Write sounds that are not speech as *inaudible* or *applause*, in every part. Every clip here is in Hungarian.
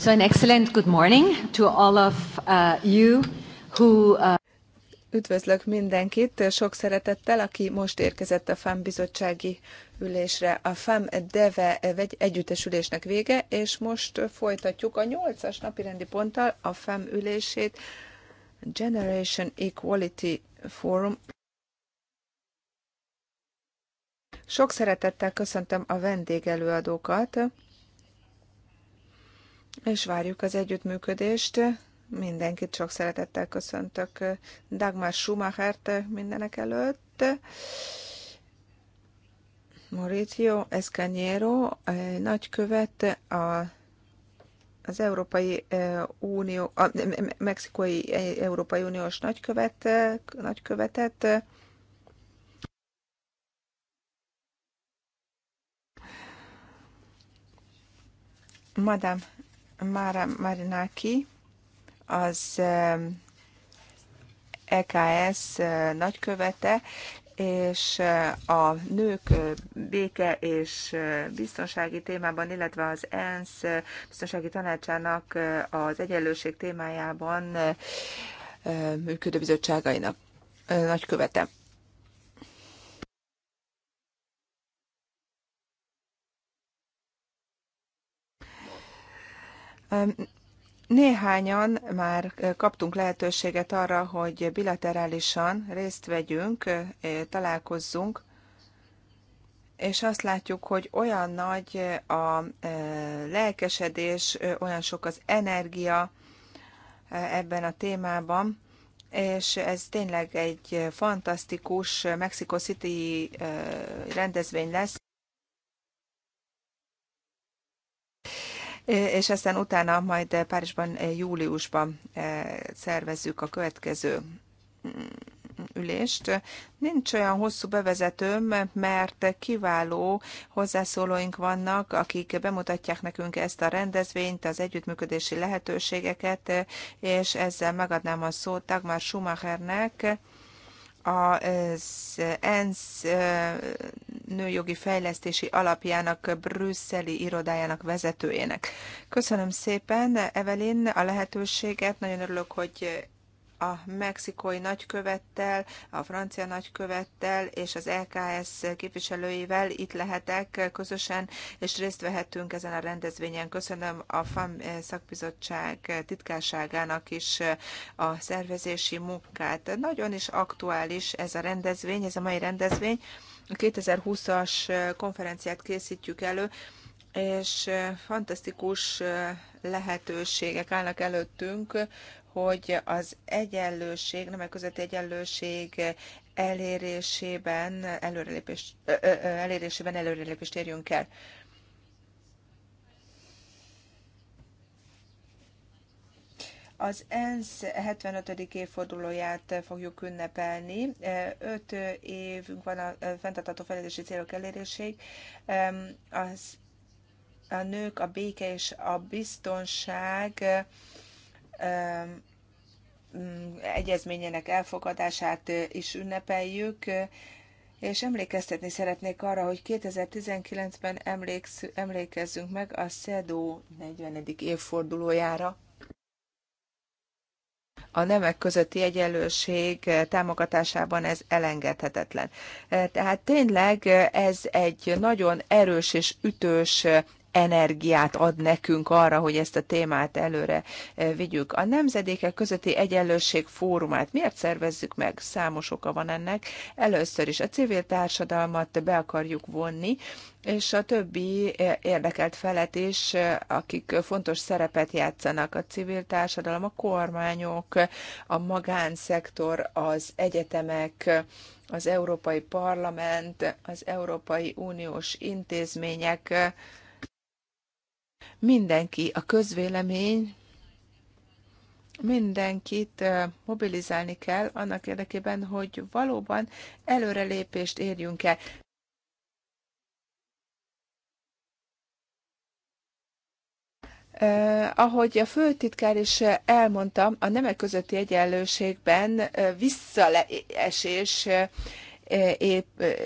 So an excellent good morning to all of uh, you who uh... Üdvözlök mindenkit, sok szeretettel, aki most érkezett a FAM bizottsági ülésre. A FAM DEVE eh, együttesülésnek vége, és most folytatjuk a nyolcas napi napirendi ponttal a FAM ülését. Generation Equality Forum. Sok szeretettel köszöntöm a vendégelőadókat és várjuk az együttműködést. Mindenkit sok szeretettel köszöntök. Dagmar Schumachert mindenek előtt. Mauricio Escanyero, nagykövet a az Európai e, Unió, a Mexikói e, Európai Uniós nagykövet, nagykövetet, Madame Mara Marinaki, az EKS ehm, e ehm, nagykövete, és ehm, a nők béke és biztonsági témában, illetve az ENSZ biztonsági tanácsának az egyenlőség témájában működő bizottságainak nagykövete. Néhányan már kaptunk lehetőséget arra, hogy bilaterálisan részt vegyünk, találkozzunk, és azt látjuk, hogy olyan nagy a lelkesedés, olyan sok az energia ebben a témában, és ez tényleg egy fantasztikus Mexico City rendezvény lesz. és aztán utána majd Párizsban júliusban szervezzük a következő mm, ülést. Nincs olyan hosszú bevezetőm, mert kiváló hozzászólóink vannak, akik bemutatják nekünk ezt a rendezvényt, az együttműködési lehetőségeket, és ezzel megadnám a szót Dagmar Schumachernek, az ENSZ nőjogi fejlesztési alapjának brüsszeli irodájának vezetőjének. Köszönöm szépen, Evelyn, a lehetőséget. Nagyon örülök, hogy a mexikói nagykövettel, a francia nagykövettel és az LKS képviselőivel itt lehetek közösen, és részt vehetünk ezen a rendezvényen. Köszönöm a FAM szakbizottság titkárságának is a szervezési munkát. Nagyon is aktuális ez a rendezvény, ez a mai rendezvény. A 2020-as konferenciát készítjük elő, és fantasztikus lehetőségek állnak előttünk hogy az egyenlőség, nemek közötti egyenlőség elérésében ö, elérésében előrelépést érjünk el. Az ENSZ 75. évfordulóját fogjuk ünnepelni. Öt évünk van a fenntartható fejlődési célok eléréséig. Az, a nők, a béke és a biztonság Mm, egyezményének elfogadását is ünnepeljük, és emlékeztetni szeretnék arra, hogy 2019-ben emléksz, emlékezzünk meg a SZEDO 40. évfordulójára. A nemek közötti egyenlőség támogatásában ez elengedhetetlen. Tehát tényleg ez egy nagyon erős és ütős energiát ad nekünk arra, hogy ezt a témát előre eh, vigyük. A Nemzedékek közötti egyenlőség fórumát miért szervezzük meg? Számos oka van ennek. Először is a civil társadalmat be akarjuk vonni, és a többi eh, érdekelt felet is, eh, akik fontos szerepet játszanak, a civil társadalom, a kormányok, a magánszektor, az egyetemek, az Európai Parlament, az Európai Uniós intézmények, mindenki, a közvélemény, mindenkit mobilizálni kell annak érdekében, hogy valóban előrelépést érjünk el. Ahogy a főtitkár is elmondta, a nemek közötti egyenlőségben visszaesés Eh, épp, eh,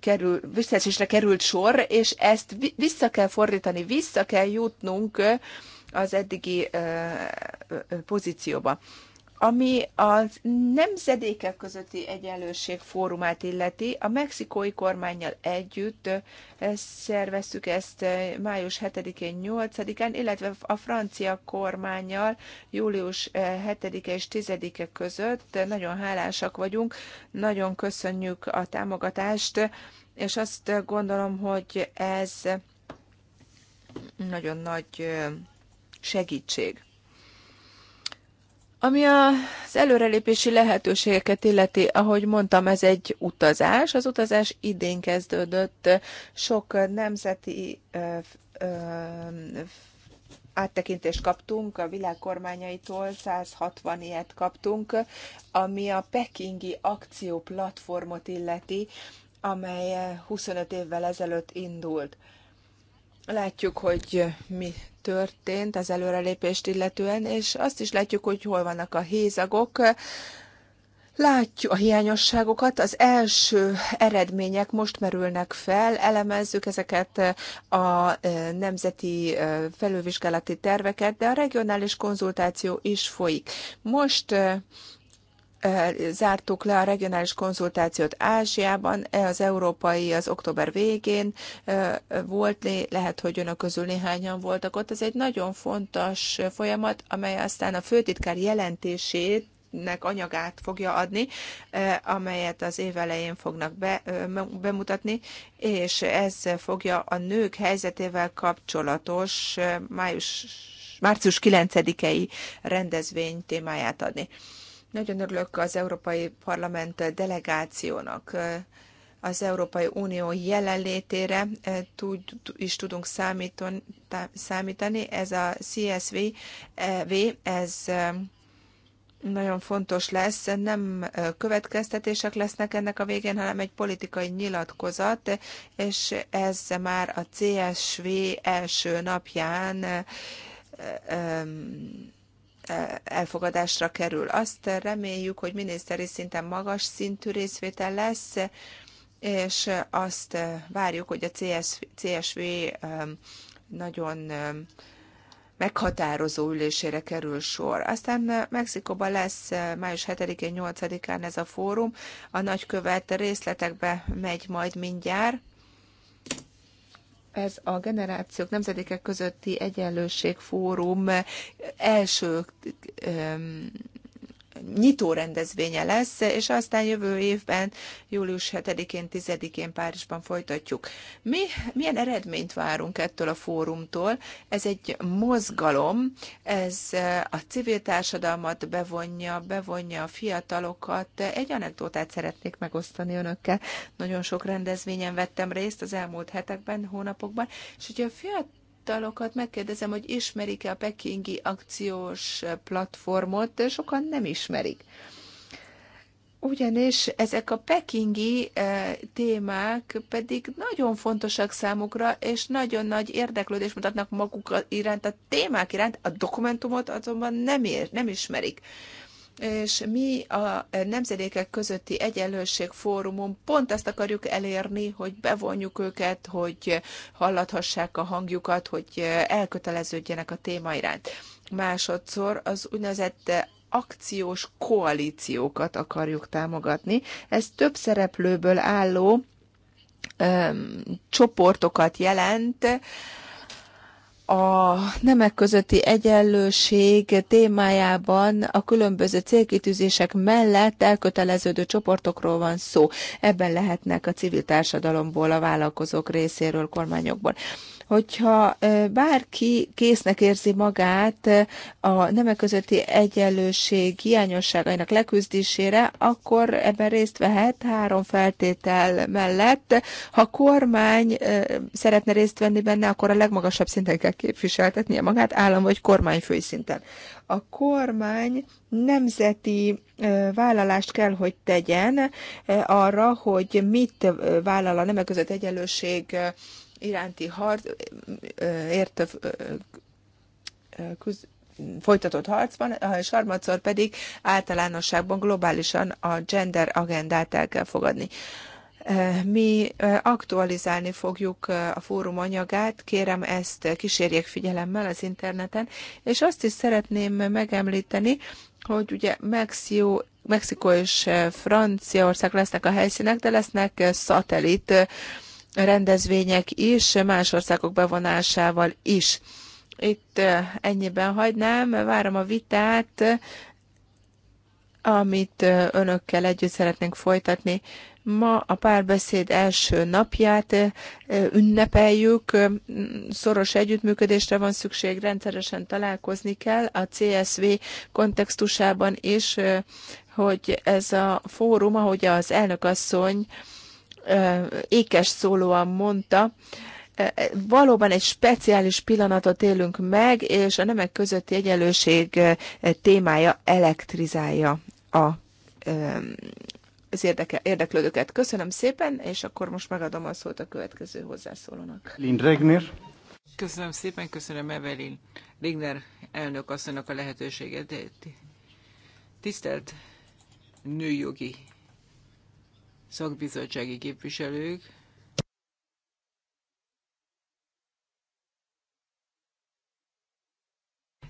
kerül, visszaesésre került sor, és ezt vissza kell fordítani, vissza kell jutnunk eh, az eddigi pozícióba ami az nemzedékek közötti egyenlőség fórumát illeti, a mexikói kormányjal együtt eh, szerveztük ezt eh, május 7-én, 8-án, illetve a francia kormányjal július 7-e eh, és 10-e között. Nagyon hálásak vagyunk, nagyon köszönjük a támogatást, és azt gondolom, hogy ez nagyon nagy segítség. Ami az előrelépési lehetőségeket illeti, ahogy mondtam, ez egy utazás. Az utazás idén kezdődött, sok nemzeti ö, ö, áttekintést kaptunk a világ 160 ilyet kaptunk, ami a pekingi akcióplatformot illeti, amely 25 évvel ezelőtt indult. Látjuk, hogy mi történt az előrelépést illetően, és azt is látjuk, hogy hol vannak a hézagok, Látjuk a hiányosságokat, az első eredmények most merülnek fel, elemezzük ezeket a e, nemzeti e, felülvizsgálati terveket, de a regionális konzultáció is folyik. Most e, zártuk le a regionális konzultációt Ázsiában, az európai az október végén volt, lehet, hogy önök közül néhányan voltak ott. Ez egy nagyon fontos folyamat, amely aztán a főtitkár jelentését anyagát fogja adni, amelyet az év elején fognak be, bemutatni, és ez fogja a nők helyzetével kapcsolatos május, március 9-i rendezvény témáját adni. Nagyon örülök az Európai Parlament delegációnak az Európai Unió jelenlétére eh, tud, is tudunk számíton, számítani. Ez a CSV, eh, ez eh, nagyon fontos lesz, nem következtetések lesznek ennek a végén, hanem egy politikai nyilatkozat, és ez már a CSV első napján E, elfogadásra kerül. Azt reméljük, hogy miniszteri szinten magas szintű részvétel lesz, és azt várjuk, hogy a CSV, CSV e, nagyon e, meghatározó ülésére kerül sor. Aztán Mexikóban lesz május 7-én, 8-án ez a fórum. A nagykövet részletekbe megy majd mindjárt ez a generációk nemzedékek közötti egyenlőség fórum első nyitó rendezvénye lesz, és aztán jövő évben, július 7-én, 10-én Párizsban folytatjuk. Mi, milyen eredményt várunk ettől a fórumtól? Ez egy mozgalom, ez a civil társadalmat bevonja, bevonja a fiatalokat. Egy anekdotát szeretnék megosztani önökkel. Nagyon sok rendezvényen vettem részt az elmúlt hetekben, hónapokban, és hogy a fiatal fiatalokat megkérdezem, hogy ismerik-e a pekingi akciós platformot, de sokan nem ismerik. Ugyanis ezek a pekingi eh, témák pedig nagyon fontosak számukra, és nagyon nagy érdeklődést mutatnak maguk iránt, a témák iránt, a dokumentumot azonban nem, ér, nem ismerik és mi a nemzedékek közötti egyenlőség fórumon pont azt akarjuk elérni, hogy bevonjuk őket, hogy hallathassák a hangjukat, hogy elköteleződjenek a téma iránt. Másodszor az úgynevezett akciós koalíciókat akarjuk támogatni. Ez több szereplőből álló öm, csoportokat jelent, a nemek közötti egyenlőség témájában a különböző célkitűzések mellett elköteleződő csoportokról van szó. Ebben lehetnek a civil társadalomból, a vállalkozók részéről, kormányokból. Hogyha bárki késznek érzi magát a nemek közötti egyenlőség hiányosságainak leküzdésére, akkor ebben részt vehet három feltétel mellett. Ha kormány szeretne részt venni benne, akkor a legmagasabb szinten kell képviseltetnie magát, állam vagy kormányfői szinten. A kormány nemzeti vállalást kell, hogy tegyen arra, hogy mit vállal a nemek között egyenlőség iránti harc, érte küzd, folytatott harcban, és harmadszor pedig általánosságban globálisan a gender agendát el kell fogadni. Mi aktualizálni fogjuk a fórum anyagát, kérem ezt kísérjék figyelemmel az interneten, és azt is szeretném megemlíteni, hogy ugye Mexió, Mexikó és Franciaország lesznek a helyszínek, de lesznek szatellit rendezvények is, más országok bevonásával is. Itt eh, ennyiben hagynám, várom a vitát, amit eh, önökkel együtt szeretnénk folytatni. Ma a párbeszéd első napját eh, ünnepeljük, szoros együttműködésre van szükség, rendszeresen találkozni kell a CSV kontextusában is, hogy ez a fórum, ahogy az elnök asszony ékes szólóan mondta, valóban egy speciális pillanatot élünk meg, és a nemek közötti egyenlőség témája elektrizálja a az érdeke, érdeklődőket. Köszönöm szépen, és akkor most megadom a szót a következő hozzászólónak. Lind Regner. Köszönöm szépen, köszönöm Evelyn Regner elnök asszonynak a lehetőséget. Tisztelt nőjogi szakbizottsági képviselők,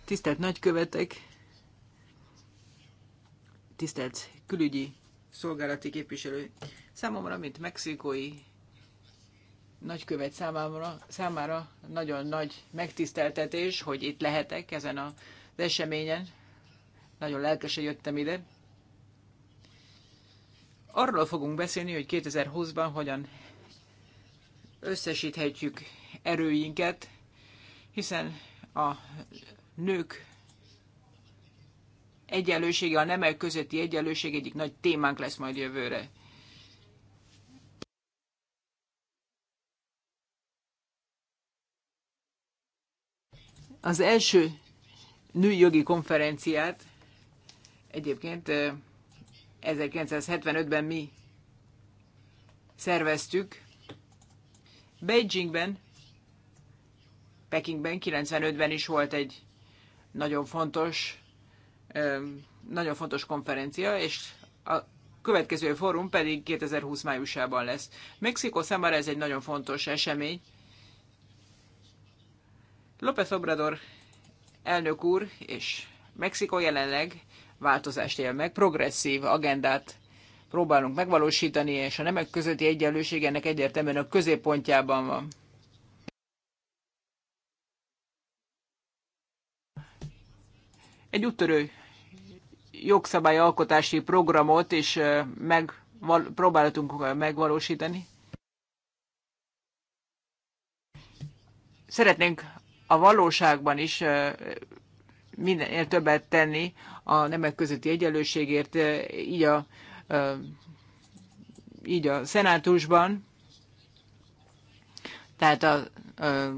tisztelt nagykövetek, tisztelt külügyi szolgálati képviselő, számomra, mint mexikói nagykövet számára, számára nagyon nagy megtiszteltetés, hogy itt lehetek ezen az eseményen. Nagyon lelkesen jöttem ide. Arról fogunk beszélni, hogy 2020-ban hogyan összesíthetjük erőinket, hiszen a nők egyenlősége, a nemek közötti egyenlőség egyik nagy témánk lesz majd jövőre. Az első nőjogi konferenciát egyébként 1975-ben mi szerveztük. Beijingben, Pekingben, 95-ben is volt egy nagyon fontos, nagyon fontos konferencia, és a következő fórum pedig 2020 májusában lesz. Mexikó számára ez egy nagyon fontos esemény. López Obrador elnök úr és Mexikó jelenleg változást él meg, progresszív agendát próbálunk megvalósítani, és a nemek közötti egyenlőség ennek egyértelműen a középpontjában van. Egy úttörő jogszabályalkotási programot is meg, próbáltunk megvalósítani. Szeretnénk a valóságban is mindenért többet tenni a nemek közötti egyenlőségért, eh, így a, eh, így a szenátusban, tehát a, eh,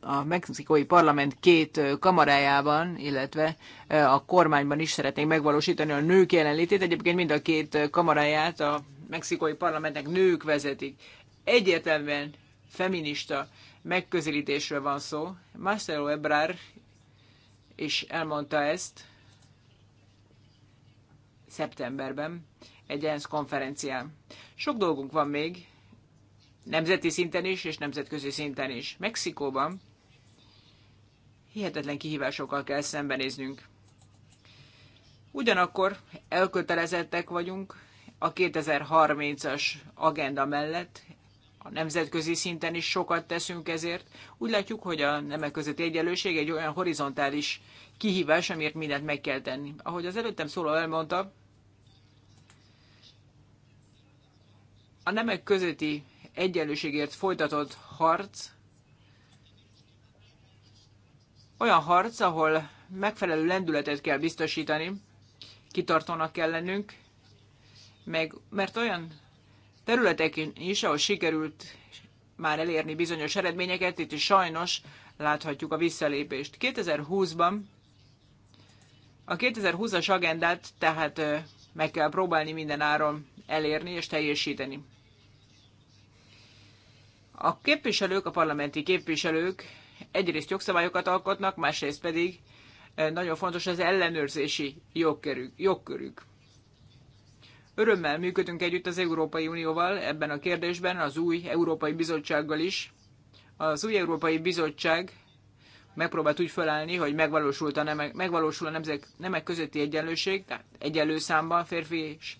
a mexikói parlament két kamarájában, illetve a kormányban is szeretnék megvalósítani a nők jelenlétét. Egyébként mind a két kamaráját a mexikói parlamentnek nők vezetik. Egyértelműen feminista megközelítésről van szó. Marcelo Ebrar és elmondta ezt szeptemberben egy ENSZ konferencián. Sok dolgunk van még, nemzeti szinten is, és nemzetközi szinten is. Mexikóban hihetetlen kihívásokkal kell szembenéznünk. Ugyanakkor elkötelezettek vagyunk a 2030-as agenda mellett, a nemzetközi szinten is sokat teszünk ezért. Úgy látjuk, hogy a nemek közötti egyenlőség egy olyan horizontális kihívás, amiért mindent meg kell tenni. Ahogy az előttem szóló elmondta, a nemek közötti egyenlőségért folytatott harc olyan harc, ahol megfelelő lendületet kell biztosítani, kitartónak kell lennünk, meg, mert olyan területeken is, ahol sikerült már elérni bizonyos eredményeket, itt is sajnos láthatjuk a visszalépést. 2020-ban a 2020-as agendát tehát meg kell próbálni minden áron elérni és teljesíteni. A képviselők, a parlamenti képviselők egyrészt jogszabályokat alkotnak, másrészt pedig nagyon fontos az ellenőrzési jogkörük. jogkörük. Örömmel működünk együtt az Európai Unióval ebben a kérdésben, az új Európai Bizottsággal is. Az új Európai Bizottság megpróbált úgy felállni, hogy megvalósult a nemek, megvalósul a nemzek, nemek közötti egyenlőség, tehát egyenlő számban férfi és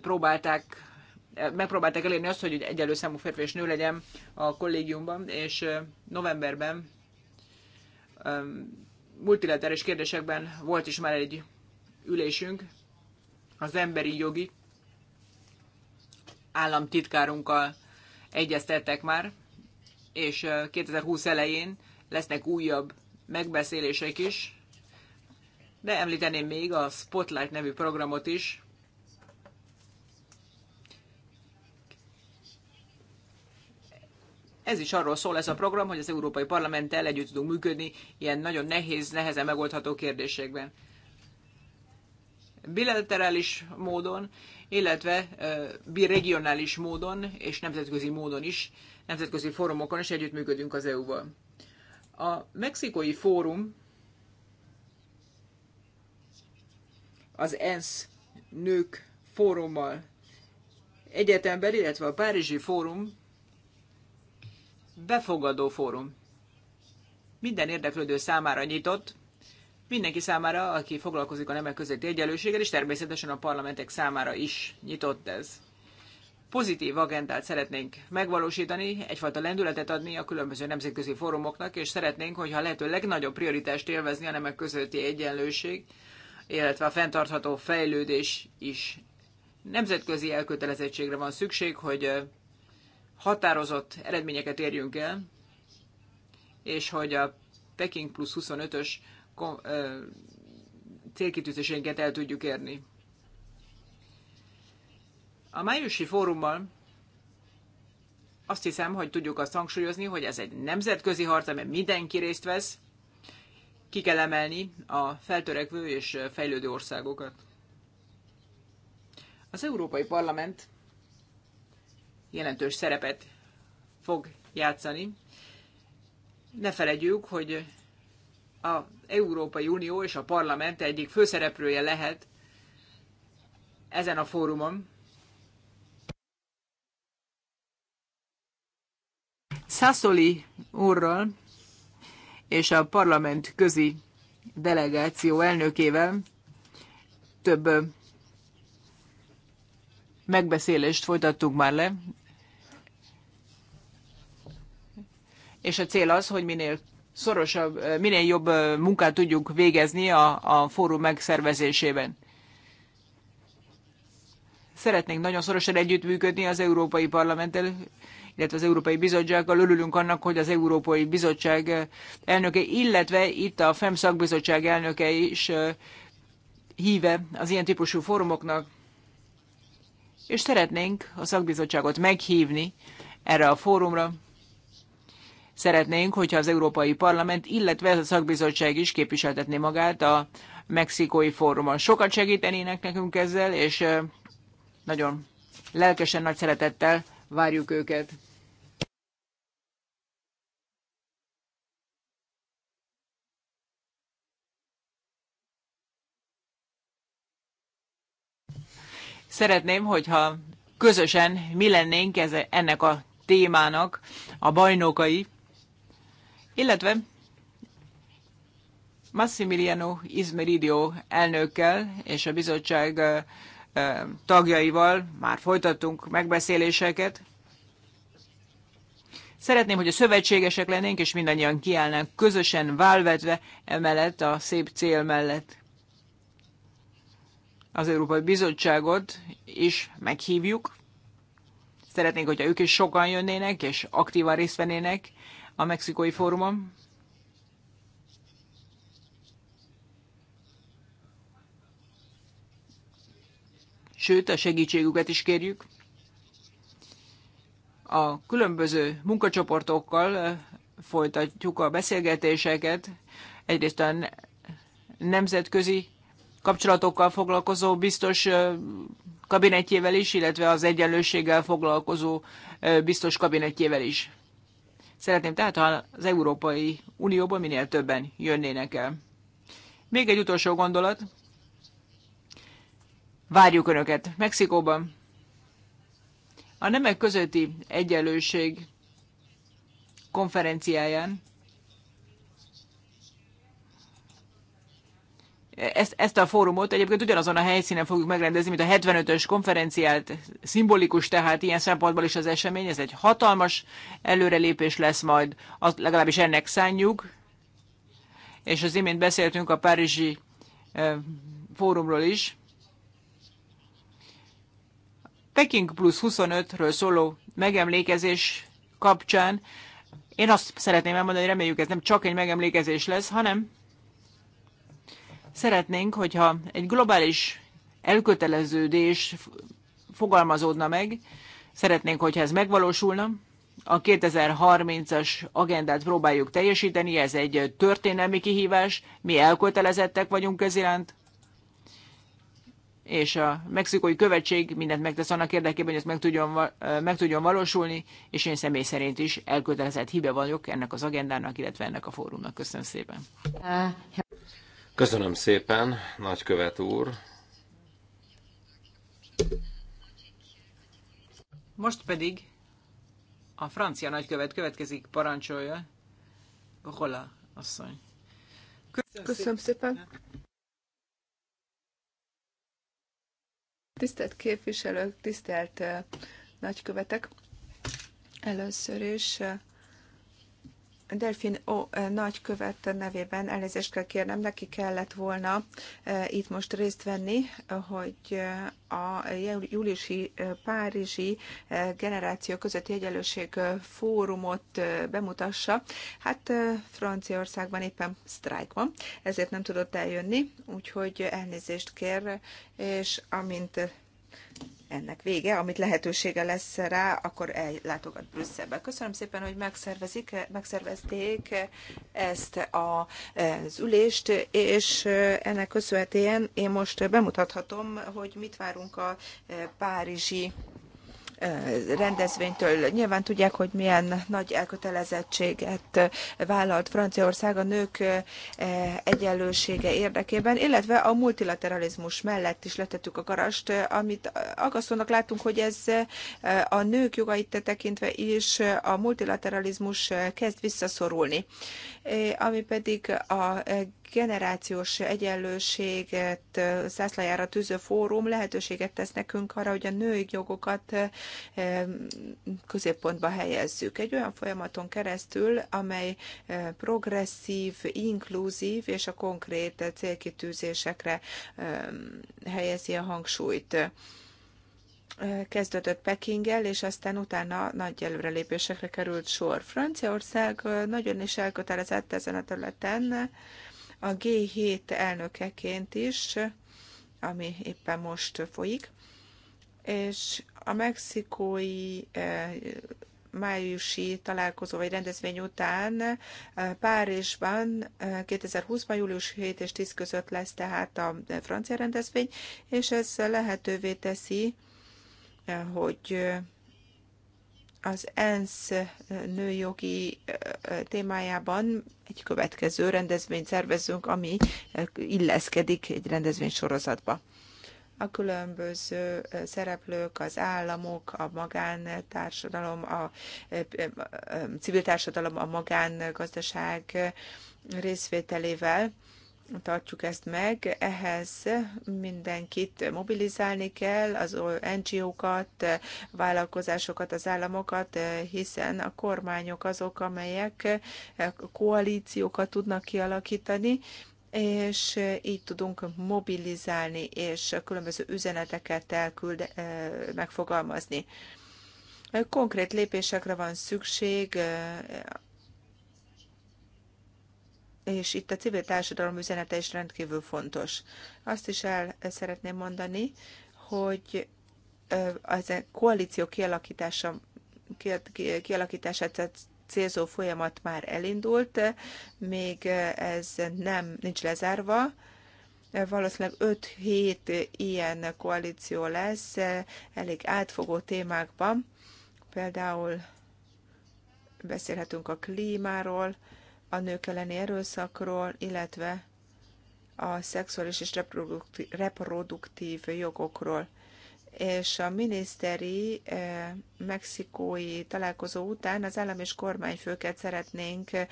próbálták megpróbálták elérni azt, hogy egyenlő számú férfi és nő legyen a kollégiumban, és novemberben multilaterális kérdésekben volt is már egy ülésünk, az emberi jogi államtitkárunkkal egyeztettek már, és 2020 elején lesznek újabb megbeszélések is, de említeném még a Spotlight nevű programot is. Ez is arról szól ez a program, hogy az Európai Parlamenttel együtt tudunk működni ilyen nagyon nehéz, nehezen megoldható kérdésekben bilaterális módon, illetve biregionális módon és nemzetközi módon is, nemzetközi fórumokon is együttműködünk az EU-val. A mexikói fórum az ENSZ nők fórummal egyetemben, illetve a Párizsi fórum befogadó fórum. Minden érdeklődő számára nyitott, mindenki számára, aki foglalkozik a nemek közötti egyenlőséggel, és természetesen a parlamentek számára is nyitott ez. Pozitív agendát szeretnénk megvalósítani, egyfajta lendületet adni a különböző nemzetközi fórumoknak, és szeretnénk, hogyha lehető legnagyobb prioritást élvezni a nemek közötti egyenlőség, illetve a fenntartható fejlődés is. Nemzetközi elkötelezettségre van szükség, hogy határozott eredményeket érjünk el, és hogy a Peking plusz 25-ös célkitűzéseinket el tudjuk érni. A májusi fórummal azt hiszem, hogy tudjuk azt hangsúlyozni, hogy ez egy nemzetközi harc, amely mindenki részt vesz. Ki kell emelni a feltörekvő és fejlődő országokat. Az Európai Parlament jelentős szerepet fog játszani. Ne felejtjük, hogy a Európai Unió és a parlament egyik főszereplője lehet ezen a fórumon. Szászoli úrral és a parlament közi delegáció elnökével több megbeszélést folytattunk már le, és a cél az, hogy minél szorosabb, minél jobb munkát tudjunk végezni a, a fórum megszervezésében. Szeretnénk nagyon szorosan együttműködni az Európai Parlamenttel, illetve az Európai Bizottsággal. Örülünk annak, hogy az Európai Bizottság elnöke, illetve itt a FEM szakbizottság elnöke is híve az ilyen típusú fórumoknak, és szeretnénk a szakbizottságot meghívni erre a fórumra. Szeretnénk, hogyha az Európai Parlament, illetve a szakbizottság is képviseltetné magát a mexikói fórumon. Sokat segítenének nekünk ezzel, és nagyon lelkesen, nagy szeretettel várjuk őket. szeretném, hogyha közösen mi lennénk ennek a témának a bajnokai, illetve Massimiliano Izmeridio elnökkel és a bizottság tagjaival már folytattunk megbeszéléseket. Szeretném, hogy a szövetségesek lennénk, és mindannyian kiállnánk közösen válvetve emellett a szép cél mellett. Az Európai Bizottságot is meghívjuk. Szeretnénk, hogyha ők is sokan jönnének, és aktívan részt vennének a mexikói fórumon. Sőt, a segítségüket is kérjük. A különböző munkacsoportokkal eh, folytatjuk a beszélgetéseket. Egyrészt a nemzetközi kapcsolatokkal foglalkozó biztos eh, kabinetjével is, illetve az egyenlőséggel foglalkozó eh, biztos kabinetjével is. Szeretném tehát, ha az Európai Unióból minél többen jönnének el. Még egy utolsó gondolat. Várjuk Önöket Mexikóban. A nemek közötti egyenlőség konferenciáján ezt, ezt a fórumot egyébként ugyanazon a helyszínen fogjuk megrendezni, mint a 75-ös konferenciát, szimbolikus tehát ilyen szempontból is az esemény, ez egy hatalmas előrelépés lesz majd, az, legalábbis ennek szánjuk, és az imént beszéltünk a Párizsi fórumról is. Peking plusz 25-ről szóló megemlékezés kapcsán én azt szeretném elmondani, hogy reméljük ez nem csak egy megemlékezés lesz, hanem Szeretnénk, hogyha egy globális elköteleződés fogalmazódna meg, szeretnénk, hogyha ez megvalósulna, a 2030-as agendát próbáljuk teljesíteni, ez egy történelmi kihívás, mi elkötelezettek vagyunk ez iránt, és a mexikói követség mindent megtesz annak érdekében, hogy ez meg tudjon, meg tudjon valósulni, és én személy szerint is elkötelezett hibe vagyok ennek az agendának, illetve ennek a fórumnak. Köszönöm szépen. Uh, Köszönöm szépen, nagykövet úr. Most pedig a francia nagykövet következik, parancsolja. Hola, asszony. Köszönöm, Köszönöm szépen. szépen. Tisztelt képviselők, tisztelt eh, nagykövetek! Először is eh, Delfin nagy nagykövet nevében elnézést kell kérnem, neki kellett volna itt most részt venni, hogy a júliusi Párizsi generáció közötti egyenlőség fórumot bemutassa. Hát Franciaországban éppen sztrájk van, ezért nem tudott eljönni, úgyhogy elnézést kér, és amint ennek vége, amit lehetősége lesz rá, akkor ellátogat Brüsszelbe. Köszönöm szépen, hogy megszervezik, megszervezték ezt az ülést, és ennek köszönhetően én most bemutathatom, hogy mit várunk a párizsi rendezvénytől. Nyilván tudják, hogy milyen nagy elkötelezettséget vállalt Franciaország a nők egyenlősége érdekében, illetve a multilateralizmus mellett is letettük a garast, amit agasztónak látunk, hogy ez a nők jogait tekintve is a multilateralizmus kezd visszaszorulni. Ami pedig a generációs egyenlőséget zászlajára tűző fórum lehetőséget tesz nekünk arra, hogy a női jogokat középpontba helyezzük. Egy olyan folyamaton keresztül, amely progresszív, inkluzív és a konkrét célkitűzésekre helyezi a hangsúlyt kezdődött Pekinggel, és aztán utána nagy előrelépésekre került sor. Franciaország nagyon is elkötelezett ezen a területen, a G7 elnökeként is, ami éppen most folyik, és a mexikói e, májusi találkozó vagy rendezvény után e, Párizsban 2020-ban e, július 7 és 10 között lesz tehát a francia rendezvény, és ez lehetővé teszi, hogy az ENSZ nőjogi témájában egy következő rendezvényt szervezünk, ami illeszkedik egy rendezvény sorozatba. A különböző szereplők, az államok, a magántársadalom, a civil társadalom, a magángazdaság részvételével tartsuk ezt meg. Ehhez mindenkit mobilizálni kell, az NGO-kat, vállalkozásokat, az államokat, hiszen a kormányok azok, amelyek koalíciókat tudnak kialakítani, és így tudunk mobilizálni és különböző üzeneteket elküld, eh, megfogalmazni. Konkrét lépésekre van szükség eh, és itt a civil társadalom üzenete is rendkívül fontos. Azt is el szeretném mondani, hogy az e koalíció kialakítása, kialakítását célzó folyamat már elindult, még ez nem nincs lezárva, valószínűleg 5-7 ilyen koalíció lesz, elég átfogó témákban. Például beszélhetünk a klímáról, a nők elleni erőszakról, illetve a szexuális és reproduktív jogokról. És a miniszteri eh, mexikói találkozó után az állam és kormányfőket szeretnénk eh,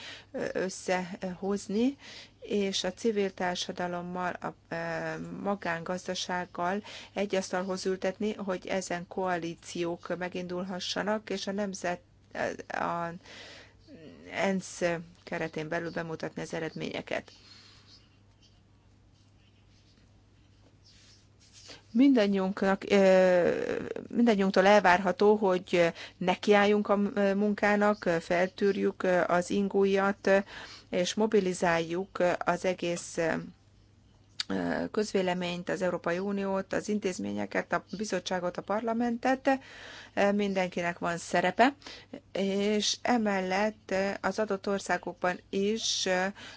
összehozni, és a civil társadalommal, a eh, magángazdasággal egy asztalhoz ültetni, hogy ezen koalíciók megindulhassanak, és a nemzet, a ENSZ keretén belül bemutatni az eredményeket. Mindannyiunknak, mindannyiunktól elvárható, hogy nekiálljunk a munkának, feltűrjük az ingújat, és mobilizáljuk az egész közvéleményt, az Európai Uniót, az intézményeket, a bizottságot, a parlamentet, mindenkinek van szerepe, és emellett az adott országokban is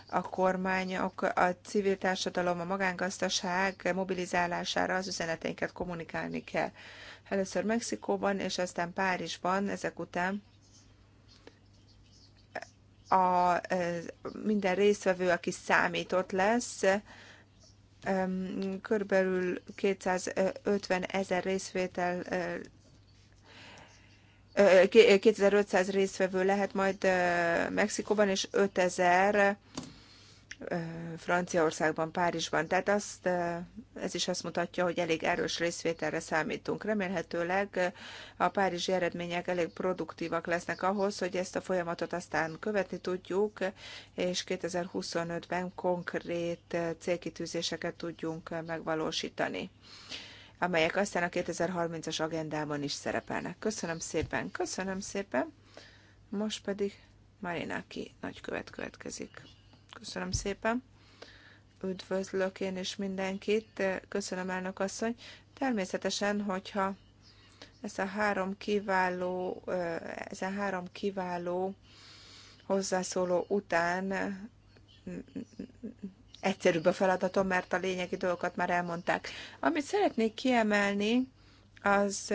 a kormányok, a civil társadalom, a magángazdaság mobilizálására az üzeneteinket kommunikálni kell. Először Mexikóban, és aztán Párizsban, ezek után a, minden résztvevő, aki számított lesz, körülbelül 250 ezer részvétel 2500 eh, eh, résztvevő lehet majd eh, Mexikóban, és 5000 Franciaországban, Párizsban. Tehát azt, ez is azt mutatja, hogy elég erős részvételre számítunk. Remélhetőleg a párizsi eredmények elég produktívak lesznek ahhoz, hogy ezt a folyamatot aztán követni tudjuk, és 2025-ben konkrét célkitűzéseket tudjunk megvalósítani amelyek aztán a 2030-as agendában is szerepelnek. Köszönöm szépen, köszönöm szépen. Most pedig ki nagykövet következik. Köszönöm szépen. Üdvözlök én is mindenkit. Köszönöm, elnök asszony. Természetesen, hogyha ez a három kiváló, ez a három kiváló hozzászóló után egyszerűbb a feladatom, mert a lényegi dolgokat már elmondták. Amit szeretnék kiemelni, az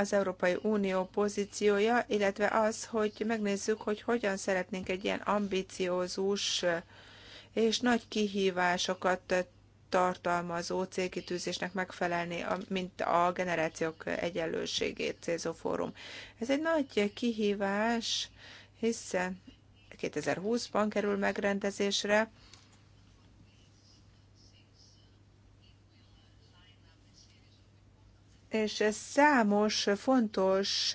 az Európai Unió pozíciója, illetve az, hogy megnézzük, hogy hogyan szeretnénk egy ilyen ambiciózus és nagy kihívásokat tartalmazó célkitűzésnek megfelelni, mint a generációk egyenlőségét célzó fórum. Ez egy nagy kihívás, hiszen 2020-ban kerül megrendezésre, és számos fontos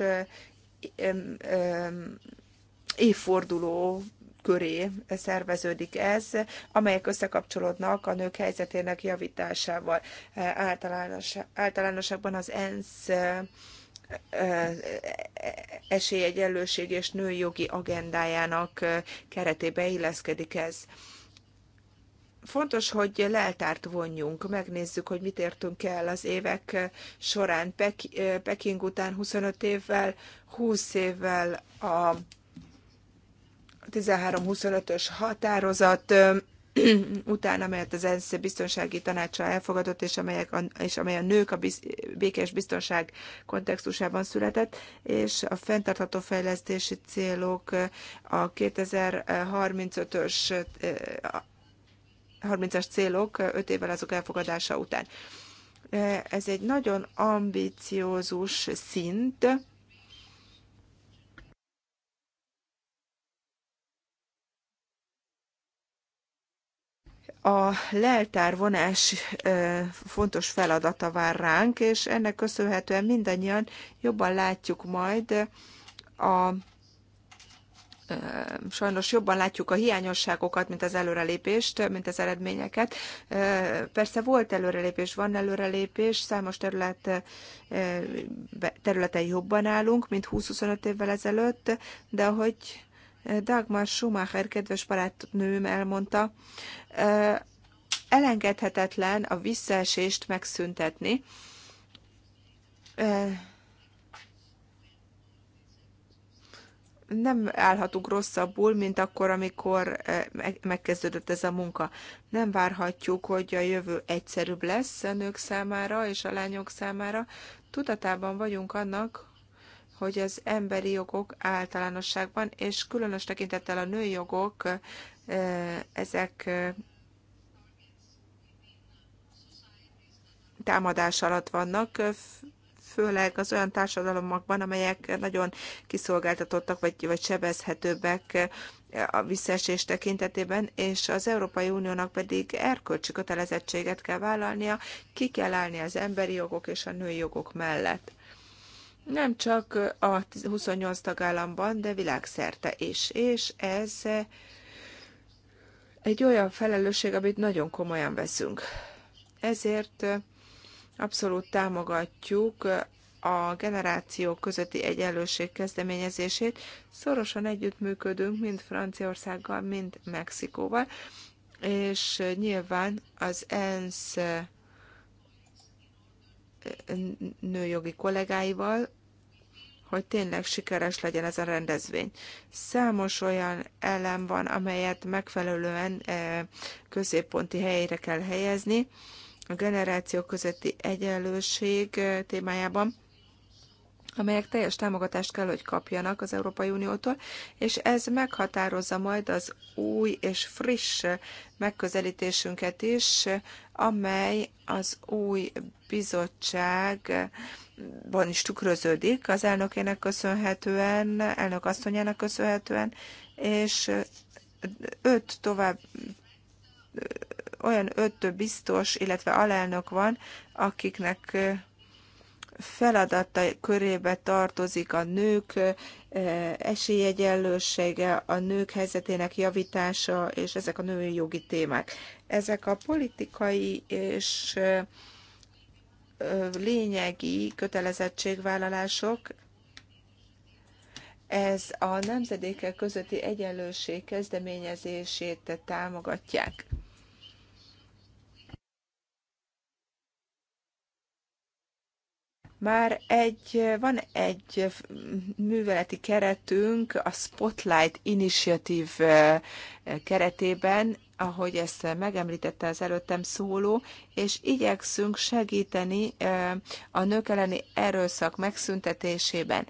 évforduló köré szerveződik ez, amelyek összekapcsolódnak a nők helyzetének javításával. Általános, általánosakban az ENSZ eh, eh, esélyegyenlőség és női jogi agendájának eh, keretébe illeszkedik ez. Fontos, hogy leltárt vonjunk, megnézzük, hogy mit értünk el az évek során. Pek- Peking után 25 évvel, 20 évvel a 13-25-ös határozat *clears throat* után, amelyet az ENSZ biztonsági tanácsa elfogadott, és, amelyek a, és amely a nők a biz, békés biztonság kontextusában született, és a fenntartható fejlesztési célok, a 2035-ös 30-as célok 5 évvel azok elfogadása után. Ez egy nagyon ambiciózus szint, a leltárvonás fontos feladata vár ránk, és ennek köszönhetően mindannyian jobban látjuk majd a sajnos jobban látjuk a hiányosságokat, mint az előrelépést, mint az eredményeket. Persze volt előrelépés, van előrelépés, számos terület, területen jobban állunk, mint 20-25 évvel ezelőtt, de ahogy Dagmar Schumacher, kedves barátnőm elmondta, elengedhetetlen a visszaesést megszüntetni nem állhatunk rosszabbul, mint akkor, amikor eh, megkezdődött ez a munka. Nem várhatjuk, hogy a jövő egyszerűbb lesz a nők számára és a lányok számára. Tudatában vagyunk annak, hogy az emberi jogok általánosságban, és különös tekintettel a női jogok, eh, ezek eh, támadás alatt vannak, főleg az olyan társadalomokban, amelyek nagyon kiszolgáltatottak vagy, vagy sebezhetőbbek a visszaesés tekintetében, és az Európai Uniónak pedig erkölcsi kötelezettséget kell vállalnia, ki kell állni az emberi jogok és a női jogok mellett. Nem csak a 28 tagállamban, de világszerte is. És ez egy olyan felelősség, amit nagyon komolyan veszünk. Ezért Abszolút támogatjuk a generációk közötti egyenlőség kezdeményezését. Szorosan együttműködünk mind Franciaországgal, mind Mexikóval, és nyilván az ENSZ eh, nőjogi kollégáival, hogy tényleg sikeres legyen ez a rendezvény. Számos olyan elem van, amelyet megfelelően eh, középponti helyre kell helyezni, a generációk közötti egyenlőség témájában, amelyek teljes támogatást kell, hogy kapjanak az Európai Uniótól, és ez meghatározza majd az új és friss megközelítésünket is, amely az új bizottságban is tükröződik, az elnökének köszönhetően, elnök asszonyának köszönhetően, és öt tovább olyan öt biztos, illetve alelnök van, akiknek feladata körébe tartozik a nők esélyegyenlősége, a nők helyzetének javítása, és ezek a női jogi témák. Ezek a politikai és lényegi kötelezettségvállalások, ez a nemzedékek közötti egyenlőség kezdeményezését támogatják. Már egy, van egy műveleti keretünk a Spotlight Initiative keretében, ahogy ezt megemlítette az előttem szóló, és igyekszünk segíteni a nők elleni erőszak megszüntetésében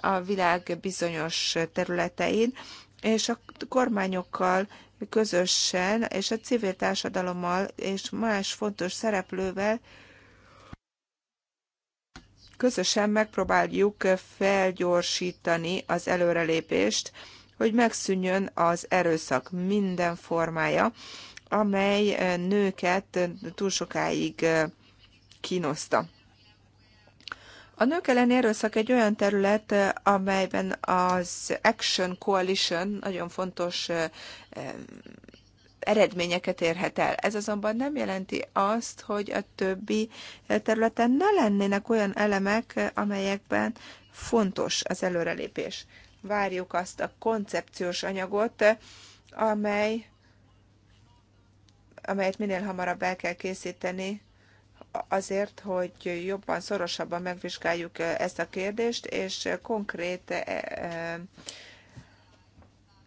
a világ bizonyos területein, és a kormányokkal közösen, és a civil társadalommal, és más fontos szereplővel közösen megpróbáljuk felgyorsítani az előrelépést, hogy megszűnjön az erőszak minden formája, amely eh, nőket túl sokáig eh, kínoszta. A nők ellen erőszak egy olyan terület, eh, amelyben az Action Coalition nagyon fontos eredményeket érhet el. Ez azonban nem jelenti azt, hogy a többi területen ne lennének olyan elemek, amelyekben fontos az előrelépés. Várjuk azt a koncepciós anyagot, amely, amelyet minél hamarabb el kell készíteni, azért, hogy jobban, szorosabban megvizsgáljuk ezt a kérdést, és konkrét eh, eh,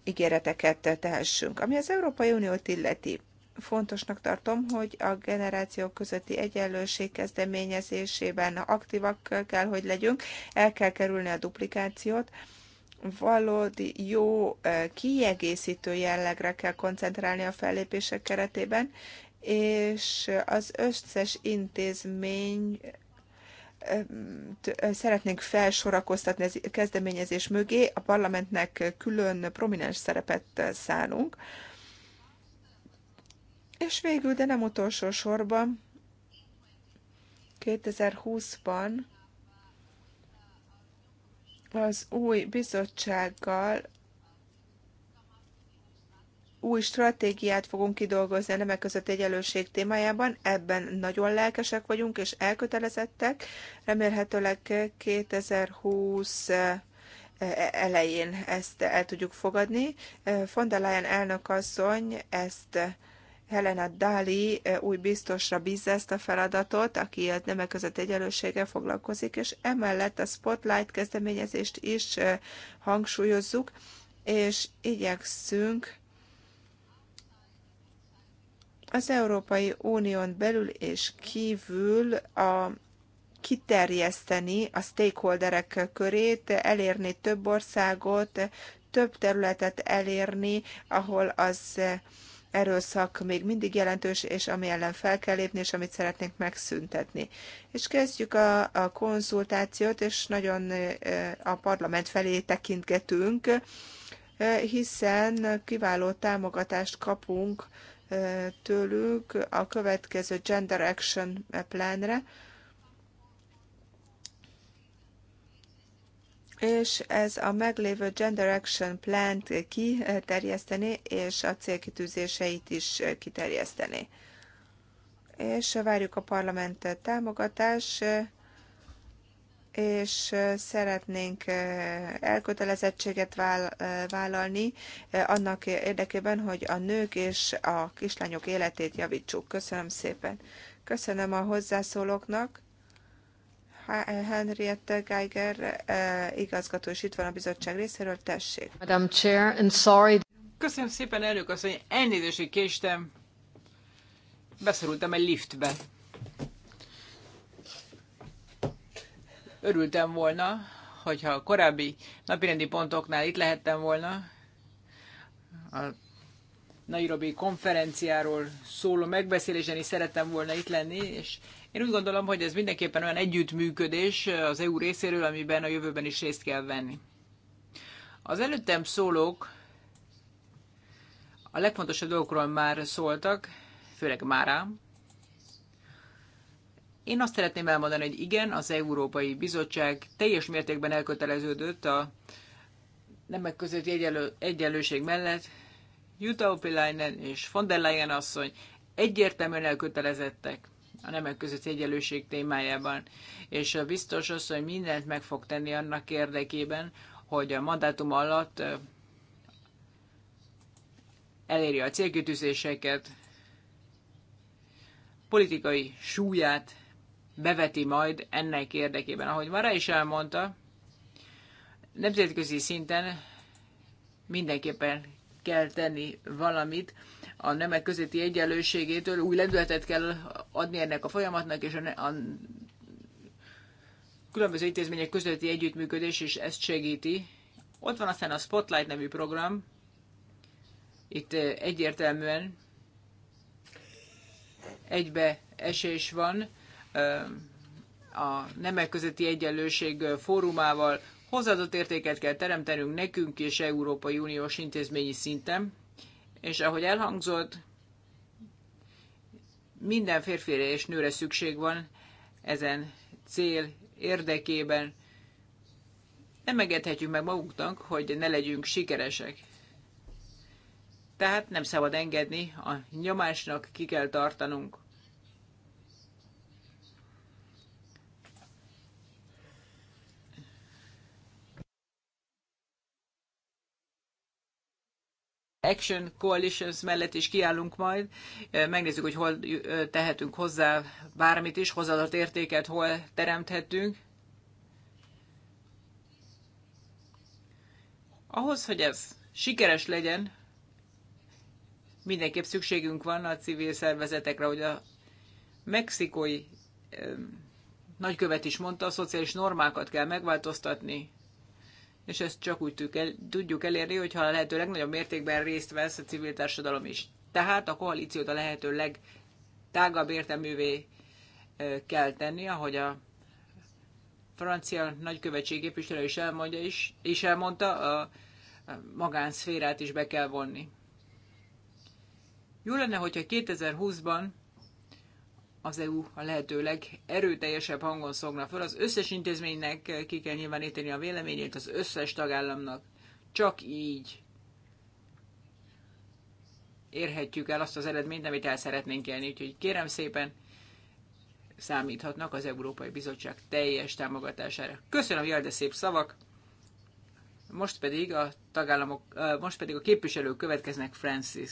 ígéreteket tehessünk. Ami az Európai Uniót illeti, fontosnak tartom, hogy a generációk közötti egyenlőség kezdeményezésében aktívak kell, hogy legyünk, el kell kerülni a duplikációt, valódi jó eh, kiegészítő jellegre kell koncentrálni a fellépések keretében, és az összes intézmény szeretnénk felsorakoztatni a kezdeményezés mögé, a parlamentnek külön prominens szerepet szánunk. És végül, de nem utolsó sorban, 2020-ban az új bizottsággal új stratégiát fogunk kidolgozni a nemek között egyenlőség témájában. Ebben nagyon lelkesek vagyunk és elkötelezettek. Remélhetőleg 2020 eh, elején ezt el tudjuk fogadni. Eh, von der Leyen elnök asszony ezt eh, Helena Dali új biztosra bízza ezt a feladatot, aki a nemek között egyenlőséggel foglalkozik, és emellett a Spotlight kezdeményezést is hangsúlyozzuk, és igyekszünk az Európai Unión belül és kívül a kiterjeszteni a stakeholderek körét, elérni több országot, több területet elérni, ahol az erőszak még mindig jelentős, és ami ellen fel kell lépni, és amit szeretnénk megszüntetni. És kezdjük a, a konzultációt, és nagyon a parlament felé tekintgetünk, hiszen kiváló támogatást kapunk tőlük a következő Gender Action Planre, és ez a meglévő Gender Action Plant kiterjeszteni, és a célkitűzéseit is kiterjeszteni. És várjuk a parlament támogatás, és szeretnénk elkötelezettséget vállalni annak érdekében, hogy a nők és a kislányok életét javítsuk. Köszönöm szépen. Köszönöm a hozzászólóknak. Eh, Henriette Geiger igazgató is itt van a bizottság részéről, tessék. Madam Chair, and sorry. Köszönöm szépen, elnök asszony, elnézést, hogy késtem. Beszorultam egy liftbe. Örültem volna, hogyha a korábbi napirendi pontoknál itt lehettem volna, a Nairobi konferenciáról szóló megbeszélésen is szerettem volna itt lenni, és én úgy gondolom, hogy ez mindenképpen olyan együttműködés az EU részéről, amiben a jövőben is részt kell venni. Az előttem szólók a legfontosabb dolgokról már szóltak, főleg márám, én azt szeretném elmondani, hogy igen, az Európai Bizottság teljes mértékben elköteleződött a nemek közötti egyenlő, egyenlőség mellett. Jutta Opilainen és von der Leyen asszony egyértelműen elkötelezettek a nemek közötti egyenlőség témájában, és biztos az, hogy mindent meg fog tenni annak érdekében, hogy a mandátum alatt eléri a célkütőzéseket, politikai súlyát beveti majd ennek érdekében. Ahogy Mara is elmondta, nemzetközi szinten mindenképpen kell tenni valamit a nemek közötti egyenlőségétől, új lendületet kell adni ennek a folyamatnak, és a, a különböző intézmények közötti együttműködés is ezt segíti. Ott van aztán a Spotlight nevű program, itt egyértelműen egybe esés van a nemek közötti egyenlőség fórumával hozzáadott értéket kell teremtenünk nekünk és Európai Uniós intézményi szinten, és ahogy elhangzott, minden férfire és nőre szükség van ezen cél érdekében. Nem engedhetjük meg magunknak, hogy ne legyünk sikeresek. Tehát nem szabad engedni, a nyomásnak ki kell tartanunk. Action Coalitions mellett is kiállunk majd. Megnézzük, hogy hol tehetünk hozzá bármit is, hozzáadott értéket hol teremthetünk. Ahhoz, hogy ez sikeres legyen, mindenképp szükségünk van a civil szervezetekre, hogy a mexikói nagykövet is mondta, a szociális normákat kell megváltoztatni, és ezt csak úgy tudjuk elérni, hogyha a lehető legnagyobb mértékben részt vesz a civil társadalom is. Tehát a koalíciót a lehető legtágabb értelművé kell tenni, ahogy a francia nagykövetség képviselő is, elmondja is, is elmondta, a magánszférát is be kell vonni. Jó lenne, hogyha 2020-ban az EU a lehetőleg erőteljesebb hangon szogna föl. Az összes intézménynek ki kell nyilvánítani a véleményét, az összes tagállamnak. Csak így érhetjük el azt az eredményt, amit el szeretnénk élni. Úgyhogy kérem szépen, számíthatnak az Európai Bizottság teljes támogatására. Köszönöm, jaj, de szép szavak! Most pedig a tagállamok, most pedig a képviselők következnek, Francis.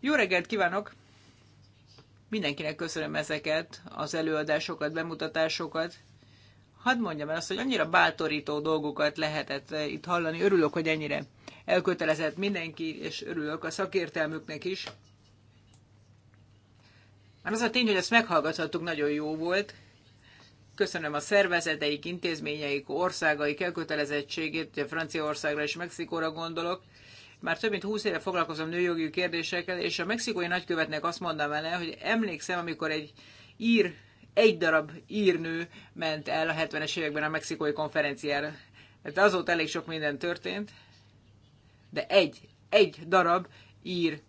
Jó reggelt kívánok! Mindenkinek köszönöm ezeket az előadásokat, bemutatásokat. Hadd mondjam el azt, hogy annyira bátorító dolgokat lehetett eh, itt hallani. Örülök, hogy ennyire elkötelezett mindenki, és örülök a szakértelmüknek is. Már az a tény, hogy ezt meghallgathattuk, nagyon jó volt. Köszönöm a szervezeteik, intézményeik, országaik elkötelezettségét, Franciaországra és Mexikóra gondolok, már több mint 20 éve foglalkozom nőjogi kérdésekkel, és a mexikói nagykövetnek azt mondtam el, hogy emlékszem, amikor egy ír, egy darab írnő ment el a 70-es években a mexikói konferenciára. Hát azóta elég sok minden történt, de egy, egy darab ír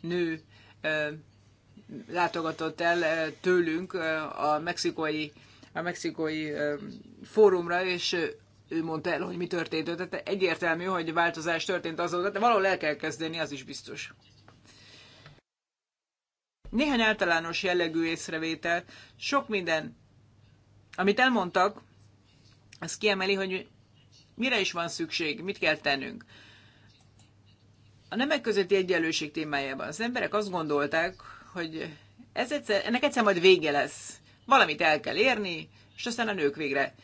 nő látogatott el tőlünk a mexikói, a mexikói fórumra, és ő mondta el, hogy mi történt. Tehát egyértelmű, hogy változás történt azóta, de valahol el kell kezdeni, az is biztos. Néhány általános jellegű észrevétel. Sok minden, amit elmondtak, az kiemeli, hogy mire is van szükség, mit kell tennünk. A nemek közötti egyenlőség témájában az emberek azt gondolták, hogy ez egyszer, ennek egyszer majd vége lesz. Valamit el kell érni, és aztán a nők végre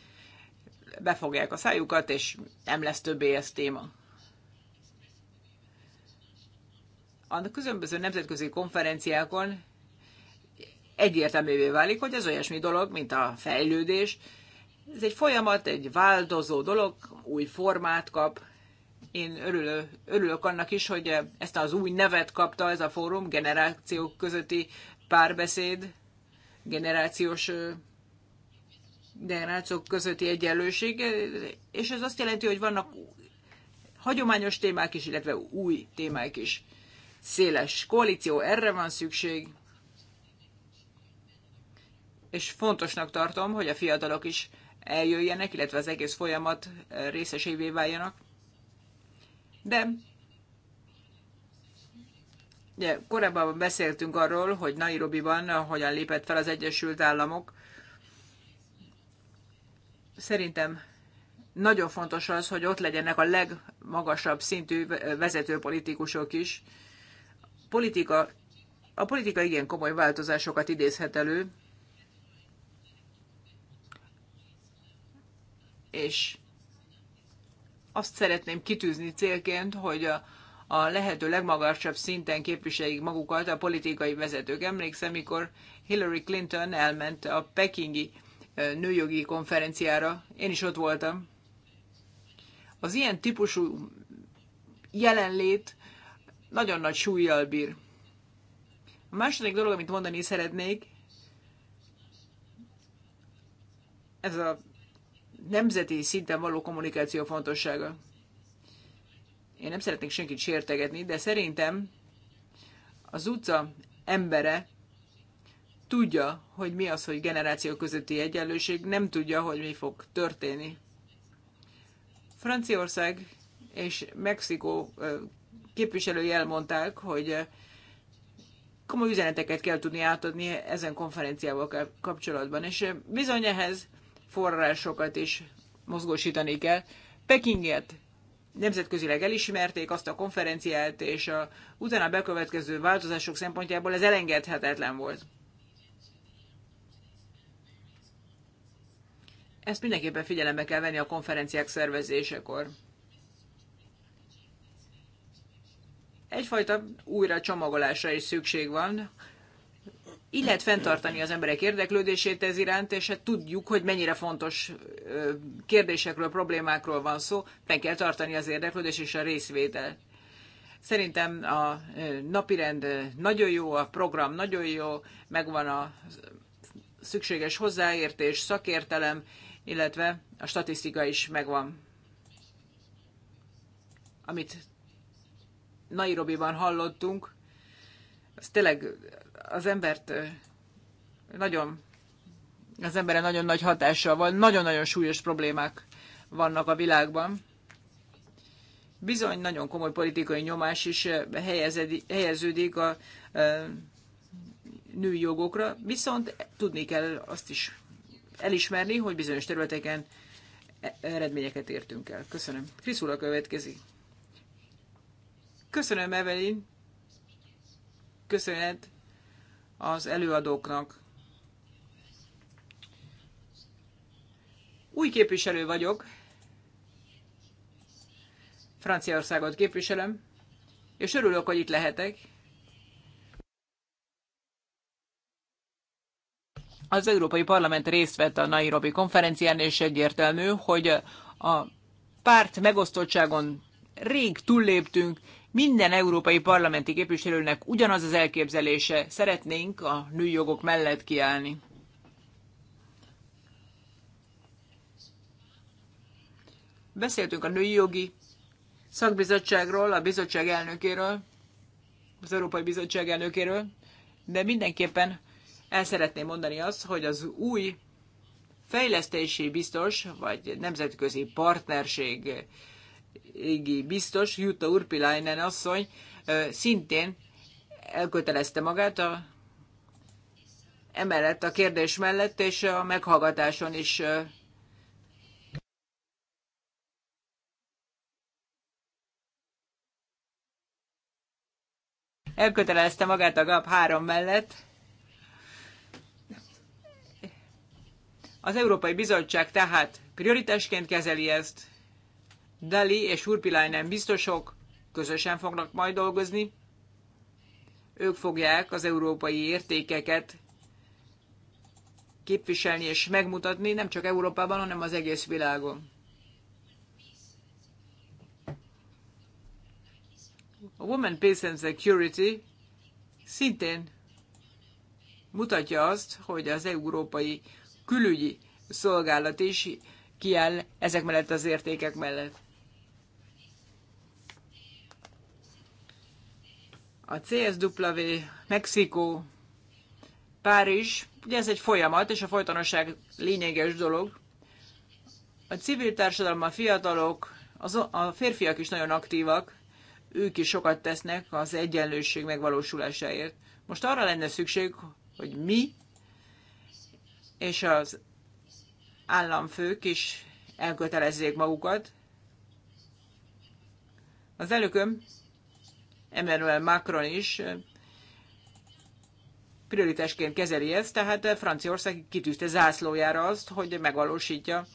befogják a szájukat, és nem lesz többé ez téma. A különböző nemzetközi konferenciákon egyértelművé válik, hogy ez olyasmi dolog, mint a fejlődés. Ez egy folyamat, egy változó dolog, új formát kap. Én örülök, örülök annak is, hogy ezt az új nevet kapta ez a fórum, generációk közötti párbeszéd, generációs generációk közötti egyenlőség, és ez azt jelenti, hogy vannak hagyományos témák is, illetve új témák is. Széles koalíció, erre van szükség, és fontosnak tartom, hogy a fiatalok is eljöjjenek, illetve az egész folyamat részesévé váljanak. De ugye, korábban beszéltünk arról, hogy Nairobi-ban hogyan lépett fel az Egyesült Államok, Szerintem nagyon fontos az, hogy ott legyenek a legmagasabb szintű vezető politikusok is. Politika, a politika igen komoly változásokat idézhet elő, és azt szeretném kitűzni célként, hogy a, a lehető legmagasabb szinten képviseljék magukat a politikai vezetők. Emlékszem, mikor Hillary Clinton elment a pekingi nőjogi konferenciára. Én is ott voltam. Az ilyen típusú jelenlét nagyon nagy súlyjal bír. A második dolog, amit mondani szeretnék, ez a nemzeti szinten való kommunikáció fontossága. Én nem szeretnék senkit sértegetni, de szerintem az utca embere tudja, hogy mi az, hogy generáció közötti egyenlőség, nem tudja, hogy mi fog történni. Franciaország és Mexikó képviselői elmondták, hogy komoly üzeneteket kell tudni átadni ezen konferenciával kapcsolatban, és bizony ehhez forrásokat is mozgósítani kell. Pekinget nemzetközileg elismerték azt a konferenciát, és a utána bekövetkező változások szempontjából ez elengedhetetlen volt. Ezt mindenképpen figyelembe kell venni a konferenciák szervezésekor. Egyfajta újra csomagolásra is szükség van, így lehet fenntartani az emberek érdeklődését ez iránt, és hát tudjuk, hogy mennyire fontos kérdésekről, problémákról van szó, meg kell tartani az érdeklődés és a részvétel. Szerintem a napirend nagyon jó, a program nagyon jó, megvan a szükséges hozzáértés, szakértelem, illetve a statisztika is megvan. Amit Nairobi-ban hallottunk, az tényleg az embert nagyon, az embere nagyon nagy hatással van, nagyon-nagyon súlyos problémák vannak a világban. Bizony nagyon komoly politikai nyomás is helyeződik a női jogokra, viszont tudni kell azt is elismerni, hogy bizonyos területeken e- eredményeket értünk el. Köszönöm. Kriszula következik. Köszönöm, Evelyn. Köszönet az előadóknak. Új képviselő vagyok. Franciaországot képviselem, és örülök, hogy itt lehetek. Az Európai Parlament részt vett a Nairobi konferencián, és egyértelmű, hogy a párt megosztottságon rég túlléptünk, minden európai parlamenti képviselőnek ugyanaz az elképzelése, szeretnénk a nőjogok mellett kiállni. Beszéltünk a női jogi szakbizottságról, a bizottság elnökéről, az Európai Bizottság elnökéről, de mindenképpen el szeretném mondani azt, hogy az új fejlesztési biztos, vagy nemzetközi partnerség biztos, Jutta Urpilainen asszony szintén elkötelezte magát a, emellett a kérdés mellett, és a meghallgatáson is elkötelezte magát a GAP 3 mellett, Az Európai Bizottság tehát prioritásként kezeli ezt, Dali és Urpilainen biztosok közösen fognak majd dolgozni, ők fogják az európai értékeket képviselni és megmutatni, nem csak Európában, hanem az egész világon. A Women Peace and Security szintén mutatja azt, hogy az európai külügyi szolgálat is kiáll ezek mellett az értékek mellett. A CSW, Mexikó, Párizs, ugye ez egy folyamat, és a folytonosság lényeges dolog. A civil társadalom, a fiatalok, az, a férfiak is nagyon aktívak, ők is sokat tesznek az egyenlőség megvalósulásáért. Most arra lenne szükség, hogy mi és az államfők is elkötelezzék magukat. Az elnököm, Emmanuel Macron is prioritásként kezeli ezt, tehát Franciaország kitűzte zászlójára azt, hogy megvalósítja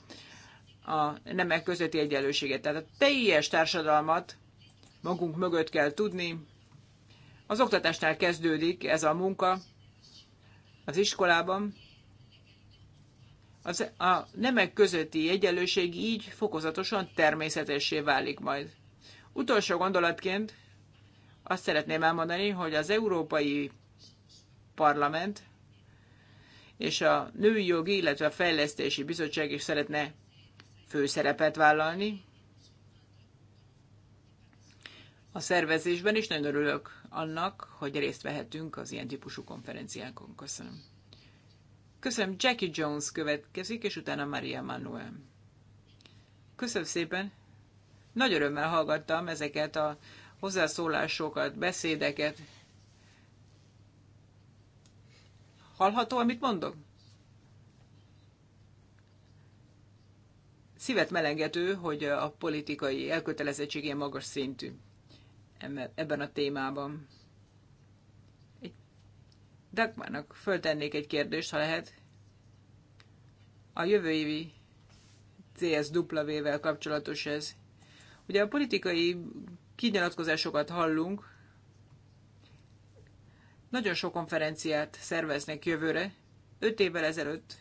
a nemek közötti egyenlőséget. Tehát a teljes társadalmat magunk mögött kell tudni. Az oktatásnál kezdődik ez a munka az iskolában, az, a nemek közötti egyenlőség így fokozatosan természetessé válik majd. Utolsó gondolatként azt szeretném elmondani, hogy az Európai Parlament és a Női Jogi, illetve a Fejlesztési Bizottság is szeretne főszerepet vállalni a szervezésben, is nagyon örülök annak, hogy részt vehetünk az ilyen típusú konferenciákon. Köszönöm. Köszönöm, Jackie Jones következik, és utána Maria Manuel. Köszönöm szépen. Nagy örömmel hallgattam ezeket a hozzászólásokat, beszédeket. Hallható, amit mondok? Szívet melengető, hogy a politikai elkötelezettségén magas szintű ebben a témában. Dagmának föltennék egy kérdést, ha lehet. A jövő évi CSW-vel kapcsolatos ez. Ugye a politikai kinyilatkozásokat hallunk, nagyon sok konferenciát szerveznek jövőre. Öt évvel ezelőtt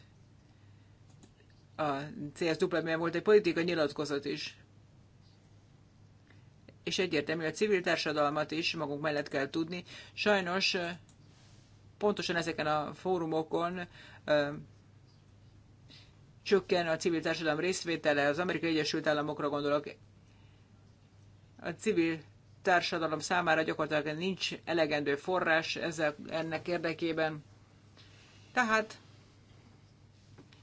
a csw volt egy politikai nyilatkozat is. És egyértelmű, a civil társadalmat is magunk mellett kell tudni. Sajnos pontosan ezeken a fórumokon csökken a civil társadalom részvétele, az Amerikai Egyesült Államokra gondolok, a civil társadalom számára gyakorlatilag nincs elegendő forrás ezzel, ennek érdekében. Tehát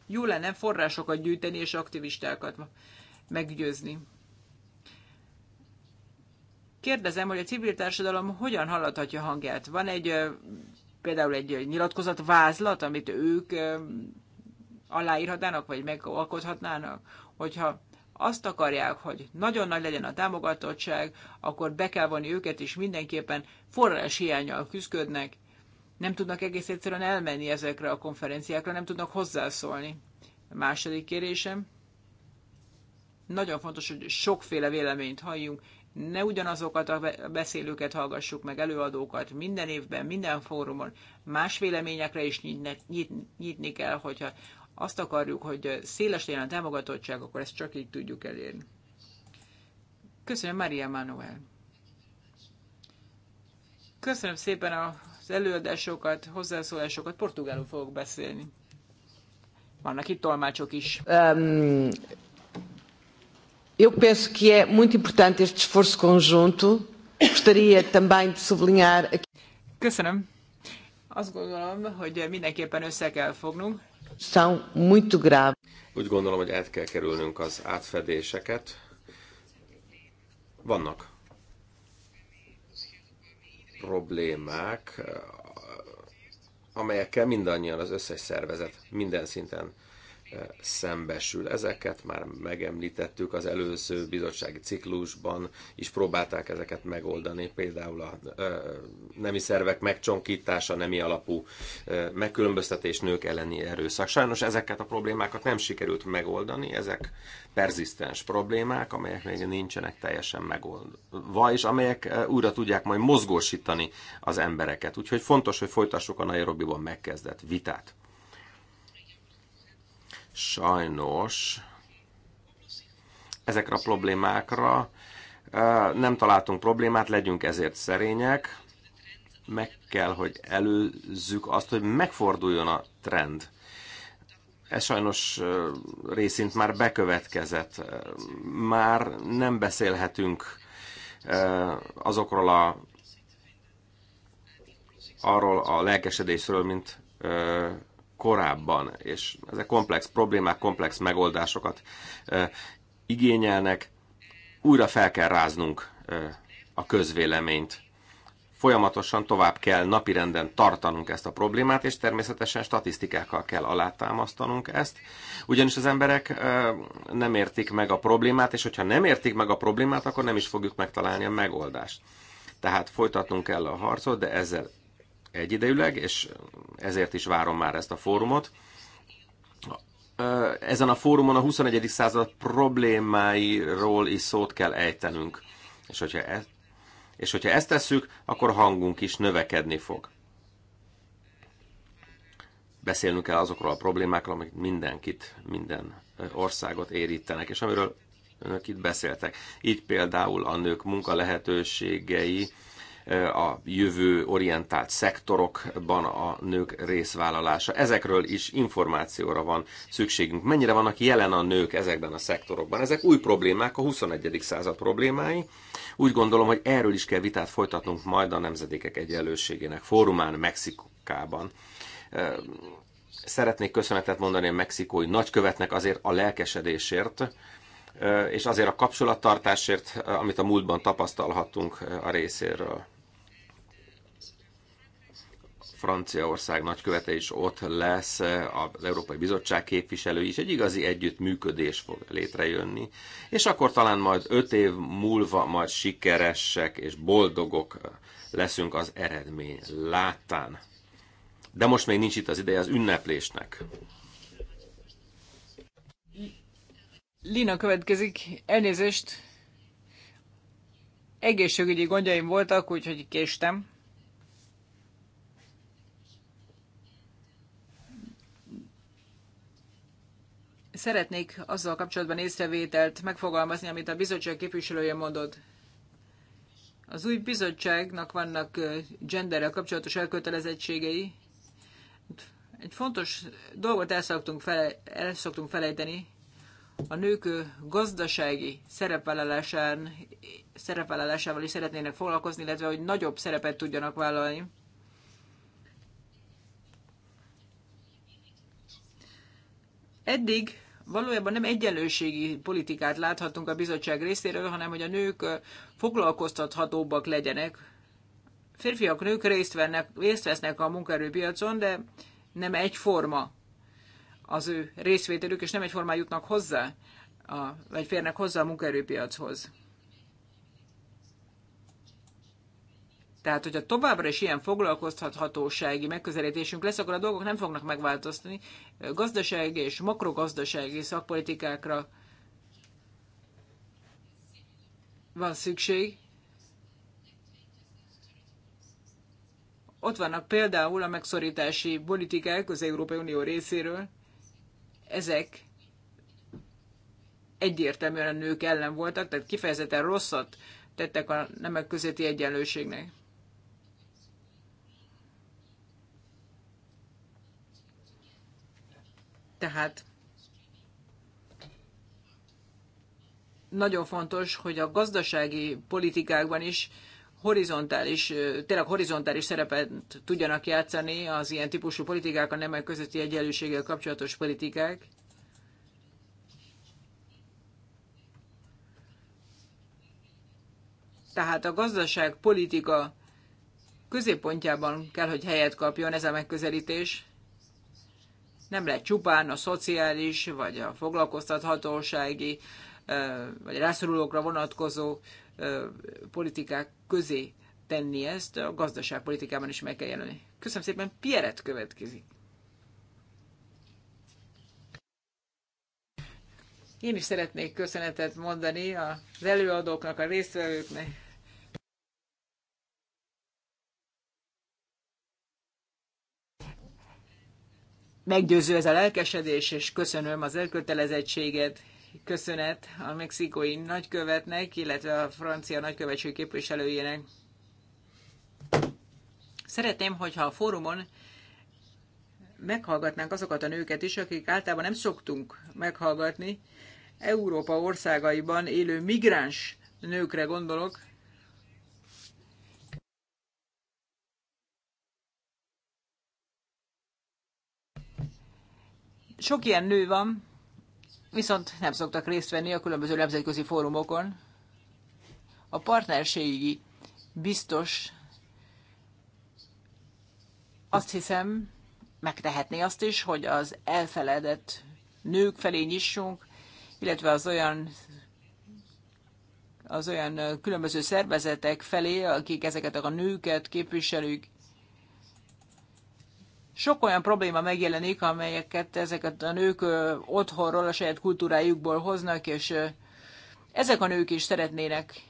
jó lenne forrásokat gyűjteni és aktivistákat meggyőzni. Kérdezem, hogy a civil társadalom hogyan hallathatja hangját. Van egy például egy nyilatkozat vázlat, amit ők aláírhatnának, vagy megalkothatnának, hogyha azt akarják, hogy nagyon nagy legyen a támogatottság, akkor be kell vonni őket, és mindenképpen forrás hiányjal küzdködnek, nem tudnak egész egyszerűen elmenni ezekre a konferenciákra, nem tudnak hozzászólni. A második kérésem, nagyon fontos, hogy sokféle véleményt halljunk, ne ugyanazokat a beszélőket hallgassuk meg, előadókat minden évben, minden fórumon, más véleményekre is nyitni kell, hogyha azt akarjuk, hogy széles legyen a támogatottság, akkor ezt csak így tudjuk elérni. Köszönöm, Maria Manuel. Köszönöm szépen az előadásokat, hozzászólásokat. Portugálul fogok beszélni. Vannak itt tolmácsok is. Um, Eu penso que é muito importante este esforço conjunto. Gostaria também de sublinhar aqui. Köszönöm. Azt gondolom, hogy mindenképpen össze kell fognunk. São muito grave. Úgy gondolom, hogy át kell kerülnünk az átfedéseket. Vannak problémák, amelyekkel mindannyian az összes szervezet minden szinten szembesül. Ezeket már megemlítettük az előző bizottsági ciklusban, is próbálták ezeket megoldani, például a nemi szervek megcsonkítása, nemi alapú megkülönböztetés, nők elleni erőszak. Sajnos ezeket a problémákat nem sikerült megoldani, ezek perzisztens problémák, amelyek még nincsenek teljesen megoldva, és amelyek újra tudják majd mozgósítani az embereket. Úgyhogy fontos, hogy folytassuk a Nairobiban megkezdett vitát. Sajnos ezekre a problémákra nem találtunk problémát, legyünk ezért szerények. Meg kell, hogy előzzük azt, hogy megforduljon a trend ez sajnos részint már bekövetkezett. Már nem beszélhetünk azokról a arról a lelkesedésről, mint korábban, és ezek komplex problémák, komplex megoldásokat igényelnek. Újra fel kell ráznunk a közvéleményt. Folyamatosan tovább kell napirenden tartanunk ezt a problémát, és természetesen statisztikákkal kell alátámasztanunk ezt, ugyanis az emberek nem értik meg a problémát, és hogyha nem értik meg a problémát, akkor nem is fogjuk megtalálni a megoldást. Tehát folytatnunk kell a harcot, de ezzel egyidejűleg, és ezért is várom már ezt a fórumot. Ezen a fórumon a 21. század problémáiról is szót kell ejtenünk. És hogyha, e, és hogyha ezt tesszük, akkor hangunk is növekedni fog. Beszélnünk kell azokról a problémákról, amik mindenkit, minden országot érítenek, és amiről önök itt beszéltek. Így például a nők munkalehetőségei, lehetőségei, a jövő orientált szektorokban a nők részvállalása. Ezekről is információra van szükségünk. Mennyire vannak jelen a nők ezekben a szektorokban? Ezek új problémák, a 21. század problémái. Úgy gondolom, hogy erről is kell vitát folytatnunk majd a Nemzedékek Egyenlőségének fórumán Mexikában szeretnék köszönetet mondani a mexikói nagykövetnek azért a lelkesedésért, és azért a kapcsolattartásért, amit a múltban tapasztalhattunk a részéről. Franciaország nagykövete is ott lesz, az Európai Bizottság képviselői is, egy igazi együttműködés fog létrejönni, és akkor talán majd öt év múlva majd sikeresek és boldogok leszünk az eredmény látán. De most még nincs itt az ideje az ünneplésnek. Lina következik, elnézést, egészségügyi gondjaim voltak, úgyhogy késtem. Szeretnék azzal kapcsolatban észrevételt megfogalmazni, amit a bizottság képviselője mondott. Az új bizottságnak vannak genderrel kapcsolatos elkötelezettségei. Egy fontos dolgot el szoktunk, fele, el szoktunk felejteni. A nők gazdasági szerepvállalásán, szerepvállalásával is szeretnének foglalkozni, illetve hogy nagyobb szerepet tudjanak vállalni. Eddig valójában nem egyenlőségi politikát láthatunk a bizottság részéről, hanem hogy a nők foglalkoztathatóbbak legyenek. Férfiak, nők részt, vennek, részt vesznek a munkaerőpiacon, de nem egyforma az ő részvételük, és nem egyformán jutnak hozzá, a, vagy férnek hozzá a munkaerőpiachoz. Tehát, hogyha továbbra is ilyen foglalkoztathatósági megközelítésünk lesz, akkor a dolgok nem fognak megváltozni. Gazdasági és makrogazdasági szakpolitikákra van szükség. Ott vannak például a megszorítási politikák az Európai Unió részéről. Ezek egyértelműen a nők ellen voltak, tehát kifejezetten rosszat tettek a nemek közötti egyenlőségnek. Tehát nagyon fontos, hogy a gazdasági politikákban is horizontális, tényleg horizontális szerepet tudjanak játszani az ilyen típusú politikák, a nemek közötti egyenlőséggel kapcsolatos politikák. Tehát a gazdaság politika középpontjában kell, hogy helyet kapjon ez a megközelítés nem lehet csupán a szociális, vagy a foglalkoztathatósági, vagy rászorulókra vonatkozó politikák közé tenni ezt, a gazdaságpolitikában is meg kell jelenni. Köszönöm szépen, Pieret következik. Én is szeretnék köszönetet mondani az előadóknak, a résztvevőknek. meggyőző ez a lelkesedés, és köszönöm az elkötelezettséget, köszönet a mexikói nagykövetnek, illetve a francia nagykövetség képviselőjének. Szeretném, hogyha a fórumon meghallgatnánk azokat a nőket is, akik általában nem szoktunk meghallgatni. Európa országaiban élő migráns nőkre gondolok, Sok ilyen nő van, viszont nem szoktak részt venni a különböző nemzetközi fórumokon. A partnerségi biztos azt hiszem, megtehetné azt is, hogy az elfeledett nők felé nyissunk, illetve az olyan az olyan különböző szervezetek felé, akik ezeket a nőket képviselik, sok olyan probléma megjelenik, amelyeket ezeket a nők otthonról, a saját kultúrájukból hoznak, és ezek a nők is szeretnének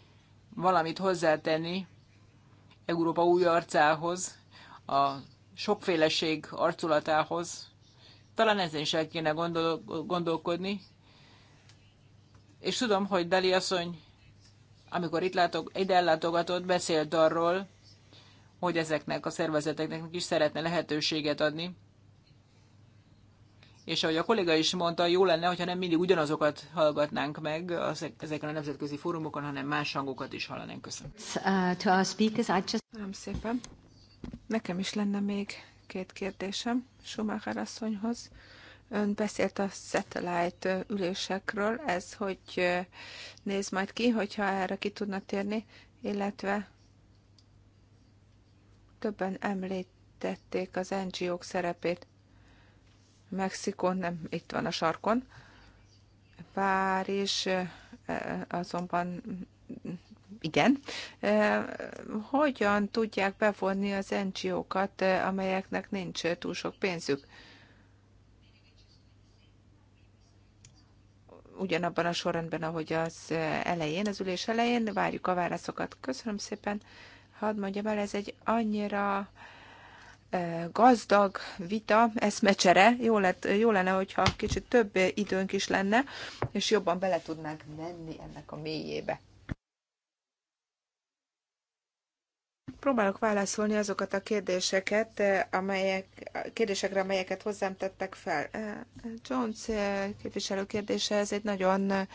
valamit hozzátenni Európa új arcához, a sokféleség arculatához. Talán ezen is el kéne gondol- gondolkodni. És tudom, hogy Dali asszony, amikor itt látok, ide ellátogatott, beszélt arról, hogy ezeknek a szervezeteknek is szeretne lehetőséget adni. És ahogy a kolléga is mondta, jó lenne, hogyha nem mindig ugyanazokat hallgatnánk meg ezeken a nemzetközi fórumokon, hanem más hangokat is hallanánk. Köszönöm. Uh, nem szépen. Nekem is lenne még két kérdésem Schumacher asszonyhoz. Ön beszélt a satellite uh, ülésekről, ez hogy uh, néz majd ki, hogyha erre ki tudna térni, illetve Többen említették az NGO-k szerepét. Mexikó nem itt van a sarkon. Párizs azonban igen. Hogyan tudják bevonni az NGO-kat, amelyeknek nincs túl sok pénzük? Ugyanabban a sorrendben, ahogy az elején, az ülés elején, várjuk a válaszokat. Köszönöm szépen hadd mondjam el, ez egy annyira gazdag vita, eszmecsere. Jó, lett, jó lenne, hogyha kicsit több időnk is lenne, és jobban bele tudnánk menni ennek a mélyébe. Próbálok válaszolni azokat a kérdéseket, amelyek, kérdésekre, amelyeket hozzám tettek fel. Jones képviselő kérdése, ez egy nagyon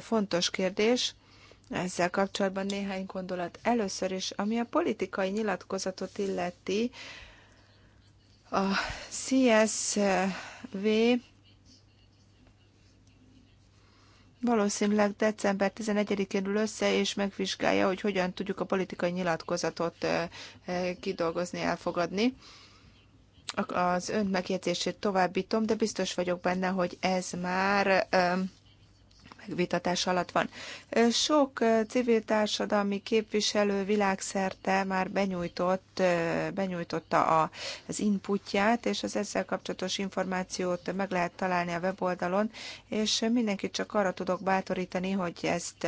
fontos kérdés ezzel kapcsolatban néhány gondolat. Először is, ami a politikai nyilatkozatot illeti, a CSV valószínűleg december 11-én ül össze, és megvizsgálja, hogy hogyan tudjuk a politikai nyilatkozatot kidolgozni, elfogadni. Az ön megjegyzését továbbítom, de biztos vagyok benne, hogy ez már megvitatás alatt van. Sok civil társadalmi képviselő világszerte már benyújtott, benyújtotta az inputját, és az ezzel kapcsolatos információt meg lehet találni a weboldalon, és mindenkit csak arra tudok bátorítani, hogy ezt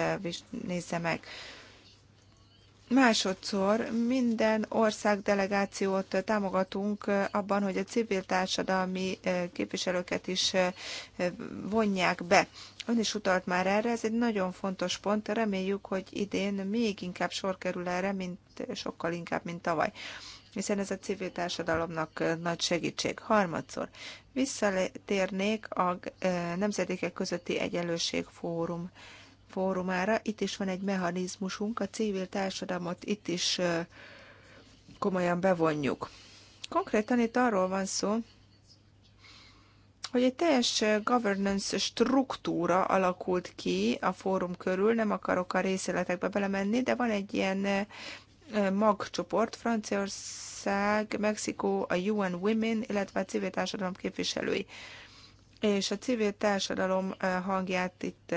nézze meg. Másodszor minden ország delegációt támogatunk abban, hogy a civil társadalmi képviselőket is vonják be Ön is utalt már erre, ez egy nagyon fontos pont, reméljük, hogy idén még inkább sor kerül erre, mint sokkal inkább, mint tavaly hiszen ez a civil társadalomnak nagy segítség. Harmadszor visszatérnék a Nemzedékek közötti egyenlőség fórum fórumára. Itt is van egy mechanizmusunk, a civil társadalmat itt is komolyan bevonjuk. Konkrétan itt arról van szó, hogy egy teljes governance struktúra alakult ki a fórum körül, nem akarok a részletekbe belemenni, de van egy ilyen magcsoport, Franciaország, Mexikó, a UN Women, illetve a civil társadalom képviselői. És a civil társadalom hangját itt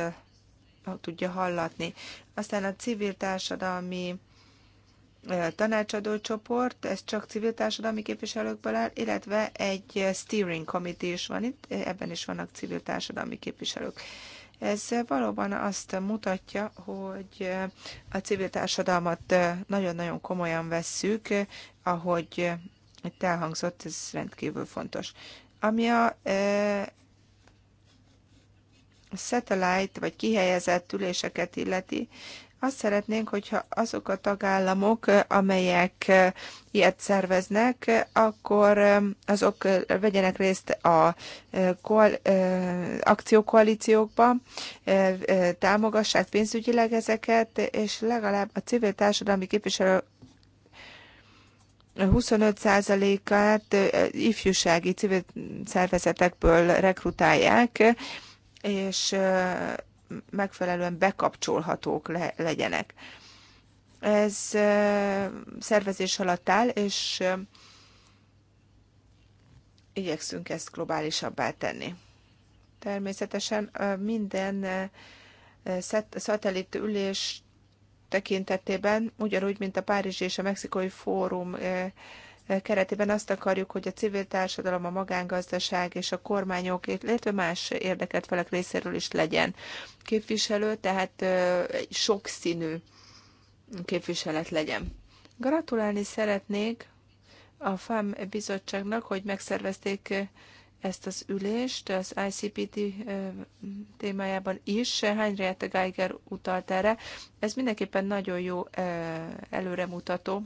tudja hallatni. Aztán a civil társadalmi tanácsadó csoport, ez csak civil társadalmi képviselőkből áll, illetve egy steering committee is van itt, ebben is vannak civil társadalmi képviselők. Ez valóban azt mutatja, hogy a civil társadalmat nagyon-nagyon komolyan vesszük, ahogy itt elhangzott, ez rendkívül fontos. Ami a satellite vagy kihelyezett üléseket illeti, azt szeretnénk, hogyha azok a tagállamok, amelyek e, ilyet szerveznek, akkor e, azok e, vegyenek részt a koal, akciókoalíciókba, támogassák pénzügyileg ezeket, és legalább a civil társadalmi képviselő 25%-át ifjúsági civil szervezetekből rekrutálják, és megfelelően bekapcsolhatók le, legyenek. Ez szervezés alatt áll, és igyekszünk ezt globálisabbá tenni. Természetesen minden szatellit ülés tekintetében, ugyanúgy, mint a Párizsi és a Mexikói Fórum keretében azt akarjuk, hogy a civil társadalom, a magángazdaság és a kormányok, illetve más érdeket felek részéről is legyen képviselő, tehát sokszínű képviselet legyen. Gratulálni szeretnék a FAM bizottságnak, hogy megszervezték ezt az ülést az ICPT témájában is. Heinrich Geiger utalt erre. Ez mindenképpen nagyon jó előremutató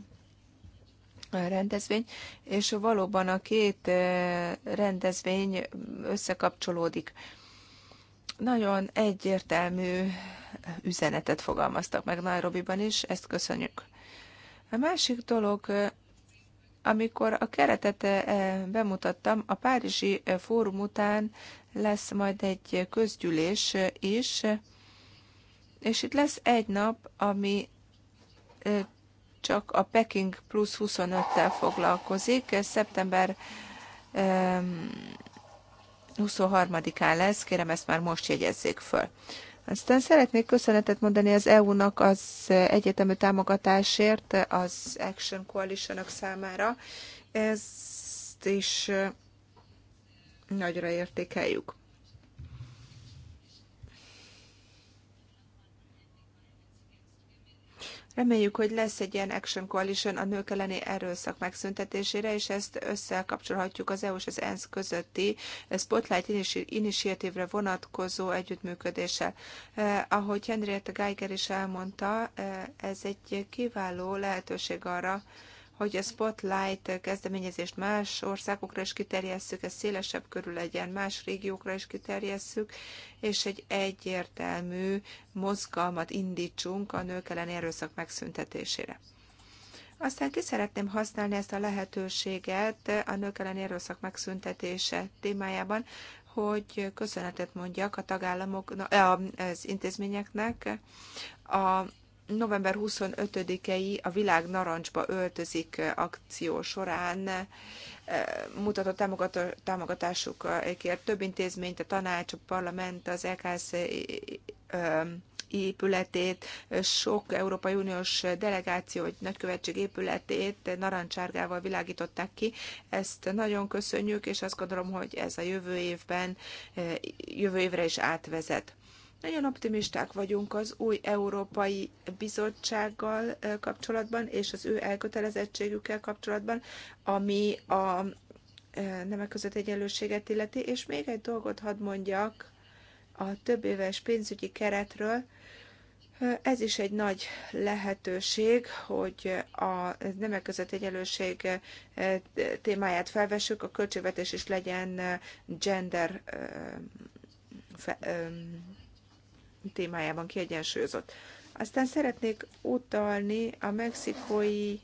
rendezvény, és valóban a két eh, rendezvény összekapcsolódik. Nagyon egyértelmű üzenetet fogalmaztak meg Nairobiban is, ezt köszönjük. A másik dolog, eh, amikor a keretet eh, bemutattam, a Párizsi Fórum után lesz majd egy közgyűlés is, és itt lesz egy nap, ami csak a Peking plusz 25-tel foglalkozik. Szeptember 23-án lesz, kérem ezt már most jegyezzék föl. Aztán szeretnék köszönetet mondani az EU-nak az egyetemű támogatásért az Action coalition számára. Ezt is nagyra értékeljük. Reméljük, hogy lesz egy ilyen Action Coalition a nők elleni erőszak megszüntetésére, és ezt összekapcsolhatjuk az EU és az ENSZ közötti Spotlight Initiative-re vonatkozó együttműködéssel. Eh, ahogy Henriette Geiger is elmondta, eh, ez egy kiváló lehetőség arra, hogy a Spotlight kezdeményezést más országokra is kiterjesszük, ez szélesebb körül legyen, más régiókra is kiterjesszük, és egy egyértelmű mozgalmat indítsunk a nők elleni erőszak megszüntetésére. Aztán ki szeretném használni ezt a lehetőséget a nők elleni erőszak megszüntetése témájában, hogy köszönetet mondjak a tagállamoknak, az intézményeknek, a november 25-i a világ narancsba öltözik akció során mutatott támogatásukért több intézményt, a tanács, a parlament, az EKSZ épületét, sok Európai Uniós delegáció, vagy nagykövetség épületét narancsárgával világították ki. Ezt nagyon köszönjük, és azt gondolom, hogy ez a jövő évben, jövő évre is átvezet. Nagyon optimisták vagyunk az új Európai Bizottsággal kapcsolatban, és az ő elkötelezettségükkel kapcsolatban, ami a nemek között egyenlőséget illeti. És még egy dolgot hadd mondjak a több éves pénzügyi keretről. Ez is egy nagy lehetőség, hogy a nemek között egyenlőség témáját felvessük, a költségvetés is legyen gender témájában kiegyensúlyozott. Aztán szeretnék utalni a mexikói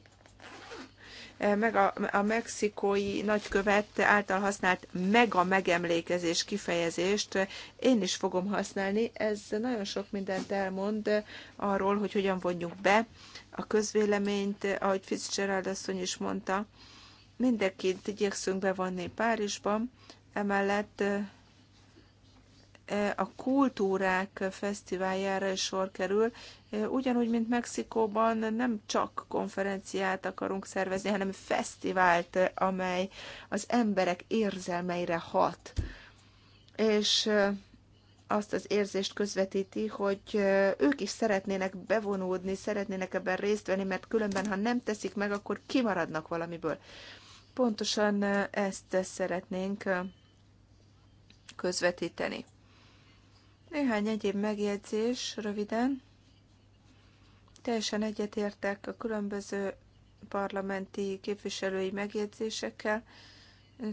eh, meg a, a mexikói nagykövet által használt mega megemlékezés kifejezést én is fogom használni. Ez nagyon sok mindent elmond arról, hogy hogyan vonjuk be a közvéleményt, ahogy Fitzgerald asszony is mondta. Mindenkit igyekszünk bevonni Párizsban, emellett eh, E, a kultúrák fesztiváljára is sor kerül. E, ugyanúgy, mint Mexikóban nem csak konferenciát akarunk szervezni, hanem fesztivált, amely az emberek érzelmeire hat. És e, azt az érzést közvetíti, hogy ők is szeretnének bevonódni, szeretnének ebben részt venni, mert különben, ha nem teszik meg, akkor kimaradnak valamiből. Pontosan ezt szeretnénk közvetíteni. Néhány egyéb megjegyzés röviden. Teljesen egyetértek a különböző parlamenti képviselői megjegyzésekkel.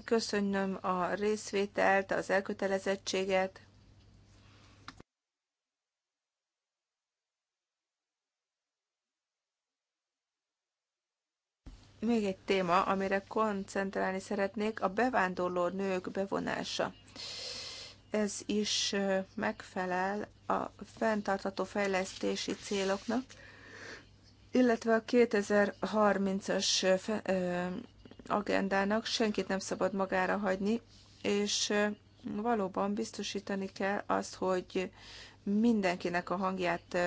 Köszönöm a részvételt, az elkötelezettséget. Még egy téma, amire koncentrálni szeretnék, a bevándorló nők bevonása ez is megfelel a fenntartható fejlesztési céloknak, illetve a 2030-as agendának senkit nem szabad magára hagyni, és valóban biztosítani kell azt, hogy mindenkinek a hangját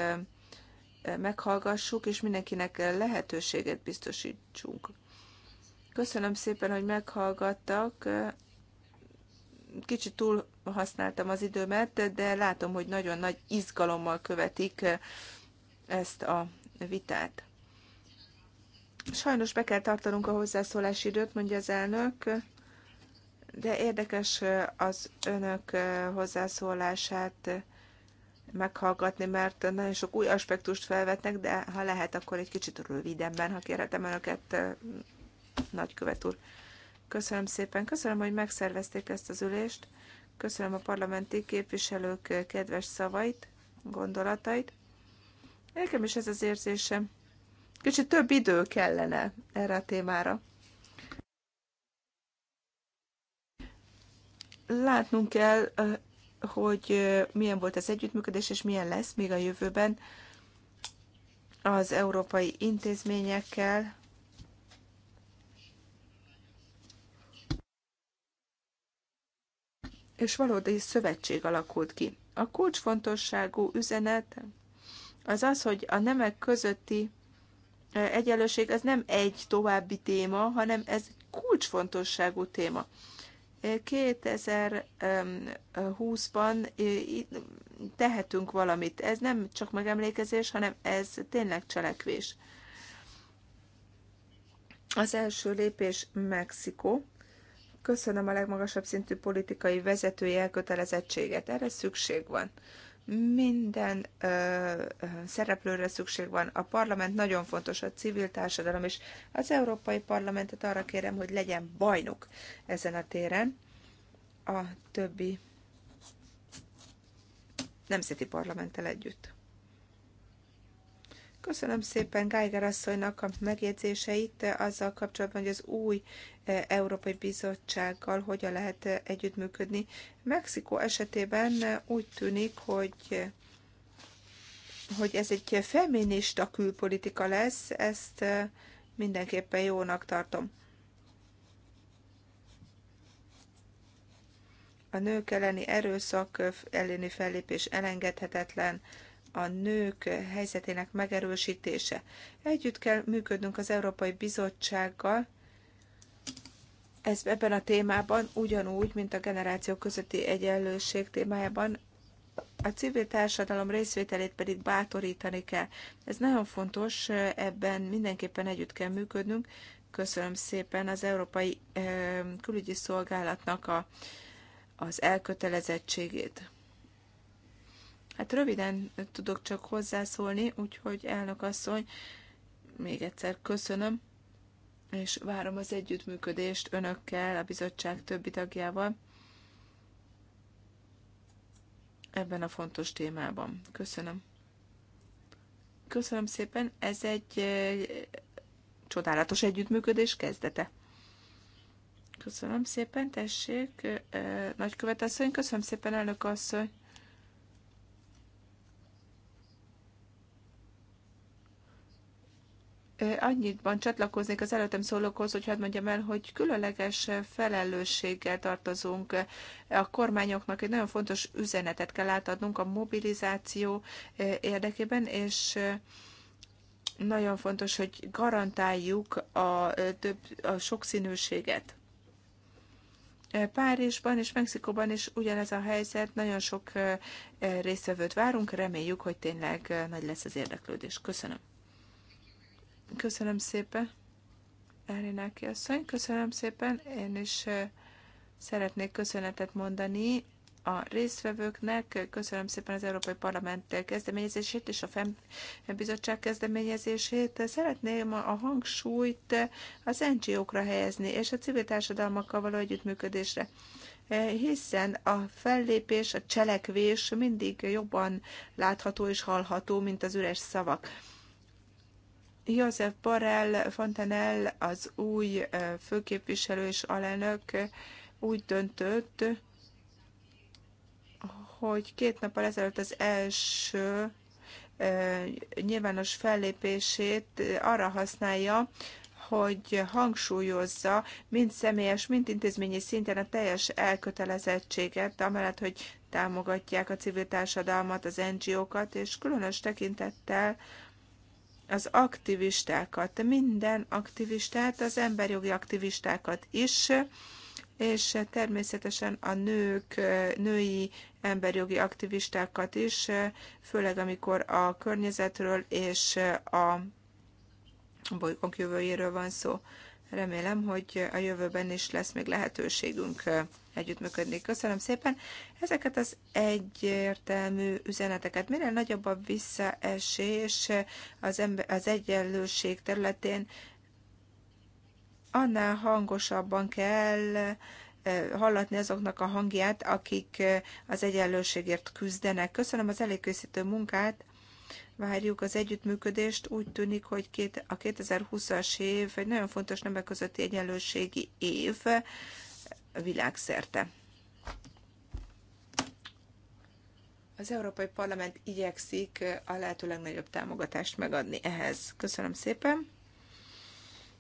meghallgassuk, és mindenkinek lehetőséget biztosítsunk. Köszönöm szépen, hogy meghallgattak. Kicsit túl használtam az időmet, de látom, hogy nagyon nagy izgalommal követik eh, ezt a vitát. Sajnos be kell tartanunk a hozzászólási időt, mondja az elnök, de érdekes eh, az önök eh, hozzászólását meghallgatni, mert nagyon sok új aspektust felvetnek, de ha lehet, akkor egy kicsit rövidebben, ha kérhetem önöket, nagykövet úr. Köszönöm szépen, köszönöm, hogy megszervezték ezt az ülést. Köszönöm a parlamenti képviselők kedves szavait, gondolatait. Nekem is ez az érzésem. Kicsit több idő kellene erre a témára. Látnunk kell, hogy milyen volt az együttműködés, és milyen lesz még a jövőben az európai intézményekkel, és valódi szövetség alakult ki. A kulcsfontosságú üzenet az az, hogy a nemek közötti egyenlőség ez nem egy további téma, hanem ez kulcsfontosságú téma. 2020-ban tehetünk valamit. Ez nem csak megemlékezés, hanem ez tényleg cselekvés. Az első lépés Mexikó. Köszönöm a legmagasabb szintű politikai vezetői elkötelezettséget. Erre szükség van. Minden ö, szereplőre szükség van. A parlament nagyon fontos, a civil társadalom, és az Európai Parlamentet arra kérem, hogy legyen bajnok ezen a téren. A többi nemzeti parlamenttel együtt. Köszönöm szépen Geiger asszonynak a megjegyzéseit azzal kapcsolatban, hogy az új eh, Európai Bizottsággal hogyan lehet eh, együttműködni. Mexikó esetében eh, úgy tűnik, hogy hogy ez egy feminista külpolitika lesz, ezt mindenképpen jónak tartom. A nők elleni erőszak elleni fellépés elengedhetetlen a nők helyzetének megerősítése. Együtt kell működnünk az Európai Bizottsággal, ez ebben a témában ugyanúgy, mint a generáció közötti egyenlőség témájában, a civil társadalom részvételét pedig bátorítani kell. Ez nagyon fontos, ebben mindenképpen együtt kell működnünk. Köszönöm szépen az Európai eh, Külügyi Szolgálatnak a, az elkötelezettségét. Hát röviden tudok csak hozzászólni, úgyhogy elnök asszony, még egyszer köszönöm, és várom az együttműködést önökkel, a bizottság többi tagjával ebben a fontos témában. Köszönöm. Köszönöm szépen, ez egy eh, csodálatos együttműködés kezdete. Köszönöm szépen, tessék, eh, nagykövet asszony, köszönöm szépen, elnök asszony. Annyiban csatlakoznék az előttem szólókhoz, hogy hadd mondjam el, hogy különleges felelősséggel tartozunk a kormányoknak. Egy nagyon fontos üzenetet kell átadnunk a mobilizáció érdekében, és nagyon fontos, hogy garantáljuk a, több, a sokszínűséget. Párizsban és Mexikóban is ugyanez a helyzet, nagyon sok résztvevőt várunk, reméljük, hogy tényleg nagy lesz az érdeklődés. Köszönöm. Köszönöm szépen, Elináki asszony, köszönöm szépen. Én is szeretnék köszönetet mondani a résztvevőknek. Köszönöm szépen az Európai Parlament kezdeményezését és a FEM bizottság kezdeményezését. Szeretném a hangsúlyt az NGO-kra helyezni és a civil társadalmakkal való együttműködésre e, hiszen a fellépés, a cselekvés mindig jobban látható és hallható, mint az üres szavak József Borrell Fontanel, az új főképviselő és alelnök úgy döntött, hogy két nappal ezelőtt az első nyilvános fellépését arra használja, hogy hangsúlyozza mind személyes, mind intézményi szinten a teljes elkötelezettséget, amellett, hogy támogatják a civil társadalmat, az NGO-kat, és különös tekintettel az aktivistákat, minden aktivistát, az emberjogi aktivistákat is, és természetesen a nők, női emberjogi aktivistákat is, főleg amikor a környezetről és a bolygónk jövőjéről van szó. Remélem, hogy a jövőben is lesz még lehetőségünk együttműködni. Köszönöm szépen. Ezeket az egyértelmű üzeneteket, mire nagyobb a visszaesés az, ember, az egyenlőség területén, annál hangosabban kell eh, hallatni azoknak a hangját, akik eh, az egyenlőségért küzdenek. Köszönöm az előkészítő munkát, várjuk az együttműködést. Úgy tűnik, hogy két, a 2020-as év egy nagyon fontos nemek közötti egyenlőségi év világszerte. Az Európai Parlament igyekszik a lehető legnagyobb támogatást megadni ehhez. Köszönöm szépen,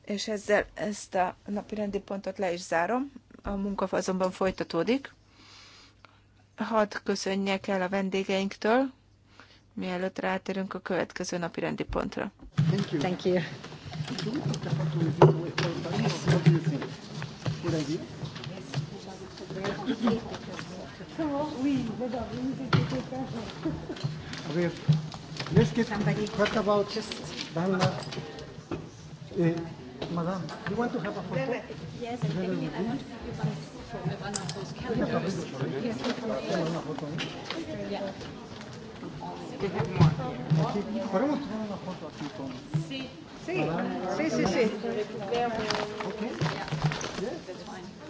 és ezzel ezt a napi rendi pontot le is zárom. A munka azonban folytatódik. Hadd köszönjek el a vendégeinktől, mielőtt rátérünk a következő napi rendi pontra. Thank you. Thank you. Thank you. Okay. Let's get Somebody talk about just Bangla. Uh, madam, you want to have a photo? Yes, I think I want to have one for one of those calendars. Yes, yeah. We have more. Aquí, podemos tomar una foto aquí con. Sí. Sí, sí, sí, sí. Okay. Yeah. Yeah. That's fine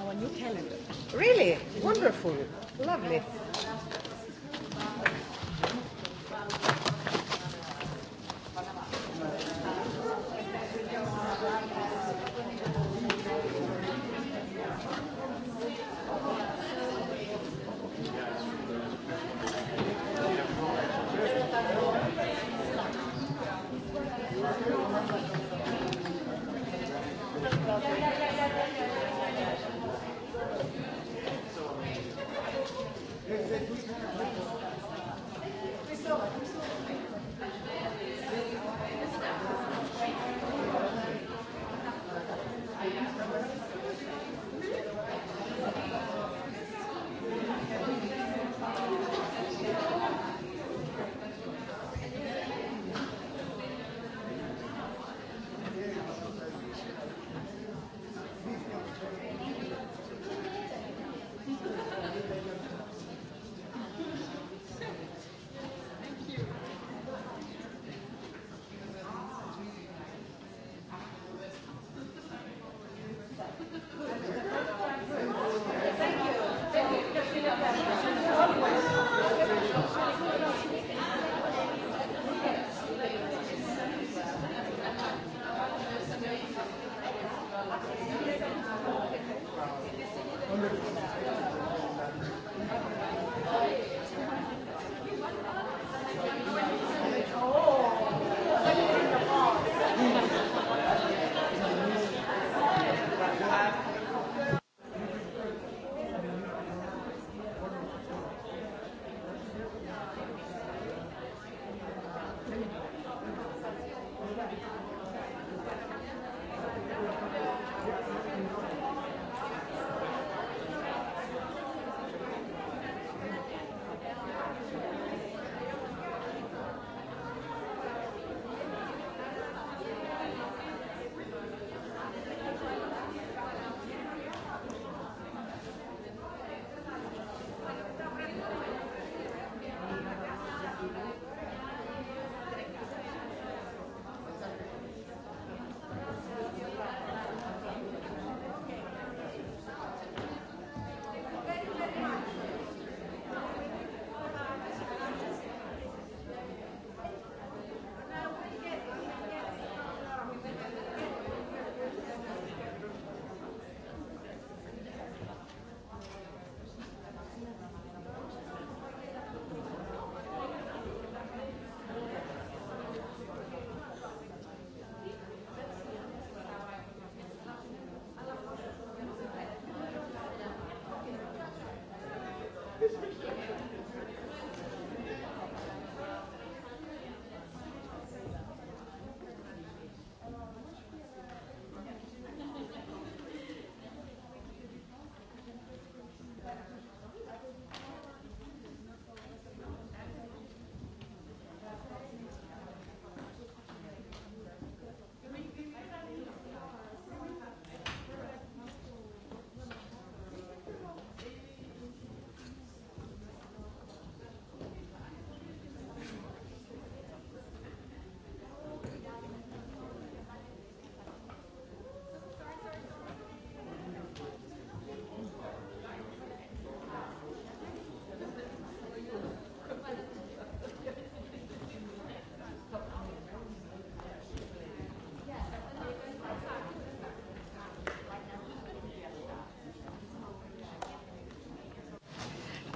our new calendar. Really? Wonderful. Lovely.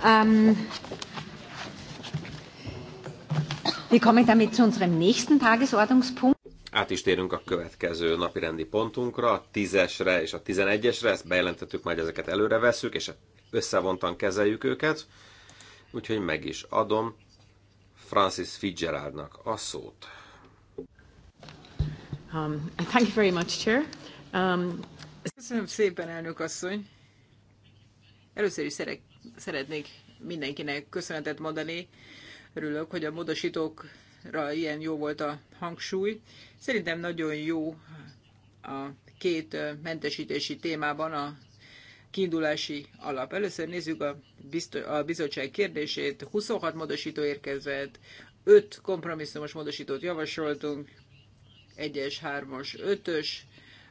Ähm, wir kommen damit zu unserem nächsten Tagesordnungspunkt. Át is térünk a következő napi rendi pontunkra, a 10-esre és a 11-esre, ezt bejelentettük, majd ezeket előre veszük, és összevontan kezeljük őket. Úgyhogy meg is adom Francis Fitzgeraldnak a szót. Um, thank you very much, Chair. Um, Köszönöm szépen, elnök asszony. Először is szeretnék szeretnék mindenkinek köszönetet mondani. Örülök, hogy a módosítókra ilyen jó volt a hangsúly. Szerintem nagyon jó a két mentesítési témában a kiindulási alap. Először nézzük a, a bizottság kérdését. 26 módosító érkezett, 5 kompromisszumos módosítót javasoltunk, 1-es, 3-as, 5-ös,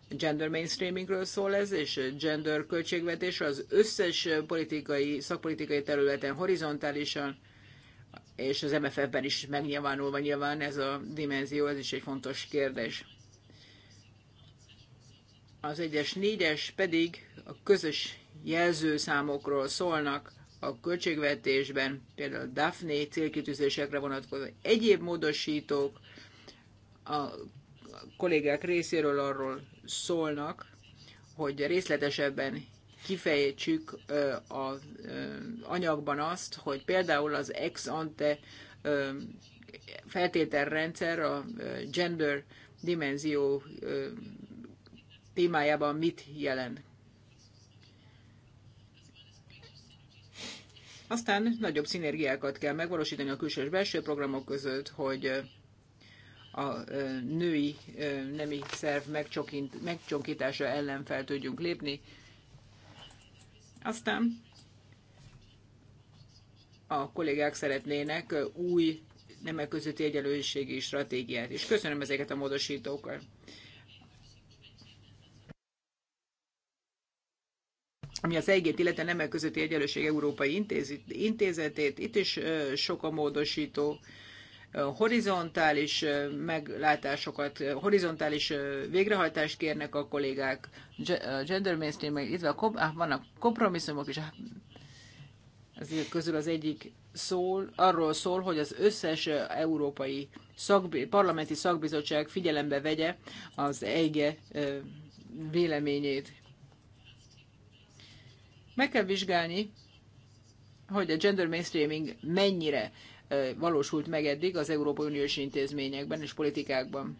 gender mainstreamingről szól ez, és gender költségvetésről az összes politikai, szakpolitikai területen horizontálisan, és az MFF-ben is megnyilvánulva nyilván ez a dimenzió, ez is egy fontos kérdés. Az egyes négyes pedig a közös jelzőszámokról szólnak a költségvetésben, például a DAFNE célkitűzésekre vonatkozó egyéb módosítók, a kollégák részéről arról szólnak, hogy részletesebben kifejtsük az anyagban azt, hogy például az ex ante feltételrendszer a gender dimenzió témájában mit jelent. Aztán nagyobb szinergiákat kell megvalósítani a külső és belső programok között, hogy a női nemi szerv megcsonkítása ellen fel tudjunk lépni. Aztán a kollégák szeretnének új nemek közötti egyenlőségi stratégiát és Köszönöm ezeket a módosítókat. ami az eg illetve nemek közötti egyenlőség Európai Intézetét, itt is sok a módosító, horizontális meglátásokat, horizontális végrehajtást kérnek a kollégák, gender mainstream, illetve vannak kompromisszumok is, Ez közül az egyik szól, arról szól, hogy az összes európai szakbi, parlamenti szakbizottság figyelembe vegye az EIGE véleményét. Meg kell vizsgálni, hogy a gender mainstreaming mennyire valósult meg eddig az Európai Uniós intézményekben és politikákban.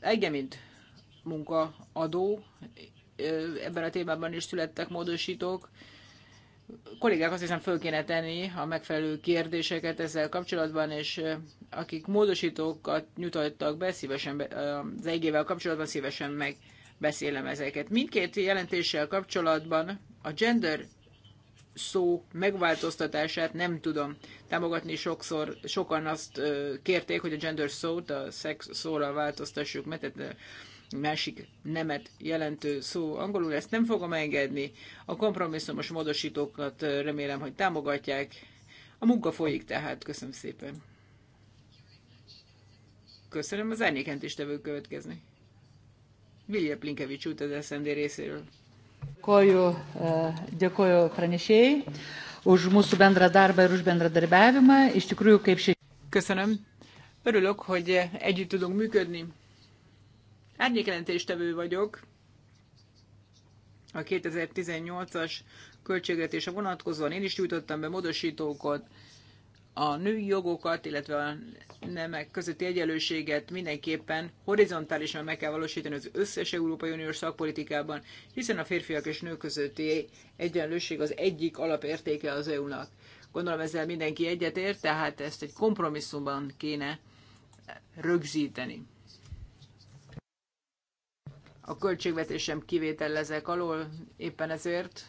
Engem, mint munkaadó, ebben a témában is születtek módosítók. Kollégák azt hiszem föl kéne tenni a megfelelő kérdéseket ezzel kapcsolatban, és akik módosítókat nyújtottak be, szívesen az egével kapcsolatban szívesen megbeszélem ezeket. Mindkét jelentéssel kapcsolatban a gender szó megváltoztatását nem tudom támogatni. Sokszor sokan azt kérték, hogy a gender szót a szex szóra változtassuk, mert tehát másik nemet jelentő szó angolul, ezt nem fogom engedni. A kompromisszumos módosítókat remélem, hogy támogatják. A munka folyik tehát, köszönöm szépen. Köszönöm, az árnyékent is tevő következni. Vilja Plinkevics út az SZND részéről. Dėkoju, e, dėkoju pranešėjai už mūsų bendrą darbą ir už bendradarbiavimą. Iš tikrųjų, kaip šiandien. Köszönöm. Örülök, hogy együtt tudunk működni. Árnyékelentéstevő vagyok a 2018-as költségvetése vonatkozóan. Én is gyújtottam be módosítókat, a női jogokat, illetve a nemek közötti egyenlőséget mindenképpen horizontálisan meg kell valósítani az összes Európai Uniós szakpolitikában, hiszen a férfiak és nők közötti egyenlőség az egyik alapértéke az EU-nak. Gondolom ezzel mindenki egyetért, tehát ezt egy kompromisszumban kéne rögzíteni. A költségvetésem kivétel ezek alól, éppen ezért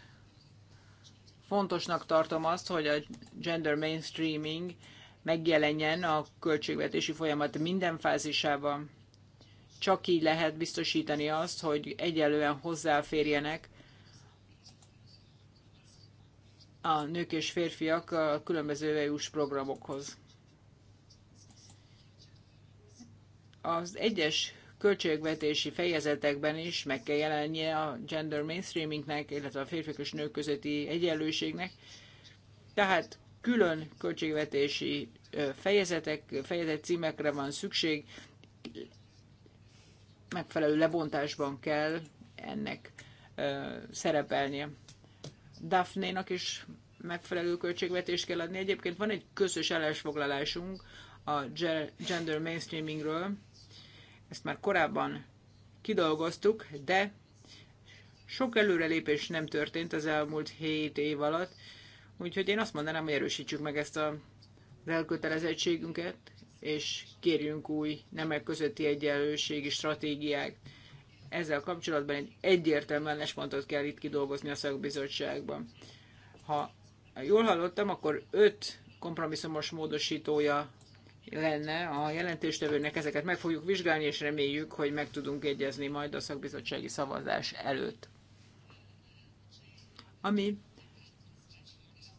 fontosnak tartom azt, hogy a gender mainstreaming megjelenjen a költségvetési folyamat minden fázisában. Csak így lehet biztosítani azt, hogy egyelően hozzáférjenek a nők és férfiak a különböző EU-s programokhoz. Az egyes költségvetési fejezetekben is meg kell jelennie a gender mainstreamingnek, illetve a férfiak és nők közötti egyenlőségnek. Tehát külön költségvetési fejezetek, fejezet címekre van szükség, megfelelő lebontásban kell ennek szerepelnie. Daphne-nak is megfelelő költségvetést kell adni. Egyébként van egy közös ellensfoglalásunk a gender mainstreamingről, ezt már korábban kidolgoztuk, de sok előrelépés nem történt az elmúlt 7 év alatt, úgyhogy én azt mondanám, hogy erősítsük meg ezt a elkötelezettségünket, és kérjünk új nemek közötti egyenlőségi stratégiák. Ezzel kapcsolatban egy egyértelmű pontot kell itt kidolgozni a szakbizottságban. Ha jól hallottam, akkor öt kompromisszumos módosítója lenne a jelentéstevőnek, ezeket meg fogjuk vizsgálni, és reméljük, hogy meg tudunk egyezni majd a szakbizottsági szavazás előtt. Ami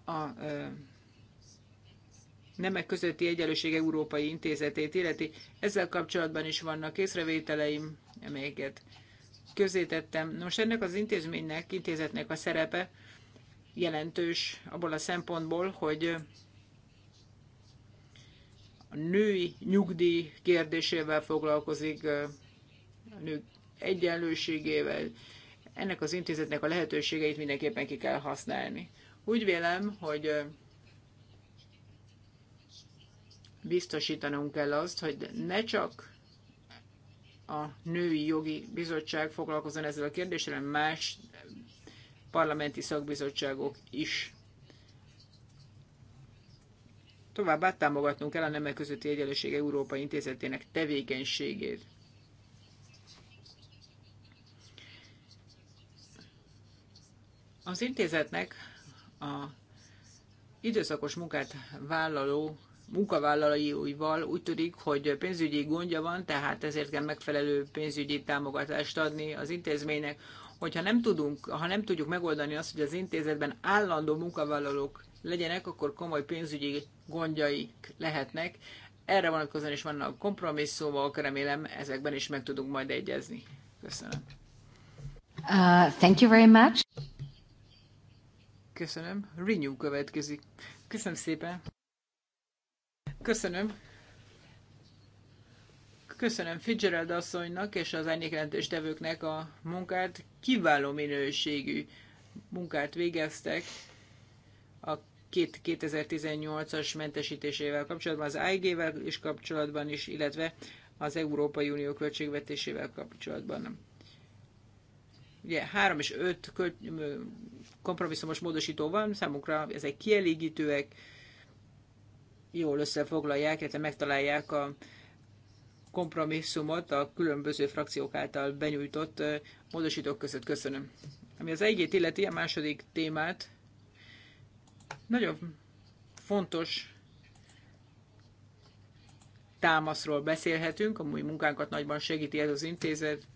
a ö, Nemek közötti egyenlőség Európai Intézetét illeti, ezzel kapcsolatban is vannak észrevételeim, amelyeket közzétettem. Nos, ennek az intézménynek, intézetnek a szerepe jelentős abból a szempontból, hogy a női nyugdíj kérdésével foglalkozik, a nők egyenlőségével. Ennek az intézetnek a lehetőségeit mindenképpen ki kell használni. Úgy vélem, hogy biztosítanunk kell azt, hogy ne csak a Női Jogi Bizottság foglalkozzon ezzel a kérdéssel, más parlamenti szakbizottságok is. Továbbá támogatnunk kell a Nemek Közötti Egyenlőség Európai Intézetének tevékenységét. Az intézetnek a időszakos munkát vállaló munkavállalóival úgy tűnik, hogy pénzügyi gondja van, tehát ezért kell megfelelő pénzügyi támogatást adni az intézménynek. Hogyha nem, tudunk, ha nem tudjuk megoldani azt, hogy az intézetben állandó munkavállalók legyenek, akkor komoly pénzügyi gondjaik lehetnek. Erre vonatkozóan is vannak kompromisszumok, remélem ezekben is meg tudunk majd egyezni. Köszönöm. Uh, thank you very much. Köszönöm. Renew következik. Köszönöm szépen. Köszönöm. Köszönöm Fitzgerald asszonynak és az tevőknek a munkát. Kiváló minőségű munkát végeztek a két 2018-as mentesítésével kapcsolatban, az AIG-vel is kapcsolatban is, illetve az Európai Unió költségvetésével kapcsolatban. Ugye 3 és 5 kompromisszumos módosító van, számukra ezek kielégítőek, jól összefoglalják, illetve megtalálják a kompromisszumot a különböző frakciók által benyújtott módosítók között. Köszönöm. Ami az egyét illeti a második témát, nagyon fontos támaszról beszélhetünk, a mi munkánkat nagyban segíti ez az intézet.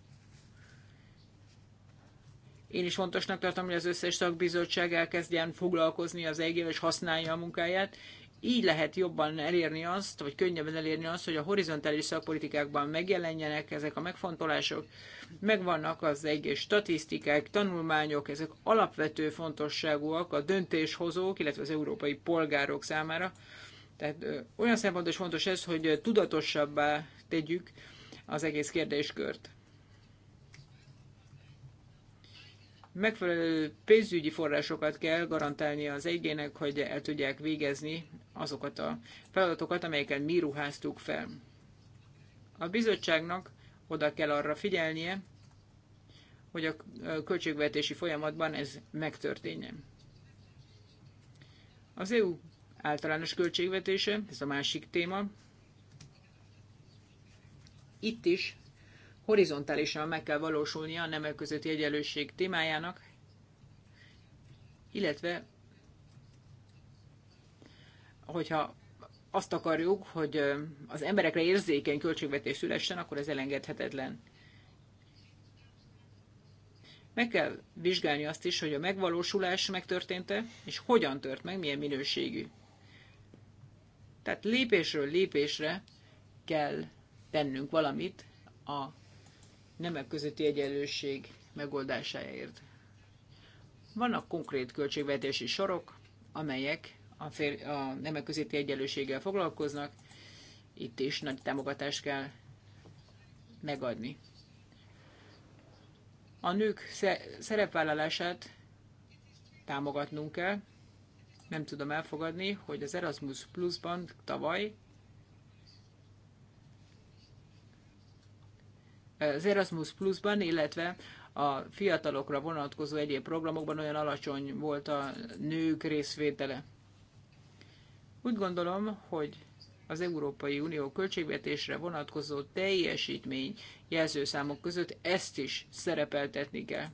Én is fontosnak tartom, hogy az összes tagbizottság elkezdjen foglalkozni az eg és használja a munkáját. Így lehet jobban elérni azt, vagy könnyebben elérni azt, hogy a horizontális szakpolitikákban megjelenjenek ezek a megfontolások. Megvannak az egyes statisztikák, tanulmányok, ezek alapvető fontosságúak a döntéshozók, illetve az európai polgárok számára. Tehát olyan szempontból is fontos ez, hogy tudatosabbá tegyük az egész kérdéskört. megfelelő pénzügyi forrásokat kell garantálni az egyének, hogy el tudják végezni azokat a feladatokat, amelyeket mi ruháztuk fel. A bizottságnak oda kell arra figyelnie, hogy a költségvetési folyamatban ez megtörténjen. Az EU általános költségvetése, ez a másik téma. Itt is horizontálisan meg kell valósulnia a nemek közötti egyenlőség témájának, illetve hogyha azt akarjuk, hogy az emberekre érzékeny költségvetés szülessen, akkor ez elengedhetetlen. Meg kell vizsgálni azt is, hogy a megvalósulás megtörtént-e, és hogyan tört meg, milyen minőségű. Tehát lépésről lépésre kell tennünk valamit a nemek közötti egyenlőség megoldásáért. Vannak konkrét költségvetési sorok, amelyek a, fér, a nemek közötti egyenlőséggel foglalkoznak, itt is nagy támogatást kell megadni. A nők szerepvállalását támogatnunk kell. Nem tudom elfogadni, hogy az Erasmus Plus-ban tavaly az Erasmus Plus-ban, illetve a fiatalokra vonatkozó egyéb programokban olyan alacsony volt a nők részvétele. Úgy gondolom, hogy az Európai Unió költségvetésre vonatkozó teljesítmény jelzőszámok között ezt is szerepeltetni kell.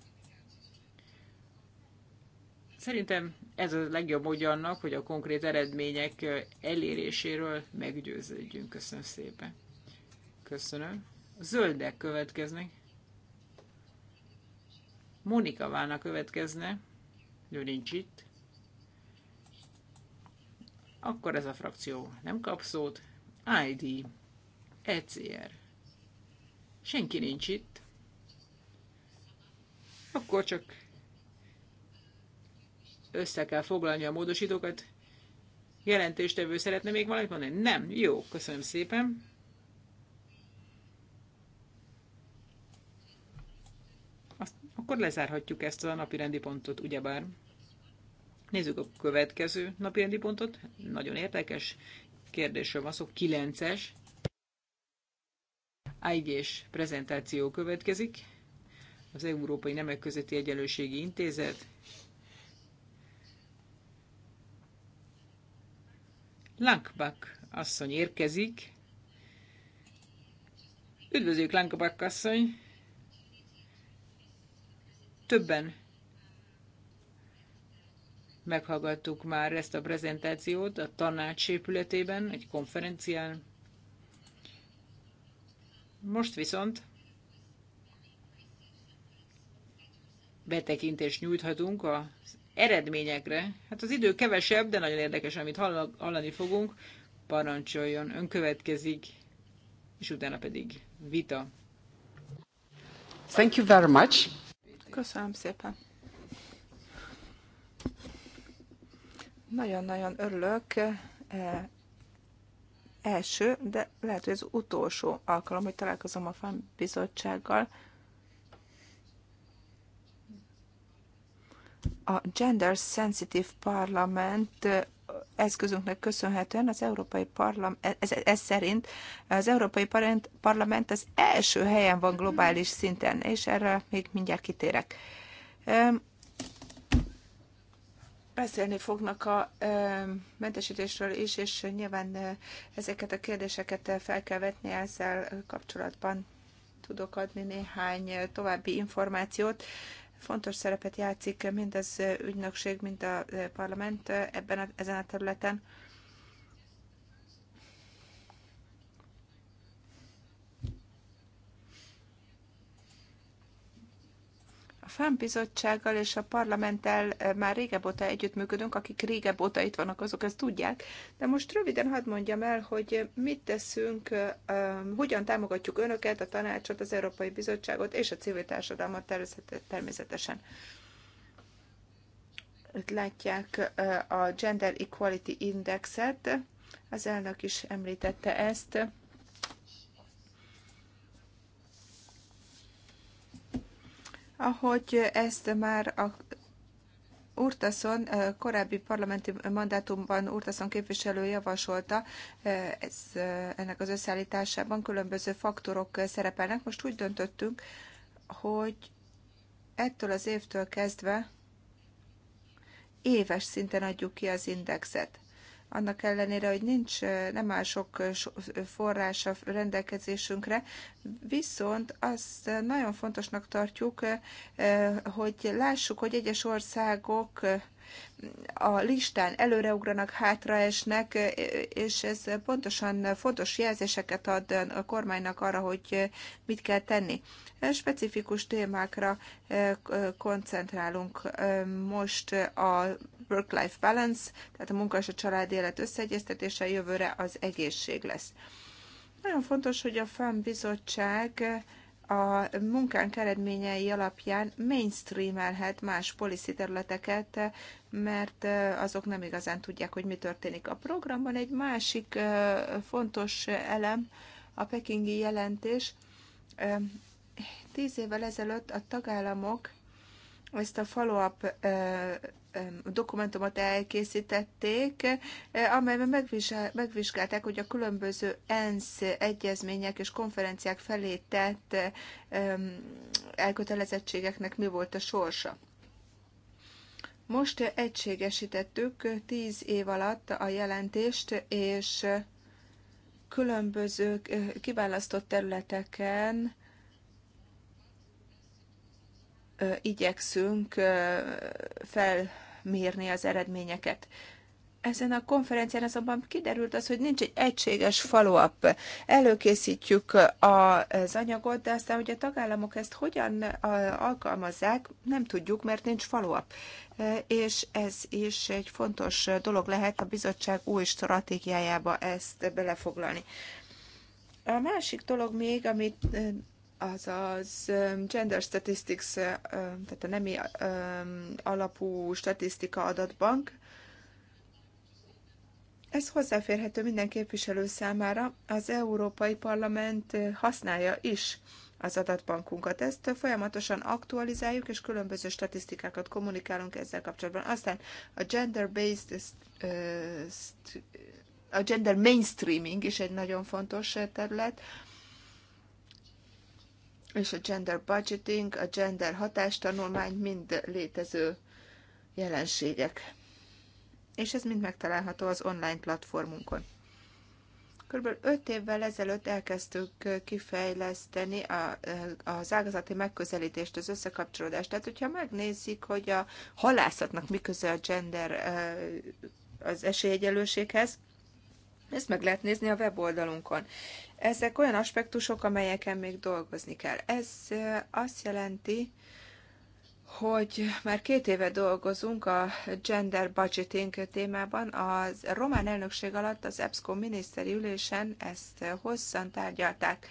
Szerintem ez a legjobb módja annak, hogy a konkrét eredmények eléréséről meggyőződjünk. Köszönöm szépen. Köszönöm zöldek következnek. Monika Vána következne. Ő nincs itt. Akkor ez a frakció nem kap szót. ID. ECR. Senki nincs itt. Akkor csak össze kell foglalni a módosítókat. Jelentéstevő szeretne még valamit mondani? Nem. Jó, köszönöm szépen. akkor lezárhatjuk ezt a napi rendi pontot, ugyebár. Nézzük a következő napi rendi pontot. Nagyon érdekes kérdésről van szó. 9-es. IG-s prezentáció következik. Az Európai Nemek Közötti Egyenlőségi Intézet. Lankbak asszony érkezik. Üdvözlők, Lankbak asszony! Többen meghallgattuk már ezt a prezentációt a tanács épületében, egy konferencián. Most viszont betekintést nyújthatunk az eredményekre. Hát az idő kevesebb, de nagyon érdekes, amit hallani fogunk. Parancsoljon, ön következik, és utána pedig vita. Thank you very much. Köszönöm szépen. Nagyon-nagyon örülök. Eh, első, de lehet, hogy az utolsó alkalom, hogy találkozom a FAN bizottsággal. A Gender Sensitive Parlament eh, eszközünknek köszönhetően az Európai Parlament, ez, ez szerint az Európai Parlament az első helyen van globális szinten, és erre még mindjárt kitérek. Beszélni fognak a mentesítésről is, és nyilván ezeket a kérdéseket fel kell vetni ezzel kapcsolatban tudok adni néhány további információt, Fontos szerepet játszik mind az ügynökség, mind a parlament ebben a, ezen a területen. FAM bizottsággal és a parlamenttel eh, már régebb óta együttműködünk, akik régebb óta itt vannak, azok ezt tudják. De most röviden hadd mondjam el, hogy mit teszünk, eh, eh, hogyan támogatjuk önöket, a tanácsot, az Európai Bizottságot és a civil társadalmat természetesen. Itt látják a Gender Equality Indexet, az elnök is említette ezt. Ahogy ezt már a Urtaszon korábbi parlamenti mandátumban Urtaszon képviselő javasolta, ez, ennek az összeállításában különböző faktorok szerepelnek. Most úgy döntöttünk, hogy ettől az évtől kezdve éves szinten adjuk ki az indexet annak ellenére, hogy nincs, nem áll sok forrása rendelkezésünkre, viszont azt nagyon fontosnak tartjuk, hogy lássuk, hogy egyes országok a listán előreugranak, hátraesnek, és ez pontosan fontos jelzéseket ad a kormánynak arra, hogy mit kell tenni. Specifikus témákra koncentrálunk most a work-life balance, tehát a munka és a család élet összeegyeztetése jövőre az egészség lesz. Nagyon fontos, hogy a FAM bizottság a munkánk eredményei alapján mainstreamelhet más policy területeket, mert azok nem igazán tudják, hogy mi történik a programban. Egy másik fontos elem a pekingi jelentés. Tíz évvel ezelőtt a tagállamok ezt a follow-up dokumentumot elkészítették, eh, amelyben megvizsgálták, hogy a különböző ENSZ egyezmények és konferenciák felé tett elkötelezettségeknek mi volt a sorsa. Most egységesítettük tíz év alatt a jelentést, és különböző eh, kiválasztott területeken igyekszünk felmérni az eredményeket. Ezen a konferencián azonban kiderült az, hogy nincs egy egységes follow-up. Előkészítjük az anyagot, de aztán, hogy a tagállamok ezt hogyan alkalmazzák, nem tudjuk, mert nincs follow-up. És ez is egy fontos dolog lehet a bizottság új stratégiájába ezt belefoglalni. A másik dolog még, amit azaz Gender Statistics, tehát a nemi alapú statisztika adatbank. Ez hozzáférhető minden képviselő számára. Az Európai Parlament használja is az adatbankunkat. Ezt folyamatosan aktualizáljuk, és különböző statisztikákat kommunikálunk ezzel kapcsolatban. Aztán a gender-based a gender mainstreaming is egy nagyon fontos terület és a gender budgeting, a gender hatástanulmány mind létező jelenségek. És ez mind megtalálható az online platformunkon. Körülbelül 5 évvel ezelőtt elkezdtük kifejleszteni a, az ágazati megközelítést, az összekapcsolódást. Tehát, hogyha megnézzük, hogy a halászatnak mi a gender az esélyegyelőséghez, ezt meg lehet nézni a weboldalunkon. Ezek olyan aspektusok, amelyeken még dolgozni kell. Ez azt jelenti, hogy már két éve dolgozunk a gender budgeting témában. A román elnökség alatt az EBSCO miniszteri ülésen ezt hosszan tárgyalták.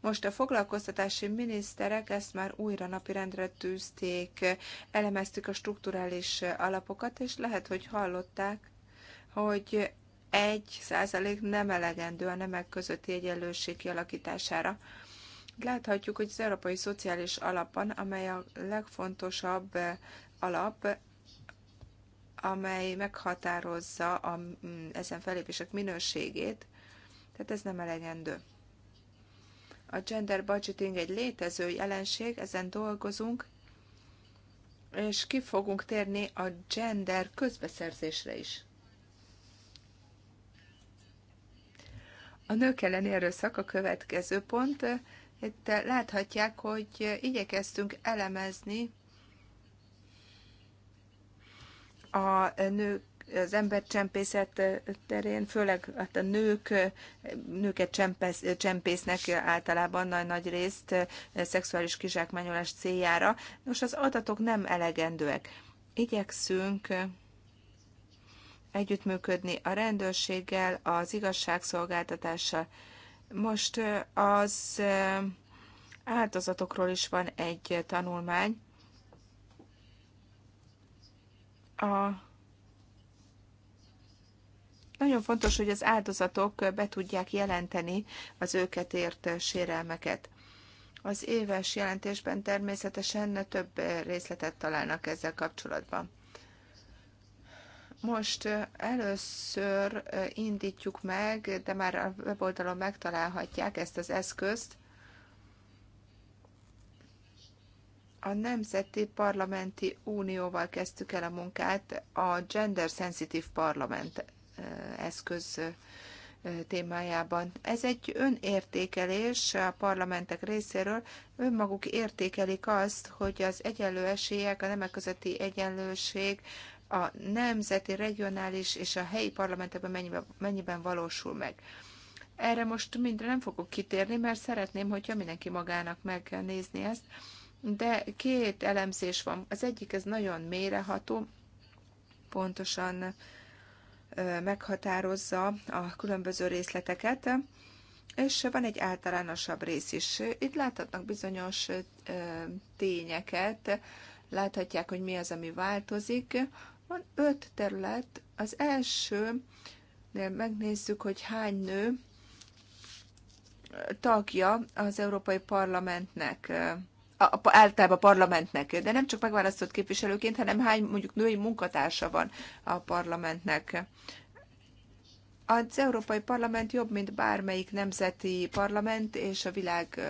Most a foglalkoztatási miniszterek ezt már újra napirendre tűzték, elemeztük a strukturális alapokat, és lehet, hogy hallották, hogy egy százalék nem elegendő a nemek közötti egyenlőség kialakítására. Láthatjuk, hogy az Európai Szociális alapban, amely a legfontosabb eh, alap, amely meghatározza a, mm, ezen felépések minőségét, tehát ez nem elegendő. A gender budgeting egy létező jelenség, ezen dolgozunk, és ki fogunk térni a gender közbeszerzésre is. A nők elleni erőszak a következő pont. Itt láthatják, hogy igyekeztünk elemezni a nők az embercsempészet terén, főleg hát a nők, nőket csempesz, csempésznek általában nagy, nagy részt szexuális kizsákmányolás céljára. Nos, az adatok nem elegendőek. Igyekszünk együttműködni a rendőrséggel, az igazságszolgáltatással. Most az áldozatokról is van egy tanulmány. A nagyon fontos, hogy az áldozatok be tudják jelenteni az őket ért sérelmeket. Az éves jelentésben természetesen több részletet találnak ezzel kapcsolatban. Most először indítjuk meg, de már a weboldalon megtalálhatják ezt az eszközt. A Nemzeti Parlamenti Unióval kezdtük el a munkát a Gender Sensitive Parlament eszköz témájában. Ez egy önértékelés a parlamentek részéről. Önmaguk értékelik azt, hogy az egyenlő esélyek, a nemek közötti egyenlőség a nemzeti, regionális és a helyi parlamentekben mennyiben, mennyiben valósul meg. Erre most mindre nem fogok kitérni, mert szeretném, hogyha mindenki magának meg kell nézni ezt, de két elemzés van. Az egyik, ez nagyon mélyreható, pontosan meghatározza a különböző részleteket, és van egy általánosabb rész is. Itt láthatnak bizonyos tényeket, láthatják, hogy mi az, ami változik van öt terület. Az első, megnézzük, hogy hány nő tagja az Európai Parlamentnek, a, általában a parlamentnek, de nem csak megválasztott képviselőként, hanem hány mondjuk női munkatársa van a parlamentnek. Az Európai Parlament jobb, mint bármelyik nemzeti parlament, és a világ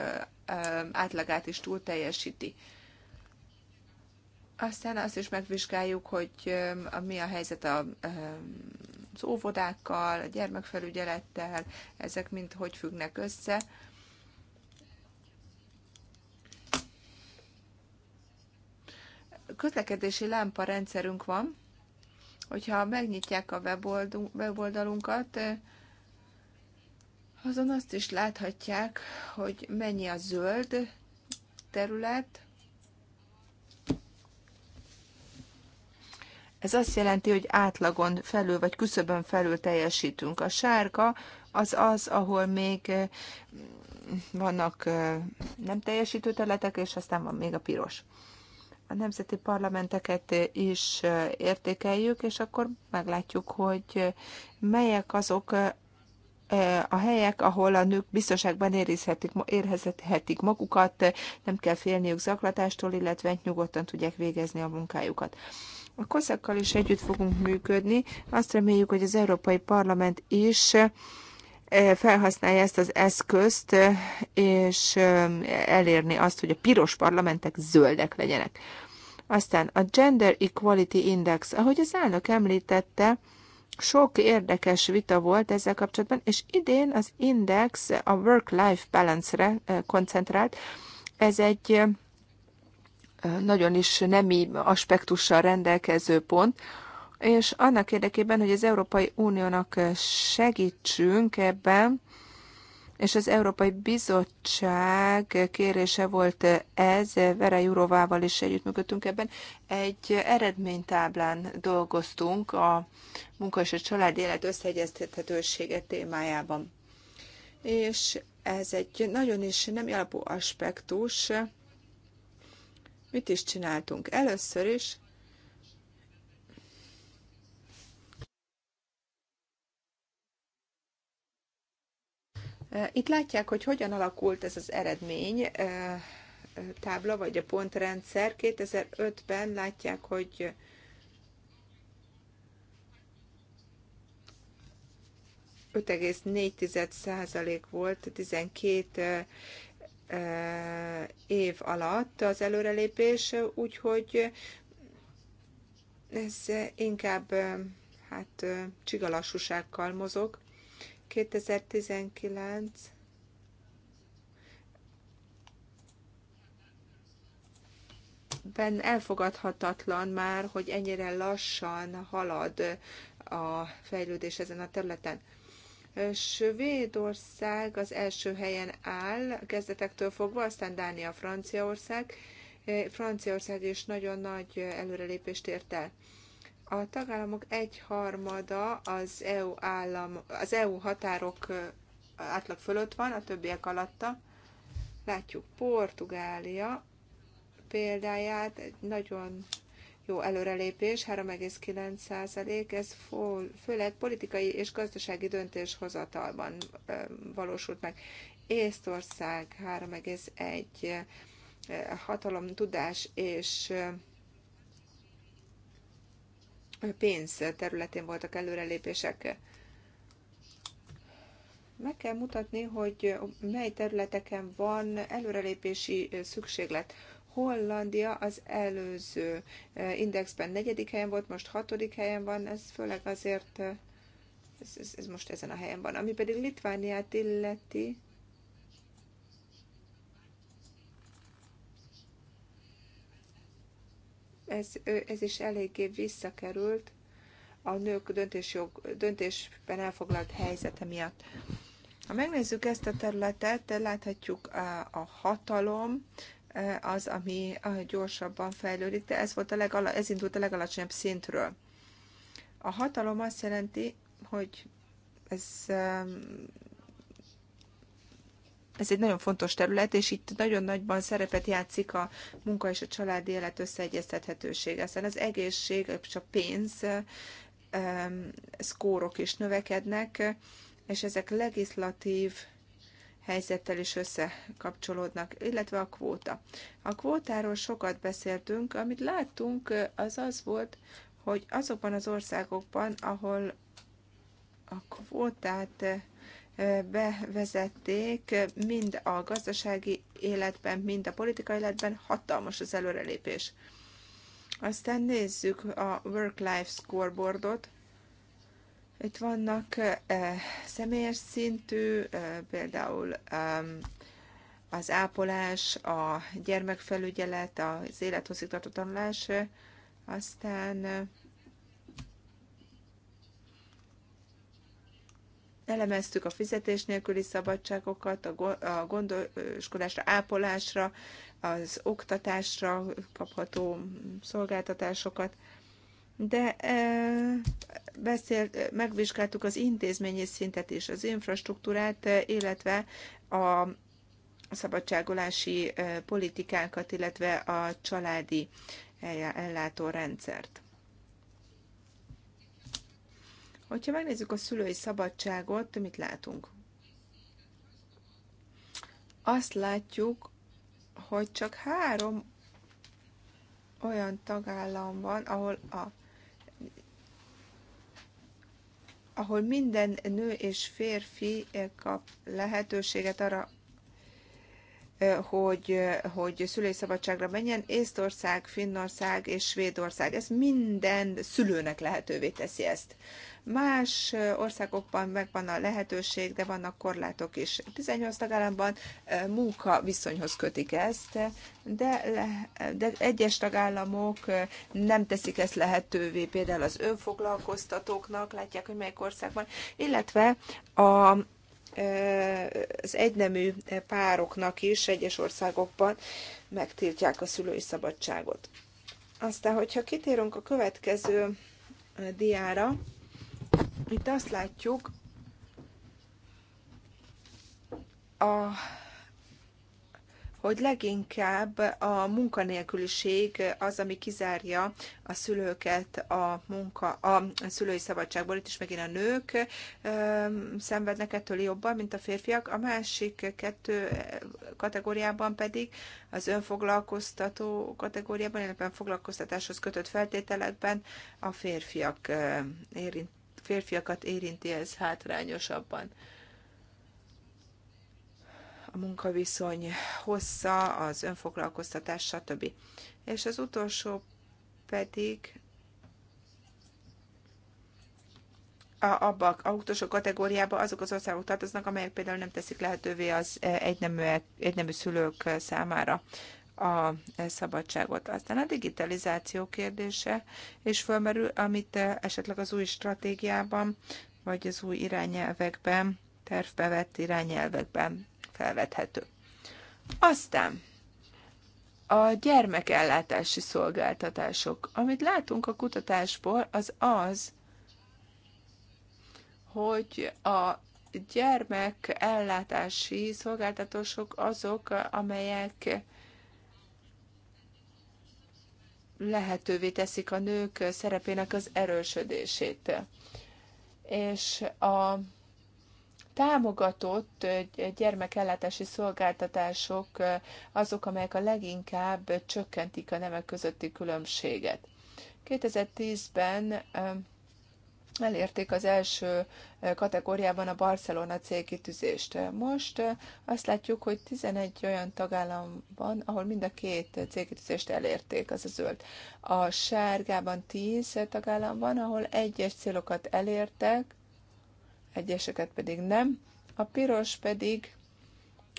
átlagát is túl teljesíti. Aztán azt is megvizsgáljuk, hogy mi a helyzet a, az óvodákkal, a gyermekfelügyelettel, ezek mind hogy függnek össze. Közlekedési rendszerünk van, hogyha megnyitják a weboldalunkat, azon azt is láthatják, hogy mennyi a zöld terület, Ez azt jelenti, hogy átlagon felül vagy küszöbön felül teljesítünk. A sárga az az, ahol még eh, vannak eh, nem teljesítő területek, és aztán van még a piros. A nemzeti parlamenteket eh, is értékeljük, és akkor meglátjuk, hogy melyek azok a helyek, ahol a nők biztonságban érezhetik, érezhetik magukat, nem kell félniük zaklatástól, illetve nyugodtan tudják végezni a munkájukat. A koszakkal is együtt fogunk működni. Azt reméljük, hogy az Európai Parlament is eh, felhasználja ezt az eszközt, eh, és eh, elérni azt, hogy a piros parlamentek zöldek legyenek. Aztán a Gender Equality Index, ahogy az elnök említette, sok érdekes vita volt ezzel kapcsolatban, és idén az index a work-life balance-re koncentrált. Ez egy nagyon is nemi aspektussal rendelkező pont, és annak érdekében, hogy az Európai Uniónak segítsünk ebben, és az Európai Bizottság kérése volt ez, Vera Jurovával is együttműködtünk ebben. Egy eredménytáblán dolgoztunk a munka és a család élet összeegyeztethetősége témájában. És ez egy nagyon is nem alapú aspektus, Mit is csináltunk? Először is Itt látják, hogy hogyan alakult ez az eredmény tábla, vagy a pontrendszer. 2005-ben látják, hogy volt 12 év alatt az előrelépés, úgyhogy ez inkább hát csigalassúsággal mozog. 2019 ben elfogadhatatlan már, hogy ennyire lassan halad a fejlődés ezen a területen. Svédország az első helyen áll, a kezdetektől fogva, aztán Dánia, Franciaország. Eh, Franciaország is nagyon nagy előrelépést ért el. A tagállamok egyharmada az EU, állam, az EU határok eh, átlag fölött van, a többiek alatta. Látjuk Portugália példáját, egy nagyon jó előrelépés, 3,9 ez főleg politikai és gazdasági döntéshozatalban valósult meg. Észtország 3,1 hatalom, tudás és pénz területén voltak előrelépések. Meg kell mutatni, hogy mely területeken van előrelépési szükséglet. Hollandia az előző eh, indexben negyedik helyen volt, most hatodik helyen van, ez főleg azért, eh, ez, ez, ez most ezen a helyen van. Ami pedig Litvániát illeti, ez, eh, ez is eléggé visszakerült a nők döntésjog, döntésben elfoglalt helyzete miatt. Ha megnézzük ezt a területet, láthatjuk a, a hatalom Eh, az, ami eh, gyorsabban fejlődik, de ez, volt a legala, ez indult a legalacsonyabb szintről. A hatalom azt jelenti, hogy ez, eh, ez egy nagyon fontos terület, és itt nagyon nagyban szerepet játszik a munka és a családi élet összeegyeztethetősége. Aztán az egészség és a pénz szkórok is növekednek, és ezek legislatív helyzettel is összekapcsolódnak, illetve a kvóta. A kvótáról sokat beszéltünk, amit láttunk, az az volt, hogy azokban az országokban, ahol a kvótát e, bevezették, mind a gazdasági életben, mind a politikai életben hatalmas az előrelépés. Aztán nézzük a Work-Life Scoreboardot. Itt vannak eh, személyes szintű, eh, például az ápolás, a gyermekfelügyelet, az élethoz tartó tanulás, eh, aztán elemeztük a fizetés nélküli szabadságokat, a gondoskodásra, ápolásra, az oktatásra kapható szolgáltatásokat de beszélt, megvizsgáltuk az intézményi szintet és az infrastruktúrát, illetve a szabadságolási politikánkat, illetve a családi ellátórendszert. Hogyha megnézzük a szülői szabadságot, mit látunk? Azt látjuk, hogy csak három olyan tagállam van, ahol a ahol minden nő és férfi eh, kap lehetőséget arra, hogy, hogy szülőszabadságra menjen, Észtország, Finnország és Svédország. Ez minden szülőnek lehetővé teszi ezt. Más országokban megvan a lehetőség, de vannak korlátok is. 18 tagállamban munka viszonyhoz kötik ezt, de, le, de egyes tagállamok nem teszik ezt lehetővé, például az önfoglalkoztatóknak, látják, hogy melyik országban, illetve a az egynemű pároknak is egyes országokban megtiltják a szülői szabadságot. Aztán, hogyha kitérünk a következő diára, itt azt látjuk, a hogy leginkább a munkanélküliség az, ami kizárja a szülőket a, munka, a szülői szabadságból. Itt is megint a nők ö, szenvednek ettől jobban, mint a férfiak. A másik kettő kategóriában pedig az önfoglalkoztató kategóriában, illetve foglalkoztatáshoz kötött feltételekben a férfiak, ö, érint, férfiakat érinti ez hátrányosabban a munkaviszony hossza, az önfoglalkoztatás, stb. És az utolsó pedig a, abba a utolsó kategóriába azok az országok tartoznak, amelyek például nem teszik lehetővé az e, egynemű, egynemű szülők számára a e, szabadságot. Aztán a digitalizáció kérdése és fölmerül, amit e, esetleg az új stratégiában, vagy az új irányelvekben, tervbe vett irányelvekben felvethető. Aztán a gyermekellátási szolgáltatások. Amit látunk a kutatásból, az az, hogy a gyermekellátási szolgáltatások azok, amelyek lehetővé teszik a nők szerepének az erősödését. És a támogatott gyermekellátási szolgáltatások azok, amelyek a leginkább csökkentik a nemek közötti különbséget. 2010-ben elérték az első kategóriában a Barcelona célkitűzést. Most azt látjuk, hogy 11 olyan tagállam van, ahol mind a két célkitűzést elérték, az a zöld. A sárgában 10 tagállam van, ahol egyes célokat elértek, egyeseket pedig nem. A piros pedig,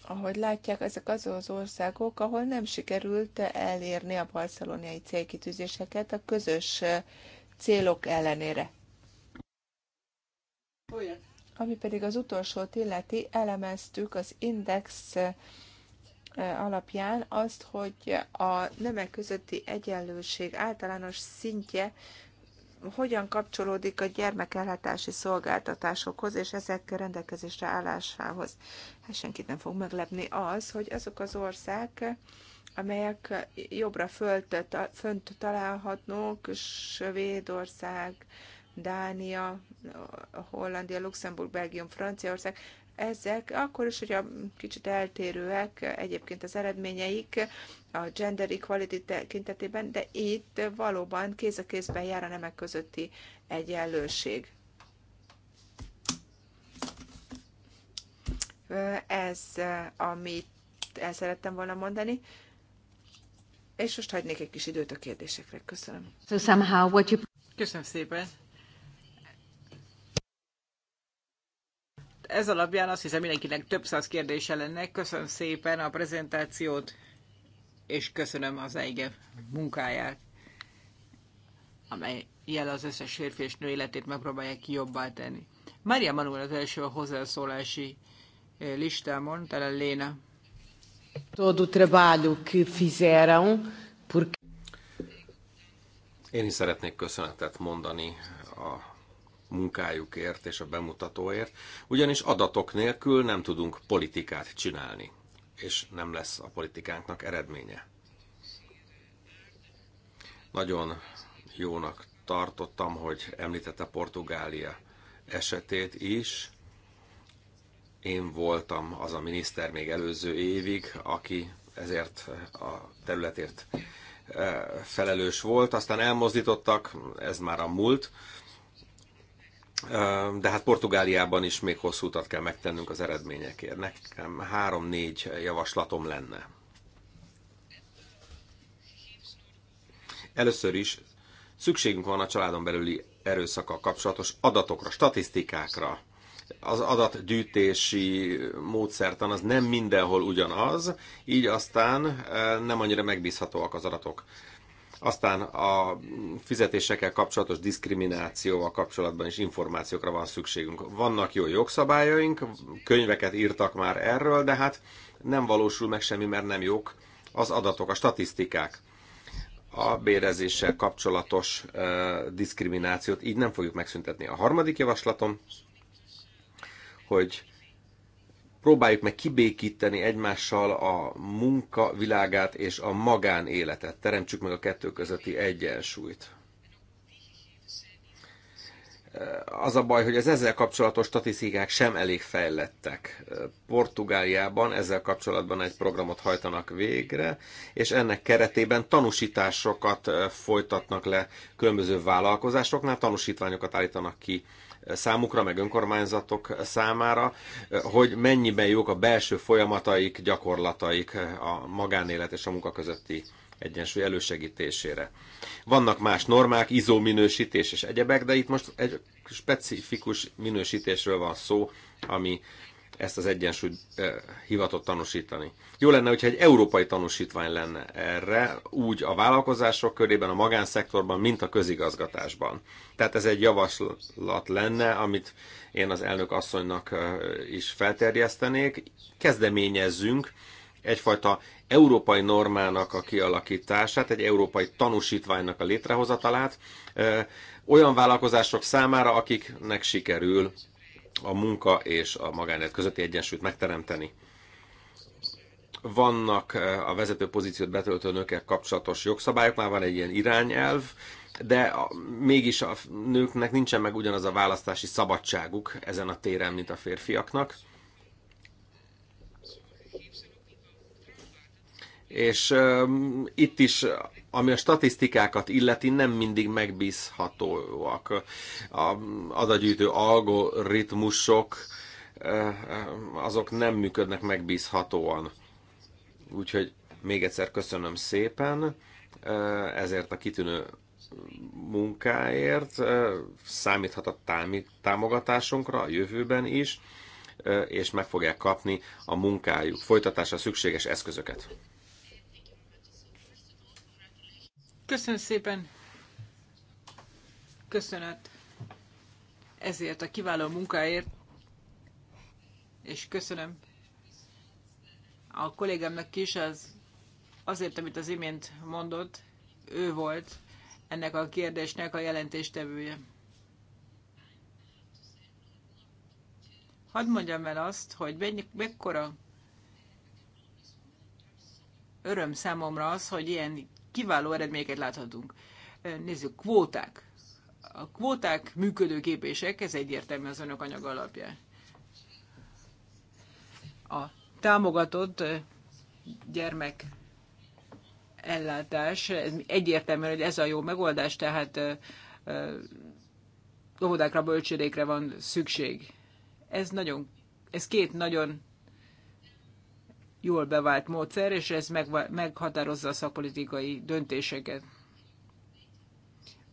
ahogy látják, ezek azok az országok, ahol nem sikerült elérni a barceloniai célkitűzéseket a közös célok ellenére. Ami pedig az utolsót illeti, elemeztük az index alapján azt, hogy a nemek közötti egyenlőség általános szintje hogyan kapcsolódik a gyermekellátási szolgáltatásokhoz és ezek rendelkezésre állásához. Hát senkit nem fog meglepni az, hogy azok az ország, amelyek jobbra fölt, fönt találhatnók, Svédország, Dánia, Hollandia, Luxemburg, Belgium, Franciaország, ezek, akkor is, hogy a kicsit eltérőek egyébként az eredményeik a gender equality tekintetében, de itt valóban kéz a kézben jár a nemek közötti egyenlőség. Ez, amit el szerettem volna mondani. És most hagynék egy kis időt a kérdésekre. Köszönöm. So somehow what you... Köszönöm szépen. ez alapján azt hiszem mindenkinek több száz kérdése lenne. Köszönöm szépen a prezentációt, és köszönöm az EIGE munkáját, amely jel az összes férfi és nő életét megpróbálják jobbá tenni. Mária Manuel az első a hozzászólási eh, listámon, tele Léna. Todo trabalho que fizeram, porque... Én is szeretnék köszönetet mondani a munkájukért és a bemutatóért, ugyanis adatok nélkül nem tudunk politikát csinálni, és nem lesz a politikánknak eredménye. Nagyon jónak tartottam, hogy említette Portugália esetét is. Én voltam az a miniszter még előző évig, aki ezért a területért eh, felelős volt, aztán elmozdítottak, ez már a múlt de hát Portugáliában is még hosszú utat kell megtennünk az eredményekért. Nekem három-négy javaslatom lenne. Először is szükségünk van a családon belüli erőszakkal kapcsolatos adatokra, statisztikákra. Az adatgyűjtési módszertan az nem mindenhol ugyanaz, így aztán nem annyira megbízhatóak az adatok. Aztán a fizetésekkel kapcsolatos diszkriminációval kapcsolatban is információkra van szükségünk. Vannak jó jogszabályaink, könyveket írtak már erről, de hát nem valósul meg semmi, mert nem jók az adatok, a statisztikák a bérezéssel kapcsolatos uh, diszkriminációt így nem fogjuk megszüntetni. A harmadik javaslatom, hogy próbáljuk meg kibékíteni egymással a munka világát és a magánéletet. Teremtsük meg a kettő közötti egyensúlyt. Az a baj, hogy az ezzel kapcsolatos statisztikák sem elég fejlettek. Portugáliában ezzel kapcsolatban egy programot hajtanak végre, és ennek keretében tanúsításokat folytatnak le különböző vállalkozásoknál, tanúsítványokat állítanak ki számukra, meg önkormányzatok számára, hogy mennyiben jók a belső folyamataik, gyakorlataik a magánélet és a munka közötti egyensúly elősegítésére. Vannak más normák, izó minősítés és egyebek, de itt most egy specifikus minősítésről van szó, ami ezt az egyensúlyt eh, hivatott tanúsítani. Jó lenne, hogyha egy európai tanúsítvány lenne erre, úgy a vállalkozások körében, a magánszektorban, mint a közigazgatásban. Tehát ez egy javaslat lenne, amit én az elnök asszonynak eh, is felterjesztenék. Kezdeményezzünk egyfajta európai normának a kialakítását, egy európai tanúsítványnak a létrehozatalát eh, olyan vállalkozások számára, akiknek sikerül a munka és a magánélet közötti egyensúlyt megteremteni. Vannak eh, a vezető pozíciót betöltő nőkkel kapcsolatos jogszabályok, már van egy ilyen irányelv, de a, mégis a nőknek nincsen meg ugyanaz a választási szabadságuk ezen a téren, mint a férfiaknak. És um, itt is ami a statisztikákat illeti, nem mindig megbízhatóak. A adagyűjtő algoritmusok azok nem működnek megbízhatóan. Úgyhogy még egyszer köszönöm szépen ezért a kitűnő munkáért, számíthat a támogatásunkra a jövőben is, és meg fogják kapni a munkájuk folytatása szükséges eszközöket. Köszönöm szépen. Köszönet ezért a kiváló munkáért, és köszönöm a kollégámnak is az, azért, amit az imént mondott, ő volt ennek a kérdésnek a jelentéstevője. Hadd mondjam el azt, hogy mekkora öröm számomra az, hogy ilyen kiváló eredményeket láthatunk. Nézzük, kvóták. A kvóták működőképések, ez egyértelmű az önök anyag alapja. A támogatott gyermek ellátás, egyértelmű, hogy ez a jó megoldás, tehát óvodákra, bölcsődékre van szükség. Ez nagyon, ez két nagyon jól bevált módszer, és ez meghatározza a szakpolitikai döntéseket.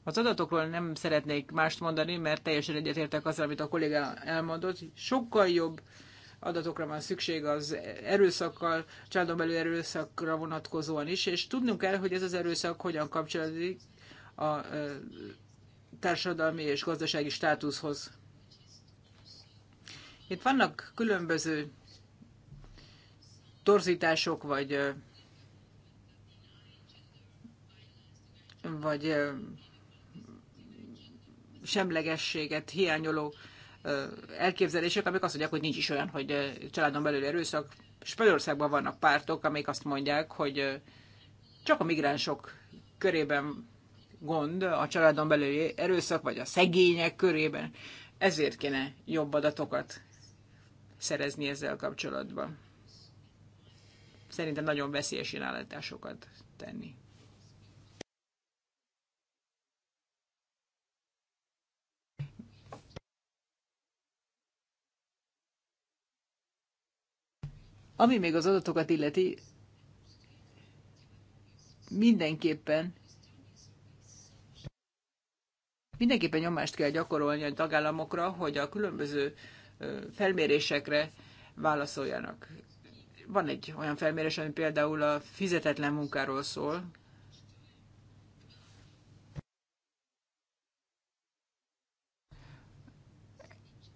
Az adatokról nem szeretnék mást mondani, mert teljesen egyetértek azzal, amit a kolléga elmondott. Sokkal jobb adatokra van szükség az erőszakkal, családon belül erőszakra vonatkozóan is, és tudnunk kell, hogy ez az erőszak hogyan kapcsolódik a társadalmi és gazdasági státuszhoz. Itt vannak különböző torzítások, vagy vagy semlegességet hiányoló elképzelések, amik azt mondják, hogy nincs is olyan, hogy családon belül erőszak. Spanyolországban vannak pártok, amik azt mondják, hogy csak a migránsok körében gond, a családon belüli erőszak, vagy a szegények körében. Ezért kéne jobb adatokat szerezni ezzel kapcsolatban szerintem nagyon veszélyes irányításokat tenni. Ami még az adatokat illeti, mindenképpen mindenképpen nyomást kell gyakorolni a tagállamokra, hogy a különböző felmérésekre válaszoljanak. Van egy olyan felmérés, ami például a fizetetlen munkáról szól,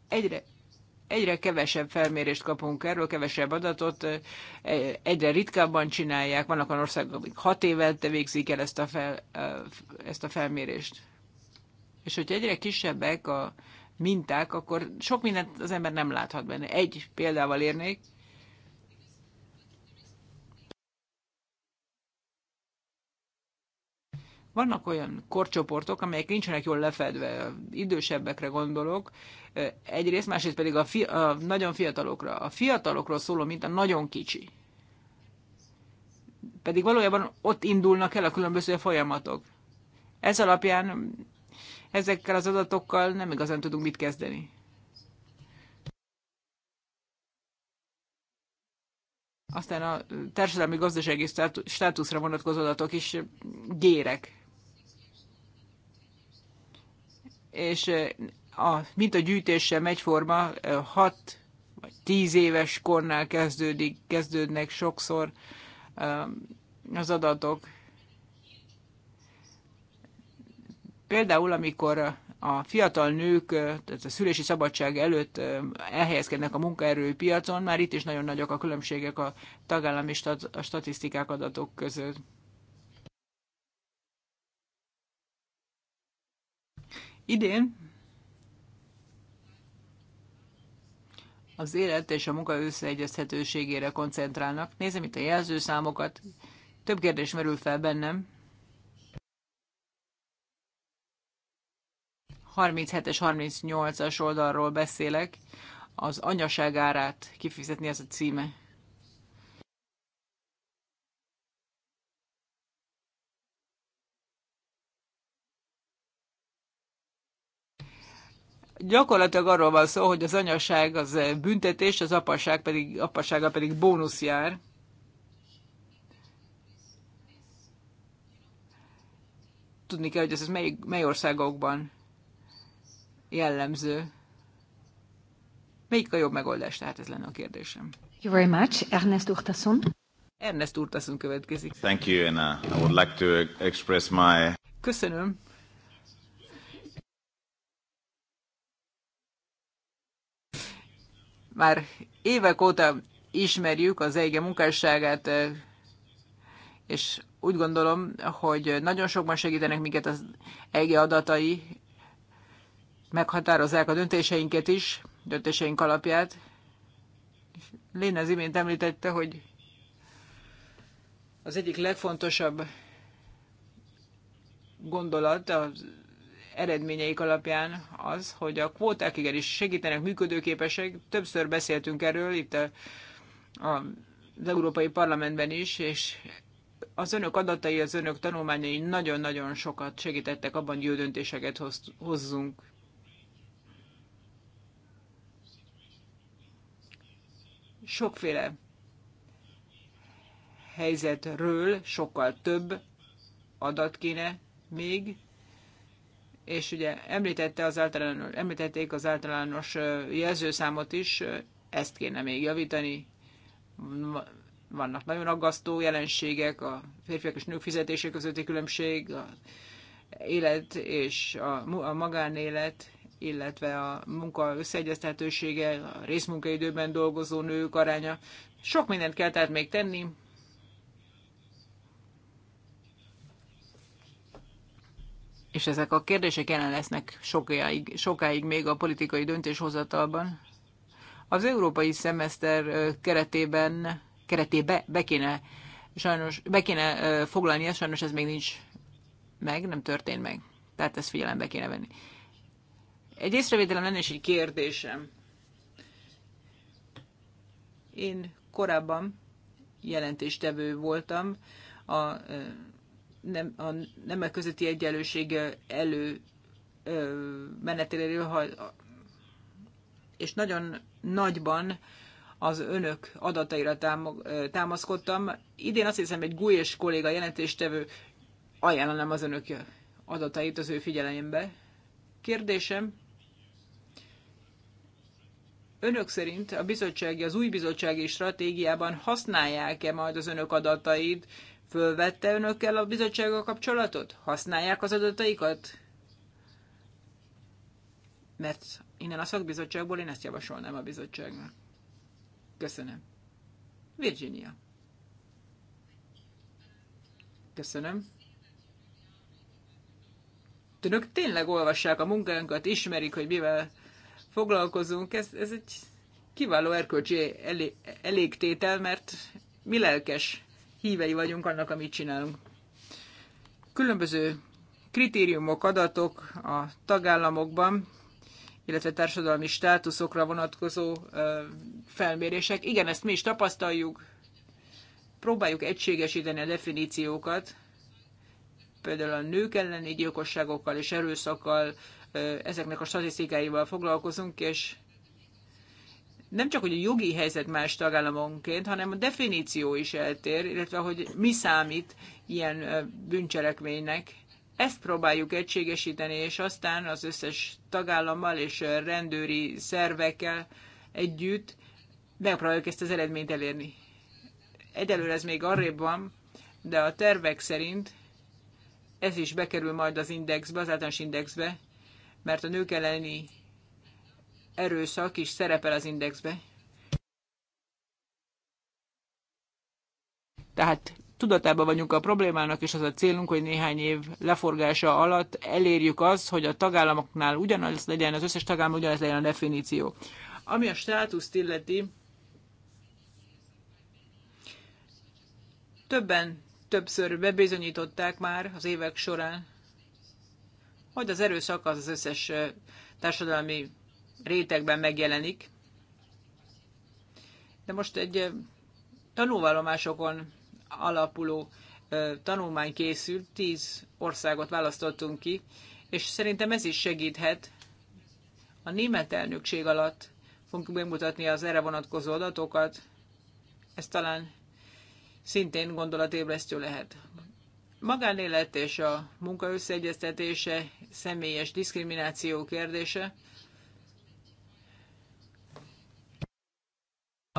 egyre, egyre kevesebb felmérést kapunk erről, kevesebb adatot, e, egyre ritkábban csinálják, vannak olyan országok, amik hat évente végzik el ezt a, fel, e, ezt a felmérést. És hogyha egyre kisebbek a minták, akkor sok mindent az ember nem láthat benne. Egy példával érnék, Vannak olyan korcsoportok, amelyek nincsenek jól lefedve, idősebbekre gondolok, egyrészt, másrészt pedig a, fi, a nagyon fiatalokra. A fiatalokról szóló a nagyon kicsi. Pedig valójában ott indulnak el a különböző folyamatok. Ez alapján ezekkel az adatokkal nem igazán tudunk mit kezdeni. Aztán a társadalmi gazdasági státuszra vonatkozó adatok is gyérek. és a mintagyűjtés sem egyforma, 6 vagy 10 éves kornál kezdődik, kezdődnek sokszor az adatok. Például, amikor a fiatal nők, tehát a szülési szabadság előtt elhelyezkednek a munkaerőpiacon, már itt is nagyon nagyok a különbségek a tagállami stat- a statisztikák adatok között. Idén az élet és a munka összeegyezhetőségére koncentrálnak. Nézem itt a jelzőszámokat. Több kérdés merül fel bennem. 37-es, 38-as oldalról beszélek. Az anyaság árát kifizetni ez a címe. Gyakorlatilag arról van szó, hogy az anyaság az eh, büntetés, az apaság pedig, apasága pedig bónusz jár. Tudni kell, hogy ez mely, mely országokban jellemző. Melyik a jobb megoldás? Tehát ez lenne a kérdésem. Thank you very much. Ernest Urtasun. Ernest Urtasun következik. Thank you, and uh, I would like to express my... Köszönöm. Már évek óta ismerjük az EIGE munkásságát, és úgy gondolom, hogy nagyon sokban segítenek minket az EIGE adatai, meghatározzák a döntéseinket is, döntéseink alapját. Léna az imént említette, hogy az egyik legfontosabb gondolat az eredményeik alapján az, hogy a kvóták igenis segítenek, működőképesek. Többször beszéltünk erről itt a, a, az Európai Parlamentben is, és az önök adatai, az önök tanulmányai nagyon-nagyon sokat segítettek abban, hogy jó döntéseket hozzunk. Sokféle helyzetről sokkal több adat kéne még, és ugye említette az általános, említették az általános jelzőszámot is, ezt kéne még javítani. Vannak nagyon aggasztó jelenségek, a férfiak és nők fizetése közötti különbség, a élet és a, a magánélet, illetve a munka összeegyeztetősége, a részmunkaidőben dolgozó nők aránya. Sok mindent kell tehát még tenni, és ezek a kérdések jelen lesznek sokáig, sokáig még a politikai döntéshozatalban. Az európai szemeszter keretében, keretébe be kéne, sajnos, be kéne foglalnia, sajnos ez még nincs meg, nem történt meg. Tehát ezt figyelembe kéne venni. Egy észrevételem lenne, és egy kérdésem. Én korábban jelentéstevő voltam a nem, a nemek közötti egyenlőség elő menetéről, és nagyon nagyban az önök adataira támaszkodtam. Idén azt hiszem, egy Gulyés kolléga jelentéstevő ajánlanám az önök adatait az ő figyelembe. Kérdésem, önök szerint a bizottsági, az új bizottsági stratégiában használják-e majd az önök adatait, Fölvette önökkel a bizottsággal kapcsolatot? Használják az adataikat? Mert innen a szakbizottságból én ezt javasolnám a bizottságnak. Köszönöm. Virginia. Köszönöm. Önök tényleg olvassák a munkánkat, ismerik, hogy mivel foglalkozunk. Ez, ez egy kiváló erkölcsi elé, elégtétel, mert mi lelkes hívei vagyunk annak, amit csinálunk. Különböző kritériumok, adatok a tagállamokban, illetve társadalmi státuszokra vonatkozó felmérések. Igen, ezt mi is tapasztaljuk. Próbáljuk egységesíteni a definíciókat, például a nők elleni gyilkosságokkal és erőszakkal, ezeknek a statisztikáival foglalkozunk, és nem csak, hogy a jogi helyzet más tagállamonként, hanem a definíció is eltér, illetve hogy mi számít ilyen bűncselekménynek. Ezt próbáljuk egységesíteni, és aztán az összes tagállammal és rendőri szervekkel együtt megpróbáljuk ezt az eredményt elérni. Egyelőre ez még arrébb van, de a tervek szerint ez is bekerül majd az indexbe, az általános indexbe, mert a nők elleni erőszak is szerepel az indexbe. Tehát tudatában vagyunk a problémának, és az a célunk, hogy néhány év leforgása alatt elérjük azt, hogy a tagállamoknál ugyanaz legyen, az összes tagállam ugyanaz legyen a definíció. Ami a státuszt illeti, többen többször bebizonyították már az évek során, hogy az erőszak az az összes társadalmi rétegben megjelenik. De most egy tanulvallomásokon alapuló tanulmány készült, tíz országot választottunk ki, és szerintem ez is segíthet. A német elnökség alatt fogjuk bemutatni az erre vonatkozó adatokat, ez talán szintén gondolatébresztő lehet. Magánélet és a munka összeegyeztetése, személyes diszkrimináció kérdése,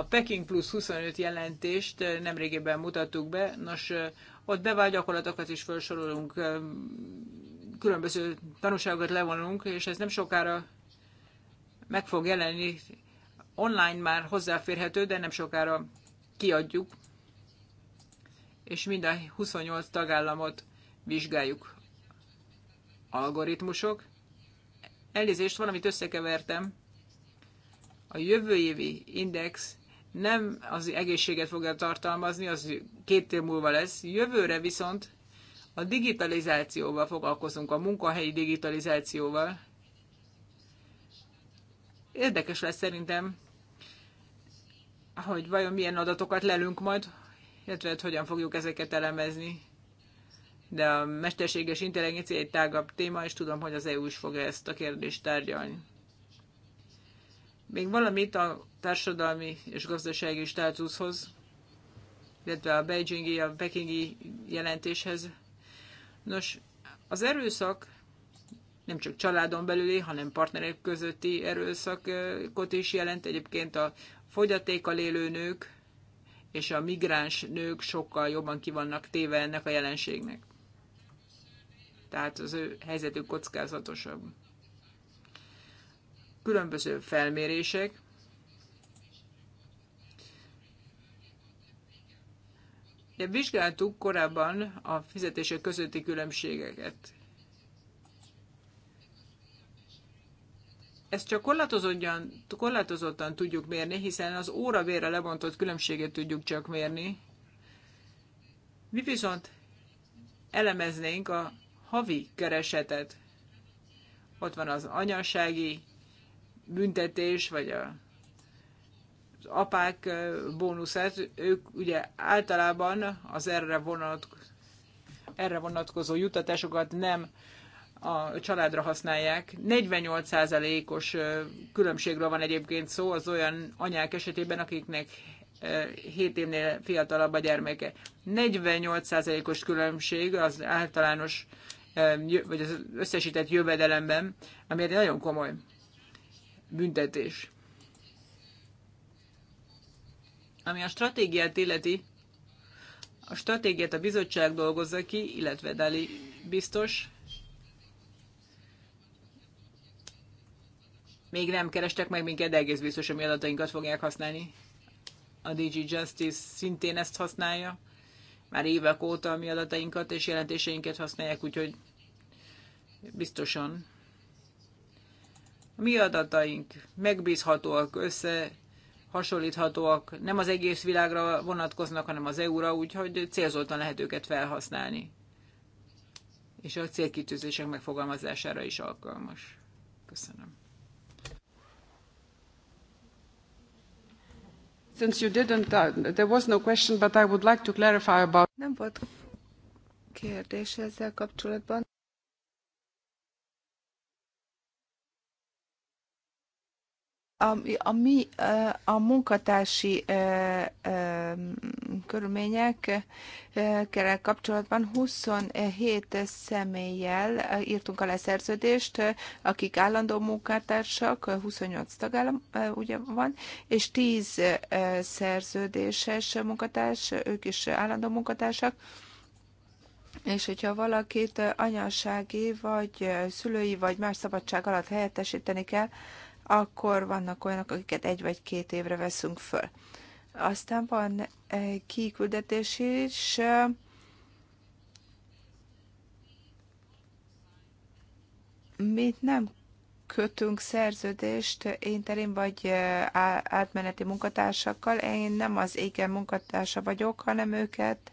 Peking plusz 25 jelentést eh, nemrégében mutattuk be, nos, eh, ott bevált gyakorlatokat is felsorolunk, eh, különböző tanulságokat levonunk, és ez nem sokára meg fog jelenni. Online már hozzáférhető, de nem sokára kiadjuk, és mind a 28 tagállamot vizsgáljuk. Algoritmusok. Elnézést, valamit összekevertem. A jövő évi index nem az egészséget fogja tartalmazni, az két év múlva lesz. Jövőre viszont a digitalizációval foglalkozunk, a munkahelyi digitalizációval. Érdekes lesz szerintem, hogy vajon milyen adatokat lelünk majd, illetve hogyan fogjuk ezeket elemezni. De a mesterséges intelligencia egy tágabb téma, és tudom, hogy az EU is fogja ezt a kérdést tárgyalni még valamit a társadalmi és gazdasági státuszhoz, illetve a beijingi, a pekingi jelentéshez. Nos, az erőszak nem csak családon belüli, hanem partnerek közötti erőszakot is jelent. Egyébként a fogyatékkal élő nők és a migráns nők sokkal jobban kivannak téve ennek a jelenségnek. Tehát az ő helyzetük kockázatosabb különböző felmérések, Ugye vizsgáltuk korábban a fizetések közötti különbségeket. Ezt csak korlátozottan, korlátozottan tudjuk mérni, hiszen az óra-vére lebontott különbséget tudjuk csak mérni. Mi viszont elemeznénk a havi keresetet. Ott van az anyasági büntetés, vagy a, az apák bónuszát, ők ugye általában az erre, vonat, erre vonatkozó jutatásokat nem a családra használják. 48%-os különbségről van egyébként szó az olyan anyák esetében, akiknek 7 évnél fiatalabb a gyermeke. 48%-os különbség az általános, vagy az összesített jövedelemben, ami egy nagyon komoly büntetés. Ami a stratégiát illeti, a stratégiát a bizottság dolgozza ki, illetve Dali biztos. Még nem kerestek meg minket, egész biztos, hogy mi adatainkat fogják használni. A DG Justice szintén ezt használja. Már évek óta a mi adatainkat és jelentéseinket használják, úgyhogy biztosan a mi adataink megbízhatóak, összehasonlíthatóak, nem az egész világra vonatkoznak, hanem az EU-ra, úgyhogy célzoltan lehet őket felhasználni. És a célkitűzések megfogalmazására is alkalmas. Köszönöm. Since you didn't, uh, there was no question, but I would like to clarify about... Nem volt kérdés ezzel kapcsolatban. a, a, mi, a munkatársi körülményekkel kapcsolatban 27 személlyel írtunk alá szerződést, akik állandó munkatársak, 28 tagállam ugye van, és 10 szerződéses munkatárs, ők is állandó munkatársak, és hogyha valakit anyasági, vagy szülői, vagy más szabadság alatt helyettesíteni kell, akkor vannak olyanok, akiket egy vagy két évre veszünk föl. Aztán van eh, kiküldetés is, eh, mi nem kötünk szerződést interim vagy eh, átmeneti munkatársakkal. Én nem az égen munkatársa vagyok, hanem őket,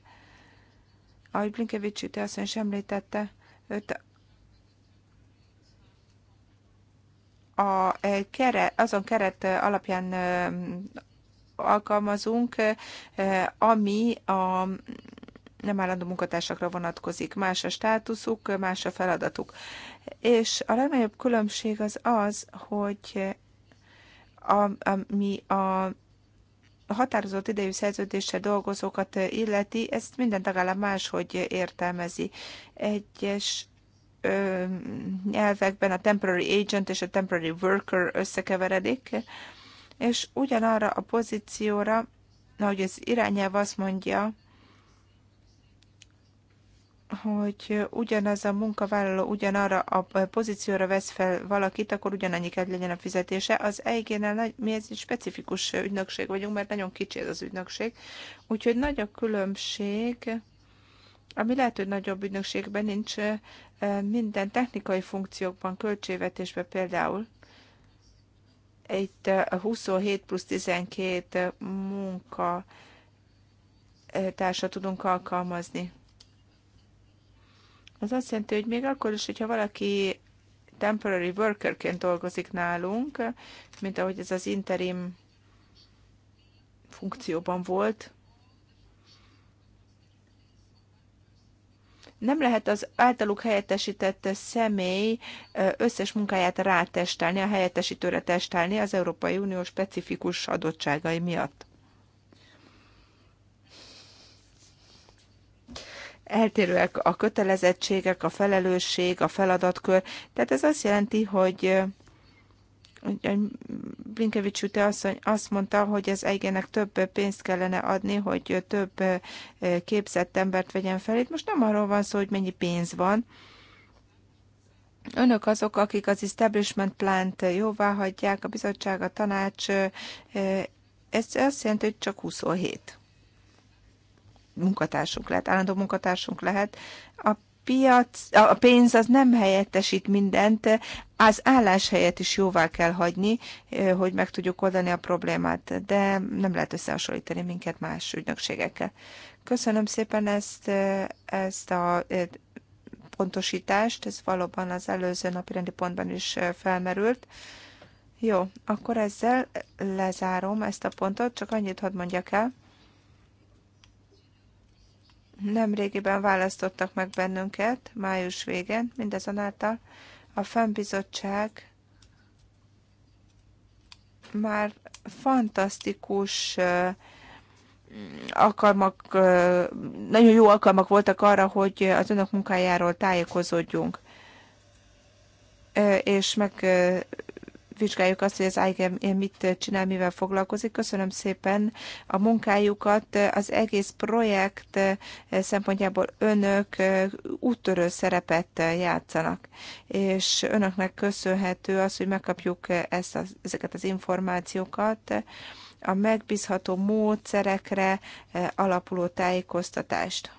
ahogy Blinkevics azt is említette, őt a eh, keret, azon keret eh, alapján eh, alkalmazunk, ami a nem állandó munkatársakra vonatkozik. Más a státuszuk, más a feladatuk. És a legnagyobb különbség az az, hogy a, ami a határozott idejű szerződéssel dolgozókat illeti, ezt minden tagállam máshogy értelmezi. Egyes nyelvekben a temporary agent és a temporary worker összekeveredik, és ugyanarra a pozícióra, ahogy az irányelv azt mondja, hogy ugyanaz a munkavállaló ugyanarra a pozícióra vesz fel valakit, akkor ugyanannyi kell legyen a fizetése. Az EIG-nál mi ez egy specifikus ügynökség vagyunk, mert nagyon kicsi ez az ügynökség, úgyhogy nagy a különbség ami lehet, hogy nagyobb ügynökségben nincs minden technikai funkciókban, költségvetésben például. Itt a 27 plusz 12 munka társa tudunk alkalmazni. Az azt jelenti, hogy még akkor is, hogyha valaki temporary workerként dolgozik nálunk, mint ahogy ez az interim funkcióban volt, nem lehet az általuk helyettesített személy összes munkáját rátestelni, a helyettesítőre testelni az Európai Unió specifikus adottságai miatt. Eltérőek a kötelezettségek, a felelősség, a feladatkör. Tehát ez azt jelenti, hogy Blinkevics úti asszony azt mondta, hogy az eige több pénzt kellene adni, hogy több képzett embert vegyen fel. Itt most nem arról van szó, hogy mennyi pénz van. Önök azok, akik az establishment plant jóvá hagyják, a bizottság, a tanács, ez azt jelenti, hogy csak 27 munkatársunk lehet, állandó munkatársunk lehet. A piac, a pénz az nem helyettesít mindent, az állás helyett is jóvá kell hagyni, hogy meg tudjuk oldani a problémát, de nem lehet összehasonlítani minket más ügynökségekkel. Köszönöm szépen ezt, ezt a pontosítást, ez valóban az előző napi rendi pontban is felmerült. Jó, akkor ezzel lezárom ezt a pontot, csak annyit hadd mondjak el, Nemrégiben választottak meg bennünket, május végén, mindazonáltal a fennbizottság már fantasztikus akarmak, nagyon jó alkalmak voltak arra, hogy az önök munkájáról tájékozódjunk és meg vizsgáljuk azt, hogy az IGM mit csinál, mivel foglalkozik. Köszönöm szépen a munkájukat. Az egész projekt eh, szempontjából önök eh, úttörő szerepet eh, játszanak, és önöknek köszönhető az, hogy megkapjuk ezt a, ezeket az információkat a megbízható módszerekre alapuló tájékoztatást.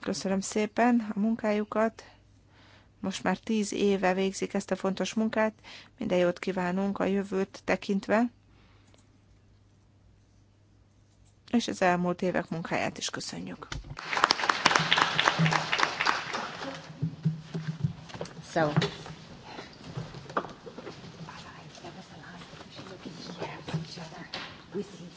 Köszönöm szépen a munkájukat! most már tíz éve végzik ezt a fontos munkát. Minden jót kívánunk a jövőt tekintve. És az elmúlt évek munkáját is köszönjük. So. We see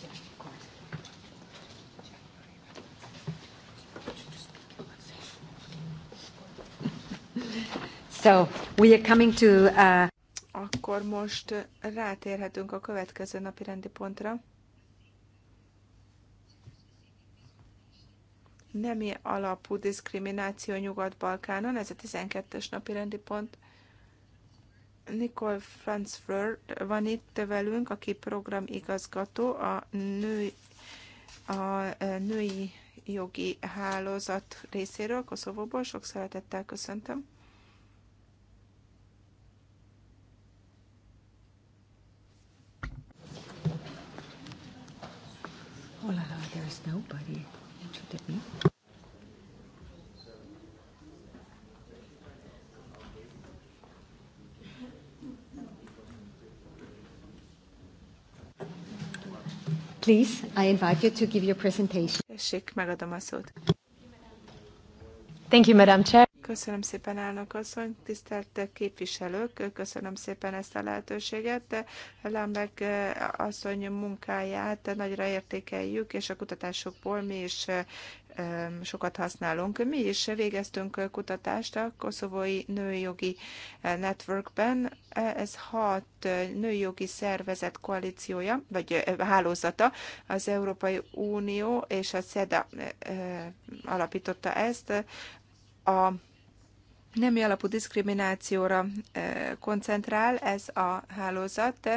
So, we are coming to... Uh... Akkor most rátérhetünk a következő napi rendi pontra. Nemi alapú diszkrimináció Nyugat-Balkánon, ez a 12-es napi rendi pont. Nicole Franzford van itt velünk, aki programigazgató a, nő, a e, női jogi hálózat részéről, Koszovóból. Sok szeretettel köszöntöm. there's nobody. Please, I invite you to give your presentation. Thank you, Madam Chair. Köszönöm szépen, elnök asszony, tisztelt képviselők, köszönöm szépen ezt a lehetőséget. Lambek eh, asszony munkáját nagyra értékeljük, és a kutatásokból mi is eh, sokat használunk. Mi is végeztünk kutatást a koszovói nőjogi eh, networkben. Ez hat nőjogi szervezet koalíciója, vagy hálózata. Az Európai Unió és a SZEDA alapította ezt. A nemi alapú diszkriminációra e, koncentrál ez a hálózat,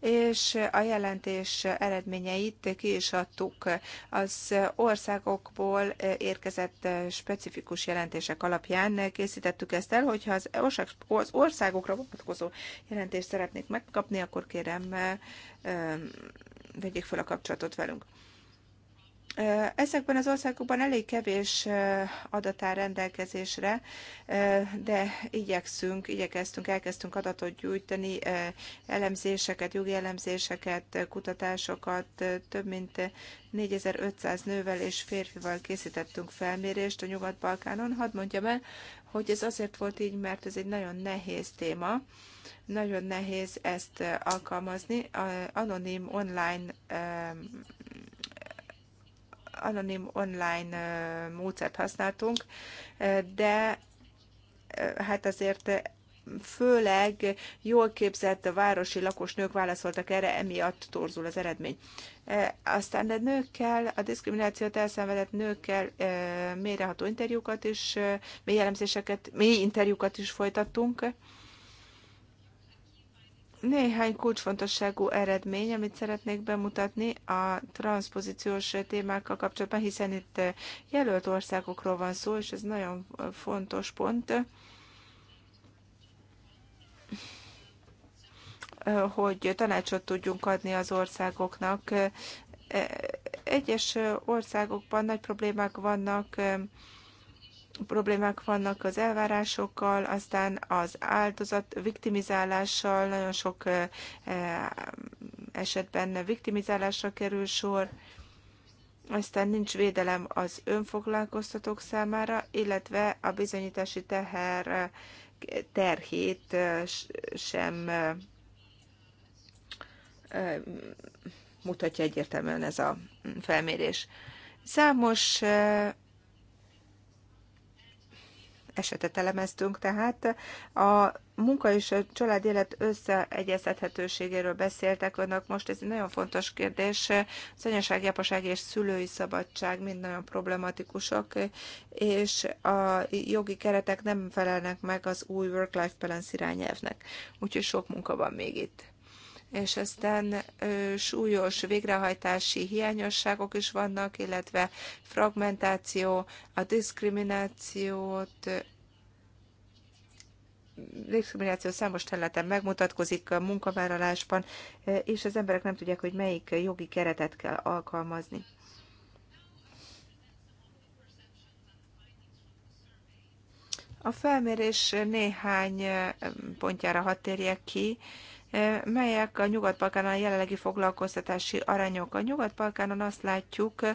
és a jelentés eredményeit ki is adtuk. Az országokból e, érkezett e, specifikus jelentések alapján készítettük ezt el, hogyha az országokra vonatkozó jelentést szeretnék megkapni, akkor kérem, vegyék fel a kapcsolatot velünk. Ezekben az országokban elég kevés adat áll rendelkezésre, de igyekszünk, igyekeztünk, elkezdtünk adatot gyűjteni, elemzéseket, jogi elemzéseket, kutatásokat, több mint 4500 nővel és férfival készítettünk felmérést a Nyugat-Balkánon. Hadd mondjam el, hogy ez azért volt így, mert ez egy nagyon nehéz téma, nagyon nehéz ezt alkalmazni. Anonim online anonim online módszert használtunk, de hát azért főleg jól képzett városi lakos nők válaszoltak erre, emiatt torzul az eredmény. Aztán a nőkkel, a diszkriminációt elszenvedett nőkkel mélyreható interjúkat is, mély elemzéseket, mély interjúkat is folytattunk néhány kulcsfontosságú eredmény, amit szeretnék bemutatni a transzpozíciós témákkal kapcsolatban, hiszen itt eh, jelölt országokról van szó, és ez nagyon eh, fontos pont, eh, hogy tanácsot tudjunk adni az országoknak. Egyes országokban nagy problémák vannak, problémák vannak az elvárásokkal, aztán az áldozat viktimizálással, nagyon sok eh, esetben viktimizálásra kerül sor, aztán nincs védelem az önfoglalkoztatók számára, illetve a bizonyítási teher eh, terhét eh, sem mutatja egyértelműen ez a felmérés. Számos esetet elemeztünk, tehát a munka és a család élet összeegyeztethetőségéről beszéltek önök most, ez egy nagyon fontos kérdés. Az anyaság, és szülői szabadság mind nagyon problematikusak, és a jogi keretek nem felelnek meg az új work-life balance irányelvnek. Úgyhogy sok munka van még itt és aztán súlyos végrehajtási hiányosságok is vannak, illetve fragmentáció, a diszkriminációt diszkrimináció számos területen megmutatkozik a munkavállalásban, és az emberek nem tudják, hogy melyik jogi keretet kell alkalmazni. A felmérés néhány pontjára hat térjek ki. E, melyek a Nyugat-Balkánon a jelenlegi foglalkoztatási arányok. A Nyugat-Balkánon azt látjuk,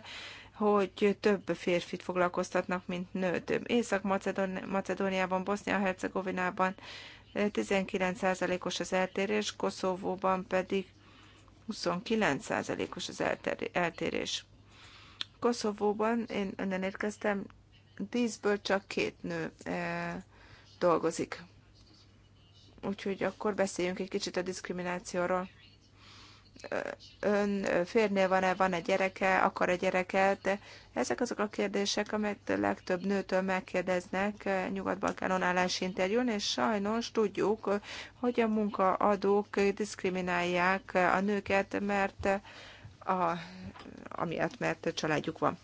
hogy több férfit foglalkoztatnak, mint nőt. Észak-Macedóniában, Bosznia-Hercegovinában 19%-os e, az eltérés, Koszovóban pedig 29%-os az eltérés. Koszovóban, én önnen érkeztem, 10-ből csak két nő e, dolgozik. Úgyhogy akkor beszéljünk egy kicsit a diszkriminációról. Ön férnél van-e, van-e gyereke, akar egy gyereket, de ezek azok a kérdések, amelyet legtöbb nőtől megkérdeznek Nyugat-Balkánon interjún, és sajnos tudjuk, hogy a munkaadók diszkriminálják a nőket, mert a, amiatt, mert a családjuk van.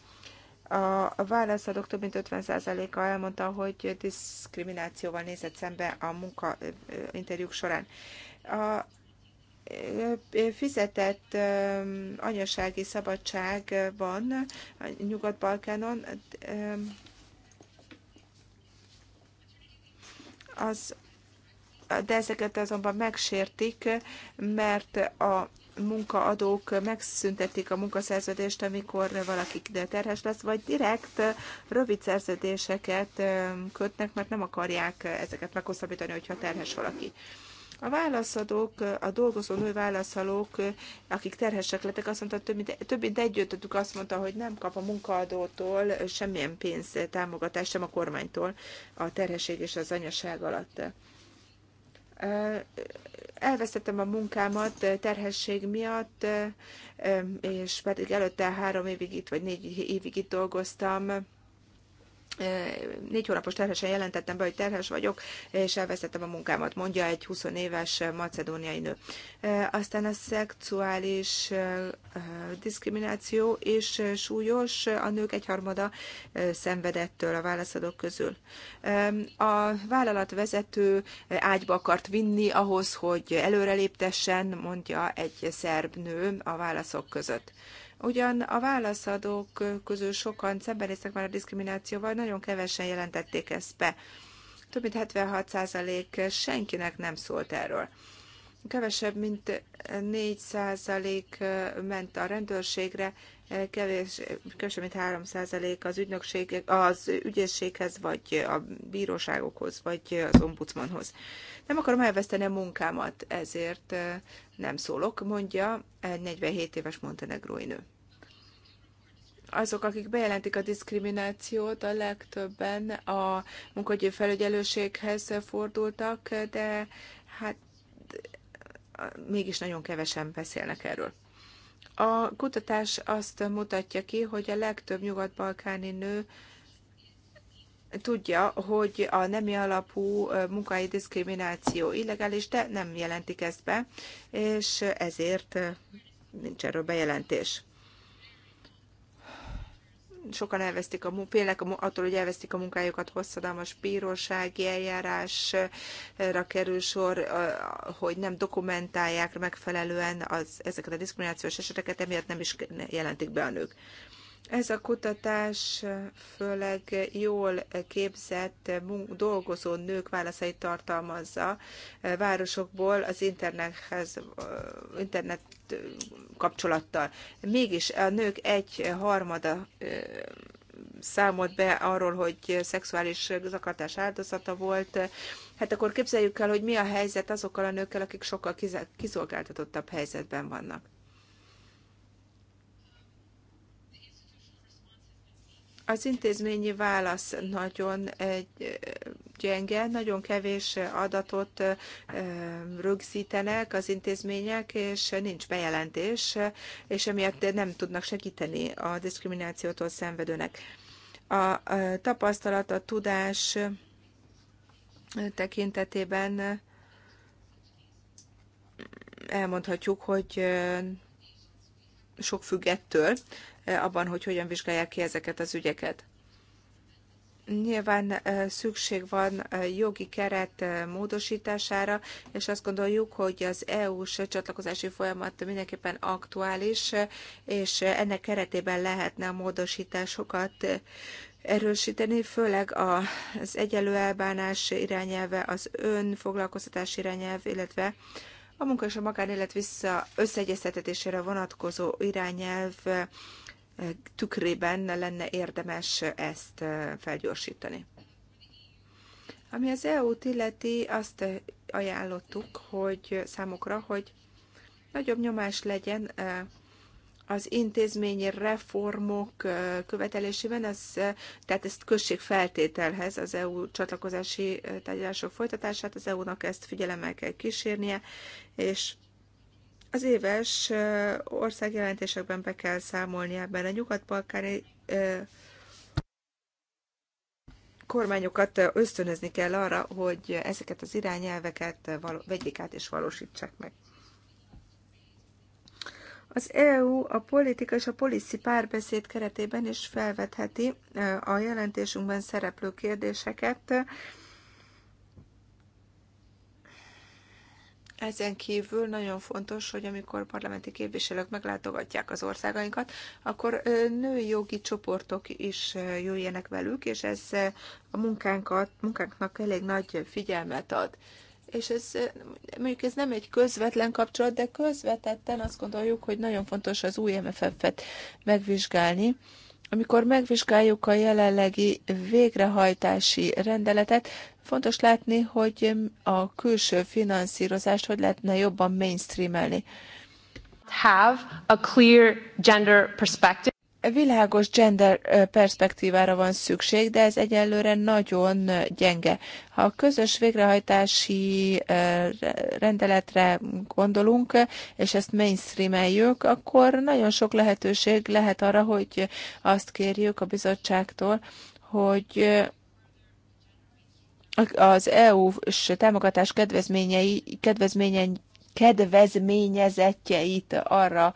A válaszadók több mint 50%-a elmondta, hogy diszkriminációval nézett szembe a munkainterjúk során. A fizetett anyasági szabadság van a Nyugat-Balkánon. Az, de ezeket azonban megsértik, mert a munkaadók megszüntetik a munkaszerződést, amikor valaki terhes lesz, vagy direkt rövid szerződéseket kötnek, mert nem akarják ezeket meghosszabbítani, hogyha terhes valaki. A válaszadók, a dolgozó nő válaszadók, akik terhesek lettek, azt mondta, több mint, több mint azt mondta, hogy nem kap a munkaadótól semmilyen pénz támogatást, sem a kormánytól a terhesség és az anyaság alatt elvesztettem a munkámat terhesség miatt, és pedig előtte három évig itt, vagy négy évig itt dolgoztam, négy hónapos terhesen jelentettem be, hogy terhes vagyok, és elvesztettem a munkámat, mondja egy 20 éves macedóniai nő. Aztán a szexuális diszkrimináció és súlyos, a nők egyharmada szenvedettől a válaszadók közül. A vállalatvezető ágyba akart vinni ahhoz, hogy előreléptessen, mondja egy szerb nő a válaszok között. Ugyan a válaszadók közül sokan szembenéztek már a diszkriminációval, nagyon kevesen jelentették ezt be. Több mint 76% senkinek nem szólt erről. Kevesebb, mint 4% ment a rendőrségre, kevés, kevesebb mint 3 az ügynökség, az ügyészséghez, vagy a bíróságokhoz, vagy az ombudsmanhoz. Nem akarom elveszteni a munkámat, ezért nem szólok, mondja egy 47 éves montenegrói nő. Azok, akik bejelentik a diszkriminációt, a legtöbben a munkahogyi felügyelőséghez fordultak, de hát mégis nagyon kevesen beszélnek erről. A kutatás azt mutatja ki, hogy a legtöbb nyugat-balkáni nő tudja, hogy a nemi alapú munkai diszkrimináció illegális, de nem jelentik ezt be, és ezért nincs erről bejelentés sokan elvesztik a félek attól, hogy elvesztik a munkájukat, hosszadalmas bírósági eljárásra kerül sor, hogy nem dokumentálják megfelelően az, ezeket a diszkriminációs eseteket, emiatt nem is jelentik be a nők. Ez a kutatás főleg jól képzett dolgozó nők válaszait tartalmazza városokból az internethez, internet kapcsolattal. Mégis a nők egy harmada számolt be arról, hogy szexuális zaklatás áldozata volt. Hát akkor képzeljük el, hogy mi a helyzet azokkal a nőkkel, akik sokkal kiszolgáltatottabb helyzetben vannak. Az intézményi válasz nagyon egy gyenge, nagyon kevés adatot rögzítenek az intézmények, és nincs bejelentés, és emiatt nem tudnak segíteni a diszkriminációtól szenvedőnek. A tapasztalat, a tudás tekintetében elmondhatjuk, hogy sok függettől Eh, abban, hogy hogyan vizsgálják ki ezeket az ügyeket. Nyilván eh, szükség van eh, jogi keret módosítására, és azt gondoljuk, hogy az EU-s csatlakozási folyamat mindenképpen aktuális, és ennek keretében lehetne a módosításokat erősíteni, főleg az egyenlő elbánás irányelve, az önfoglalkoztatás irányelv, illetve a munka és a magánélet vissza összeegyeztetésére vonatkozó irányelv tükrében lenne érdemes ezt felgyorsítani. Ami az EU-t illeti, azt ajánlottuk, hogy számukra, hogy nagyobb nyomás legyen az intézményi reformok követelésében, az, tehát ezt kössék feltételhez az EU csatlakozási tárgyalások folytatását, az EU-nak ezt figyelemmel kell kísérnie, és az éves országjelentésekben be kell számolni ebben a nyugat-balkáni kormányokat ösztönözni kell arra, hogy ezeket az irányelveket való, vegyék át és valósítsák meg. Az EU a politika és a policy párbeszéd keretében is felvetheti a jelentésünkben szereplő kérdéseket, Ezen kívül nagyon fontos, hogy amikor parlamenti képviselők meglátogatják az országainkat, akkor női jogi csoportok is jöjjenek velük, és ez a munkánkat, munkánknak elég nagy figyelmet ad. És ez, mondjuk ez nem egy közvetlen kapcsolat, de közvetetten azt gondoljuk, hogy nagyon fontos az új MFF-et megvizsgálni, amikor megvizsgáljuk a jelenlegi végrehajtási rendeletet, fontos látni, hogy a külső finanszírozást hogy lehetne jobban mainstreamelni. Have a clear gender perspective világos gender perspektívára van szükség, de ez egyelőre nagyon gyenge. Ha a közös végrehajtási rendeletre gondolunk, és ezt mainstreameljük, akkor nagyon sok lehetőség lehet arra, hogy azt kérjük a bizottságtól, hogy az EU-s támogatás kedvezményei, kedvezményei kedvezményezetjeit arra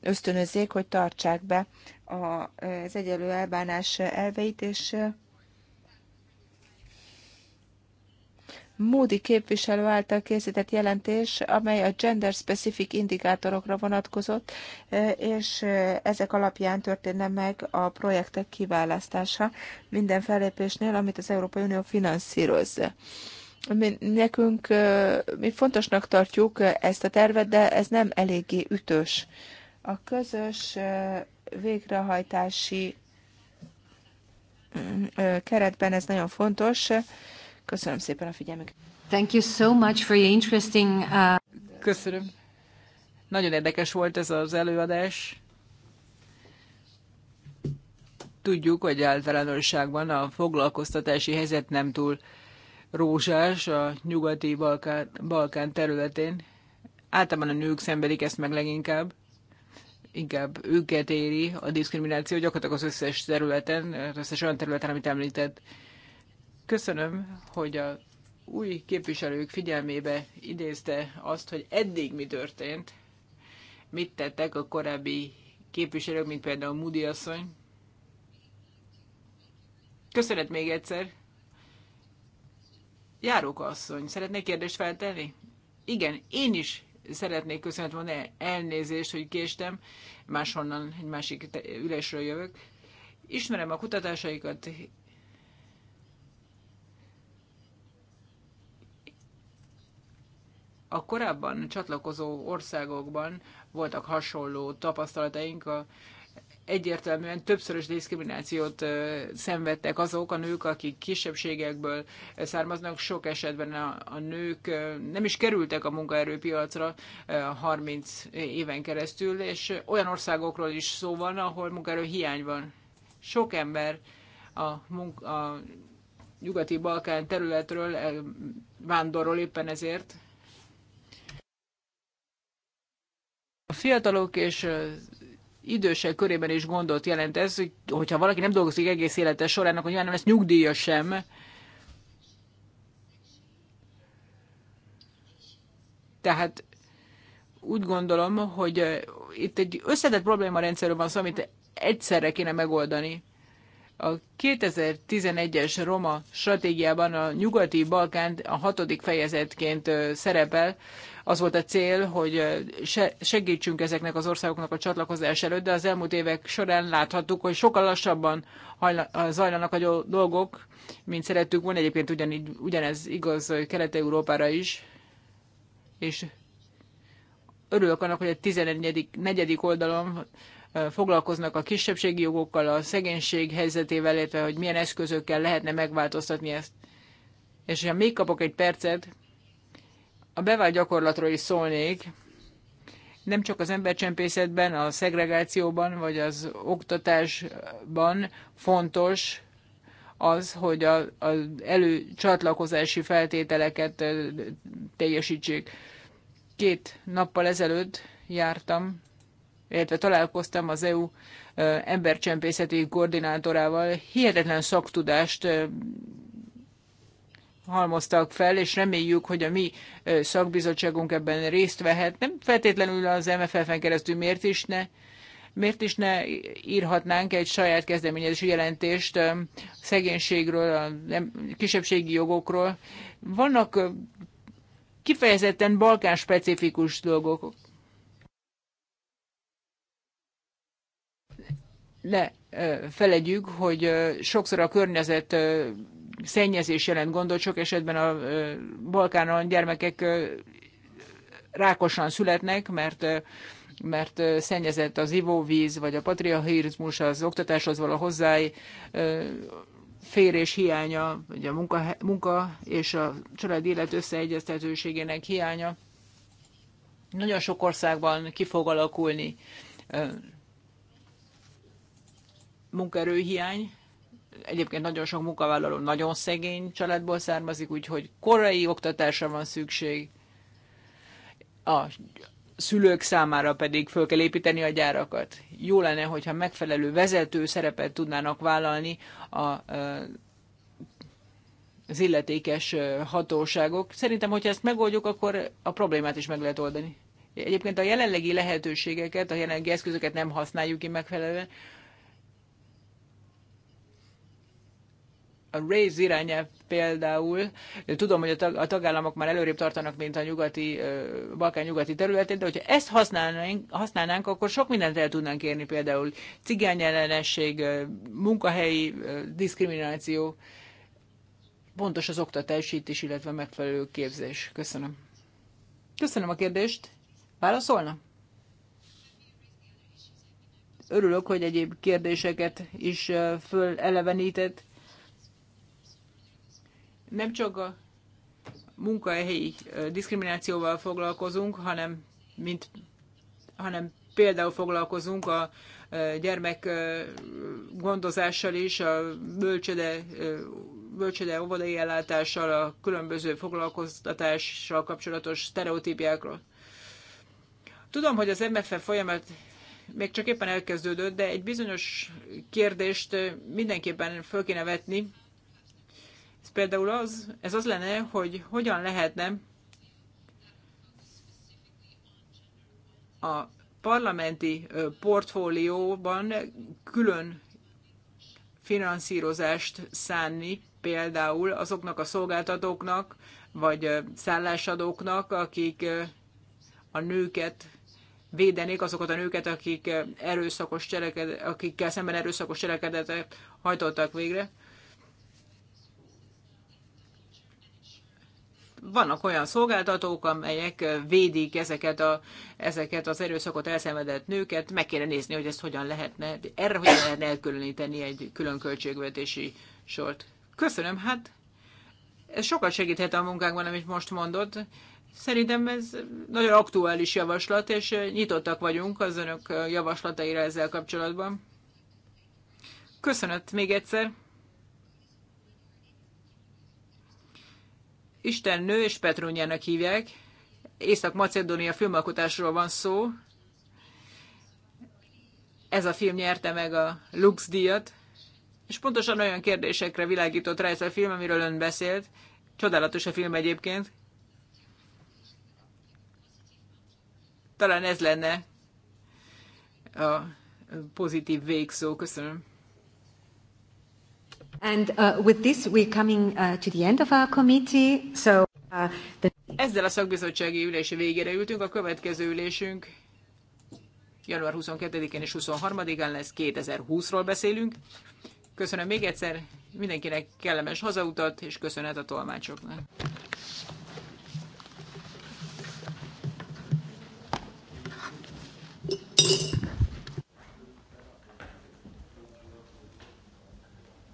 ösztönözzék, hogy tartsák be az egyelő elbánás elveit, és Módi képviselő által készített jelentés, amely a gender-specific indikátorokra vonatkozott, és ezek alapján történne meg a projektek kiválasztása minden fellépésnél, amit az Európai Unió finanszíroz mi, nekünk, mi fontosnak tartjuk ezt a tervet, de ez nem eléggé ütős. A közös végrehajtási keretben ez nagyon fontos. Köszönöm szépen a figyelmüket. Thank you so much for your interesting... Uh... Köszönöm. Nagyon érdekes volt ez az előadás. Tudjuk, hogy általánosságban a foglalkoztatási helyzet nem túl uh, rózsás a nyugati Balkán, Balkán területén. Általában a nők szenvedik ezt meg leginkább. Inkább őket éri a diszkrimináció gyakorlatilag az összes területen, az összes olyan területen, amit említett. Köszönöm, hogy a új képviselők figyelmébe idézte azt, hogy eddig mi történt, mit tettek a korábbi képviselők, mint például Moody asszony. Köszönet még egyszer! Járóka asszony, szeretnék kérdést feltenni? Igen, én is szeretnék köszönet mondani, elnézést, hogy késtem, máshonnan egy másik ülésről jövök. Ismerem a kutatásaikat, a korábban csatlakozó országokban voltak hasonló tapasztalataink a egyértelműen többszörös diszkriminációt szenvedtek azok a nők, akik kisebbségekből származnak. Sok esetben a, a nők nem is kerültek a munkaerőpiacra 30 éven keresztül, és olyan országokról is szó van, ahol munkaerő hiány van. Sok ember a, munka, a nyugati Balkán területről vándorol éppen ezért, a fiatalok és idősek körében is gondot jelent ez, hogyha valaki nem dolgozik egész élete során, akkor nyilván nem lesz nyugdíjas sem. Tehát úgy gondolom, hogy eh, itt egy összetett problémarendszerről van szó, amit egyszerre kéne megoldani. A 2011-es Roma stratégiában a nyugati Balkán a hatodik fejezetként szerepel. Az volt a cél, hogy segítsünk ezeknek az országoknak a csatlakozás előtt, de az elmúlt évek során láthattuk, hogy sokkal lassabban zajlanak a dolgok, mint szerettük volna. Egyébként ugyanígy, ugyanez igaz Kelet-Európára is. És örülök annak, hogy a 14. negyedik oldalon foglalkoznak a kisebbségi jogokkal, a szegénység helyzetével, illetve hogy milyen eszközökkel lehetne megváltoztatni ezt. És ha még kapok egy percet, a bevált gyakorlatról is szólnék, nem csak az embercsempészetben, a szegregációban, vagy az oktatásban fontos az, hogy az előcsatlakozási feltételeket teljesítsék. Két nappal ezelőtt jártam illetve találkoztam az EU embercsempészeti koordinátorával, hihetetlen szaktudást halmoztak fel, és reméljük, hogy a mi szakbizottságunk ebben részt vehet. Nem feltétlenül az MFF-en keresztül miért is ne, miért is ne írhatnánk egy saját kezdeményezési jelentést szegénységről, a kisebbségi jogokról. Vannak kifejezetten balkán specifikus dolgok. ne felejtjük, hogy sokszor a környezet szennyezés jelent gondot, sok esetben a Balkánon gyermekek rákosan születnek, mert mert szennyezett az ivóvíz, vagy a patriarchizmus, az oktatáshoz való hozzá férés hiánya, vagy a munka, munka és a család élet összeegyeztetőségének hiánya. Nagyon sok országban ki fog alakulni munkaerőhiány. Egyébként nagyon sok munkavállaló nagyon szegény családból származik, úgyhogy korai oktatásra van szükség. A szülők számára pedig föl kell építeni a gyárakat. Jó lenne, hogyha megfelelő vezető szerepet tudnának vállalni a, az illetékes hatóságok. Szerintem, hogyha ezt megoldjuk, akkor a problémát is meg lehet oldani. Egyébként a jelenlegi lehetőségeket, a jelenlegi eszközöket nem használjuk ki megfelelően. a RAISE irányel például, tudom, hogy a, tag, a tagállamok már előrébb tartanak, mint a nyugati, Balkán nyugati területén, de hogyha ezt használnánk, használnánk, akkor sok mindent el tudnánk érni, például cigányellenesség, munkahelyi diszkrimináció, pontos az oktatás itt is, illetve megfelelő képzés. Köszönöm. Köszönöm a kérdést. Válaszolna? Örülök, hogy egyéb kérdéseket is fölelevenített nem csak a munkahelyi diszkriminációval foglalkozunk, hanem, mint, hanem például foglalkozunk a gyermek gondozással is, a bölcsöde, bölcsöde óvodai ellátással, a különböző foglalkoztatással kapcsolatos sztereotípiákról. Tudom, hogy az MFF folyamat még csak éppen elkezdődött, de egy bizonyos kérdést mindenképpen föl kéne vetni, ez például az, ez az lenne, hogy hogyan lehetne a parlamenti portfólióban külön finanszírozást szánni például azoknak a szolgáltatóknak, vagy szállásadóknak, akik a nőket védenék, azokat a nőket, akik erőszakos cseleked, akikkel szemben erőszakos cselekedetet hajtottak végre. vannak olyan szolgáltatók, amelyek védik ezeket, a, ezeket az erőszakot elszenvedett nőket. Meg kéne nézni, hogy ezt hogyan lehetne, erre hogyan lehetne elkülöníteni egy külön költségvetési sort. Köszönöm, hát ez sokat segíthet a munkánkban, amit most mondod. Szerintem ez nagyon aktuális javaslat, és nyitottak vagyunk az önök javaslataira ezzel kapcsolatban. Köszönöm még egyszer! Isten nő és Petroniának hívják. Észak-Macedónia filmalkotásról van szó. Ez a film nyerte meg a Lux díjat, és pontosan olyan kérdésekre világított rá ez a film, amiről ön beszélt. Csodálatos a film egyébként. Talán ez lenne a pozitív végszó. Köszönöm. And uh, with this we're coming uh, to the end of our committee, so uh, the... Ezzel a szakbizottsági ülés végére ültünk, a következő ülésünk január 22-én és 23-án lesz, 2020-ról beszélünk. Köszönöm még egyszer, mindenkinek kellemes hazautat, és köszönet a tolmácsoknak. Thank you.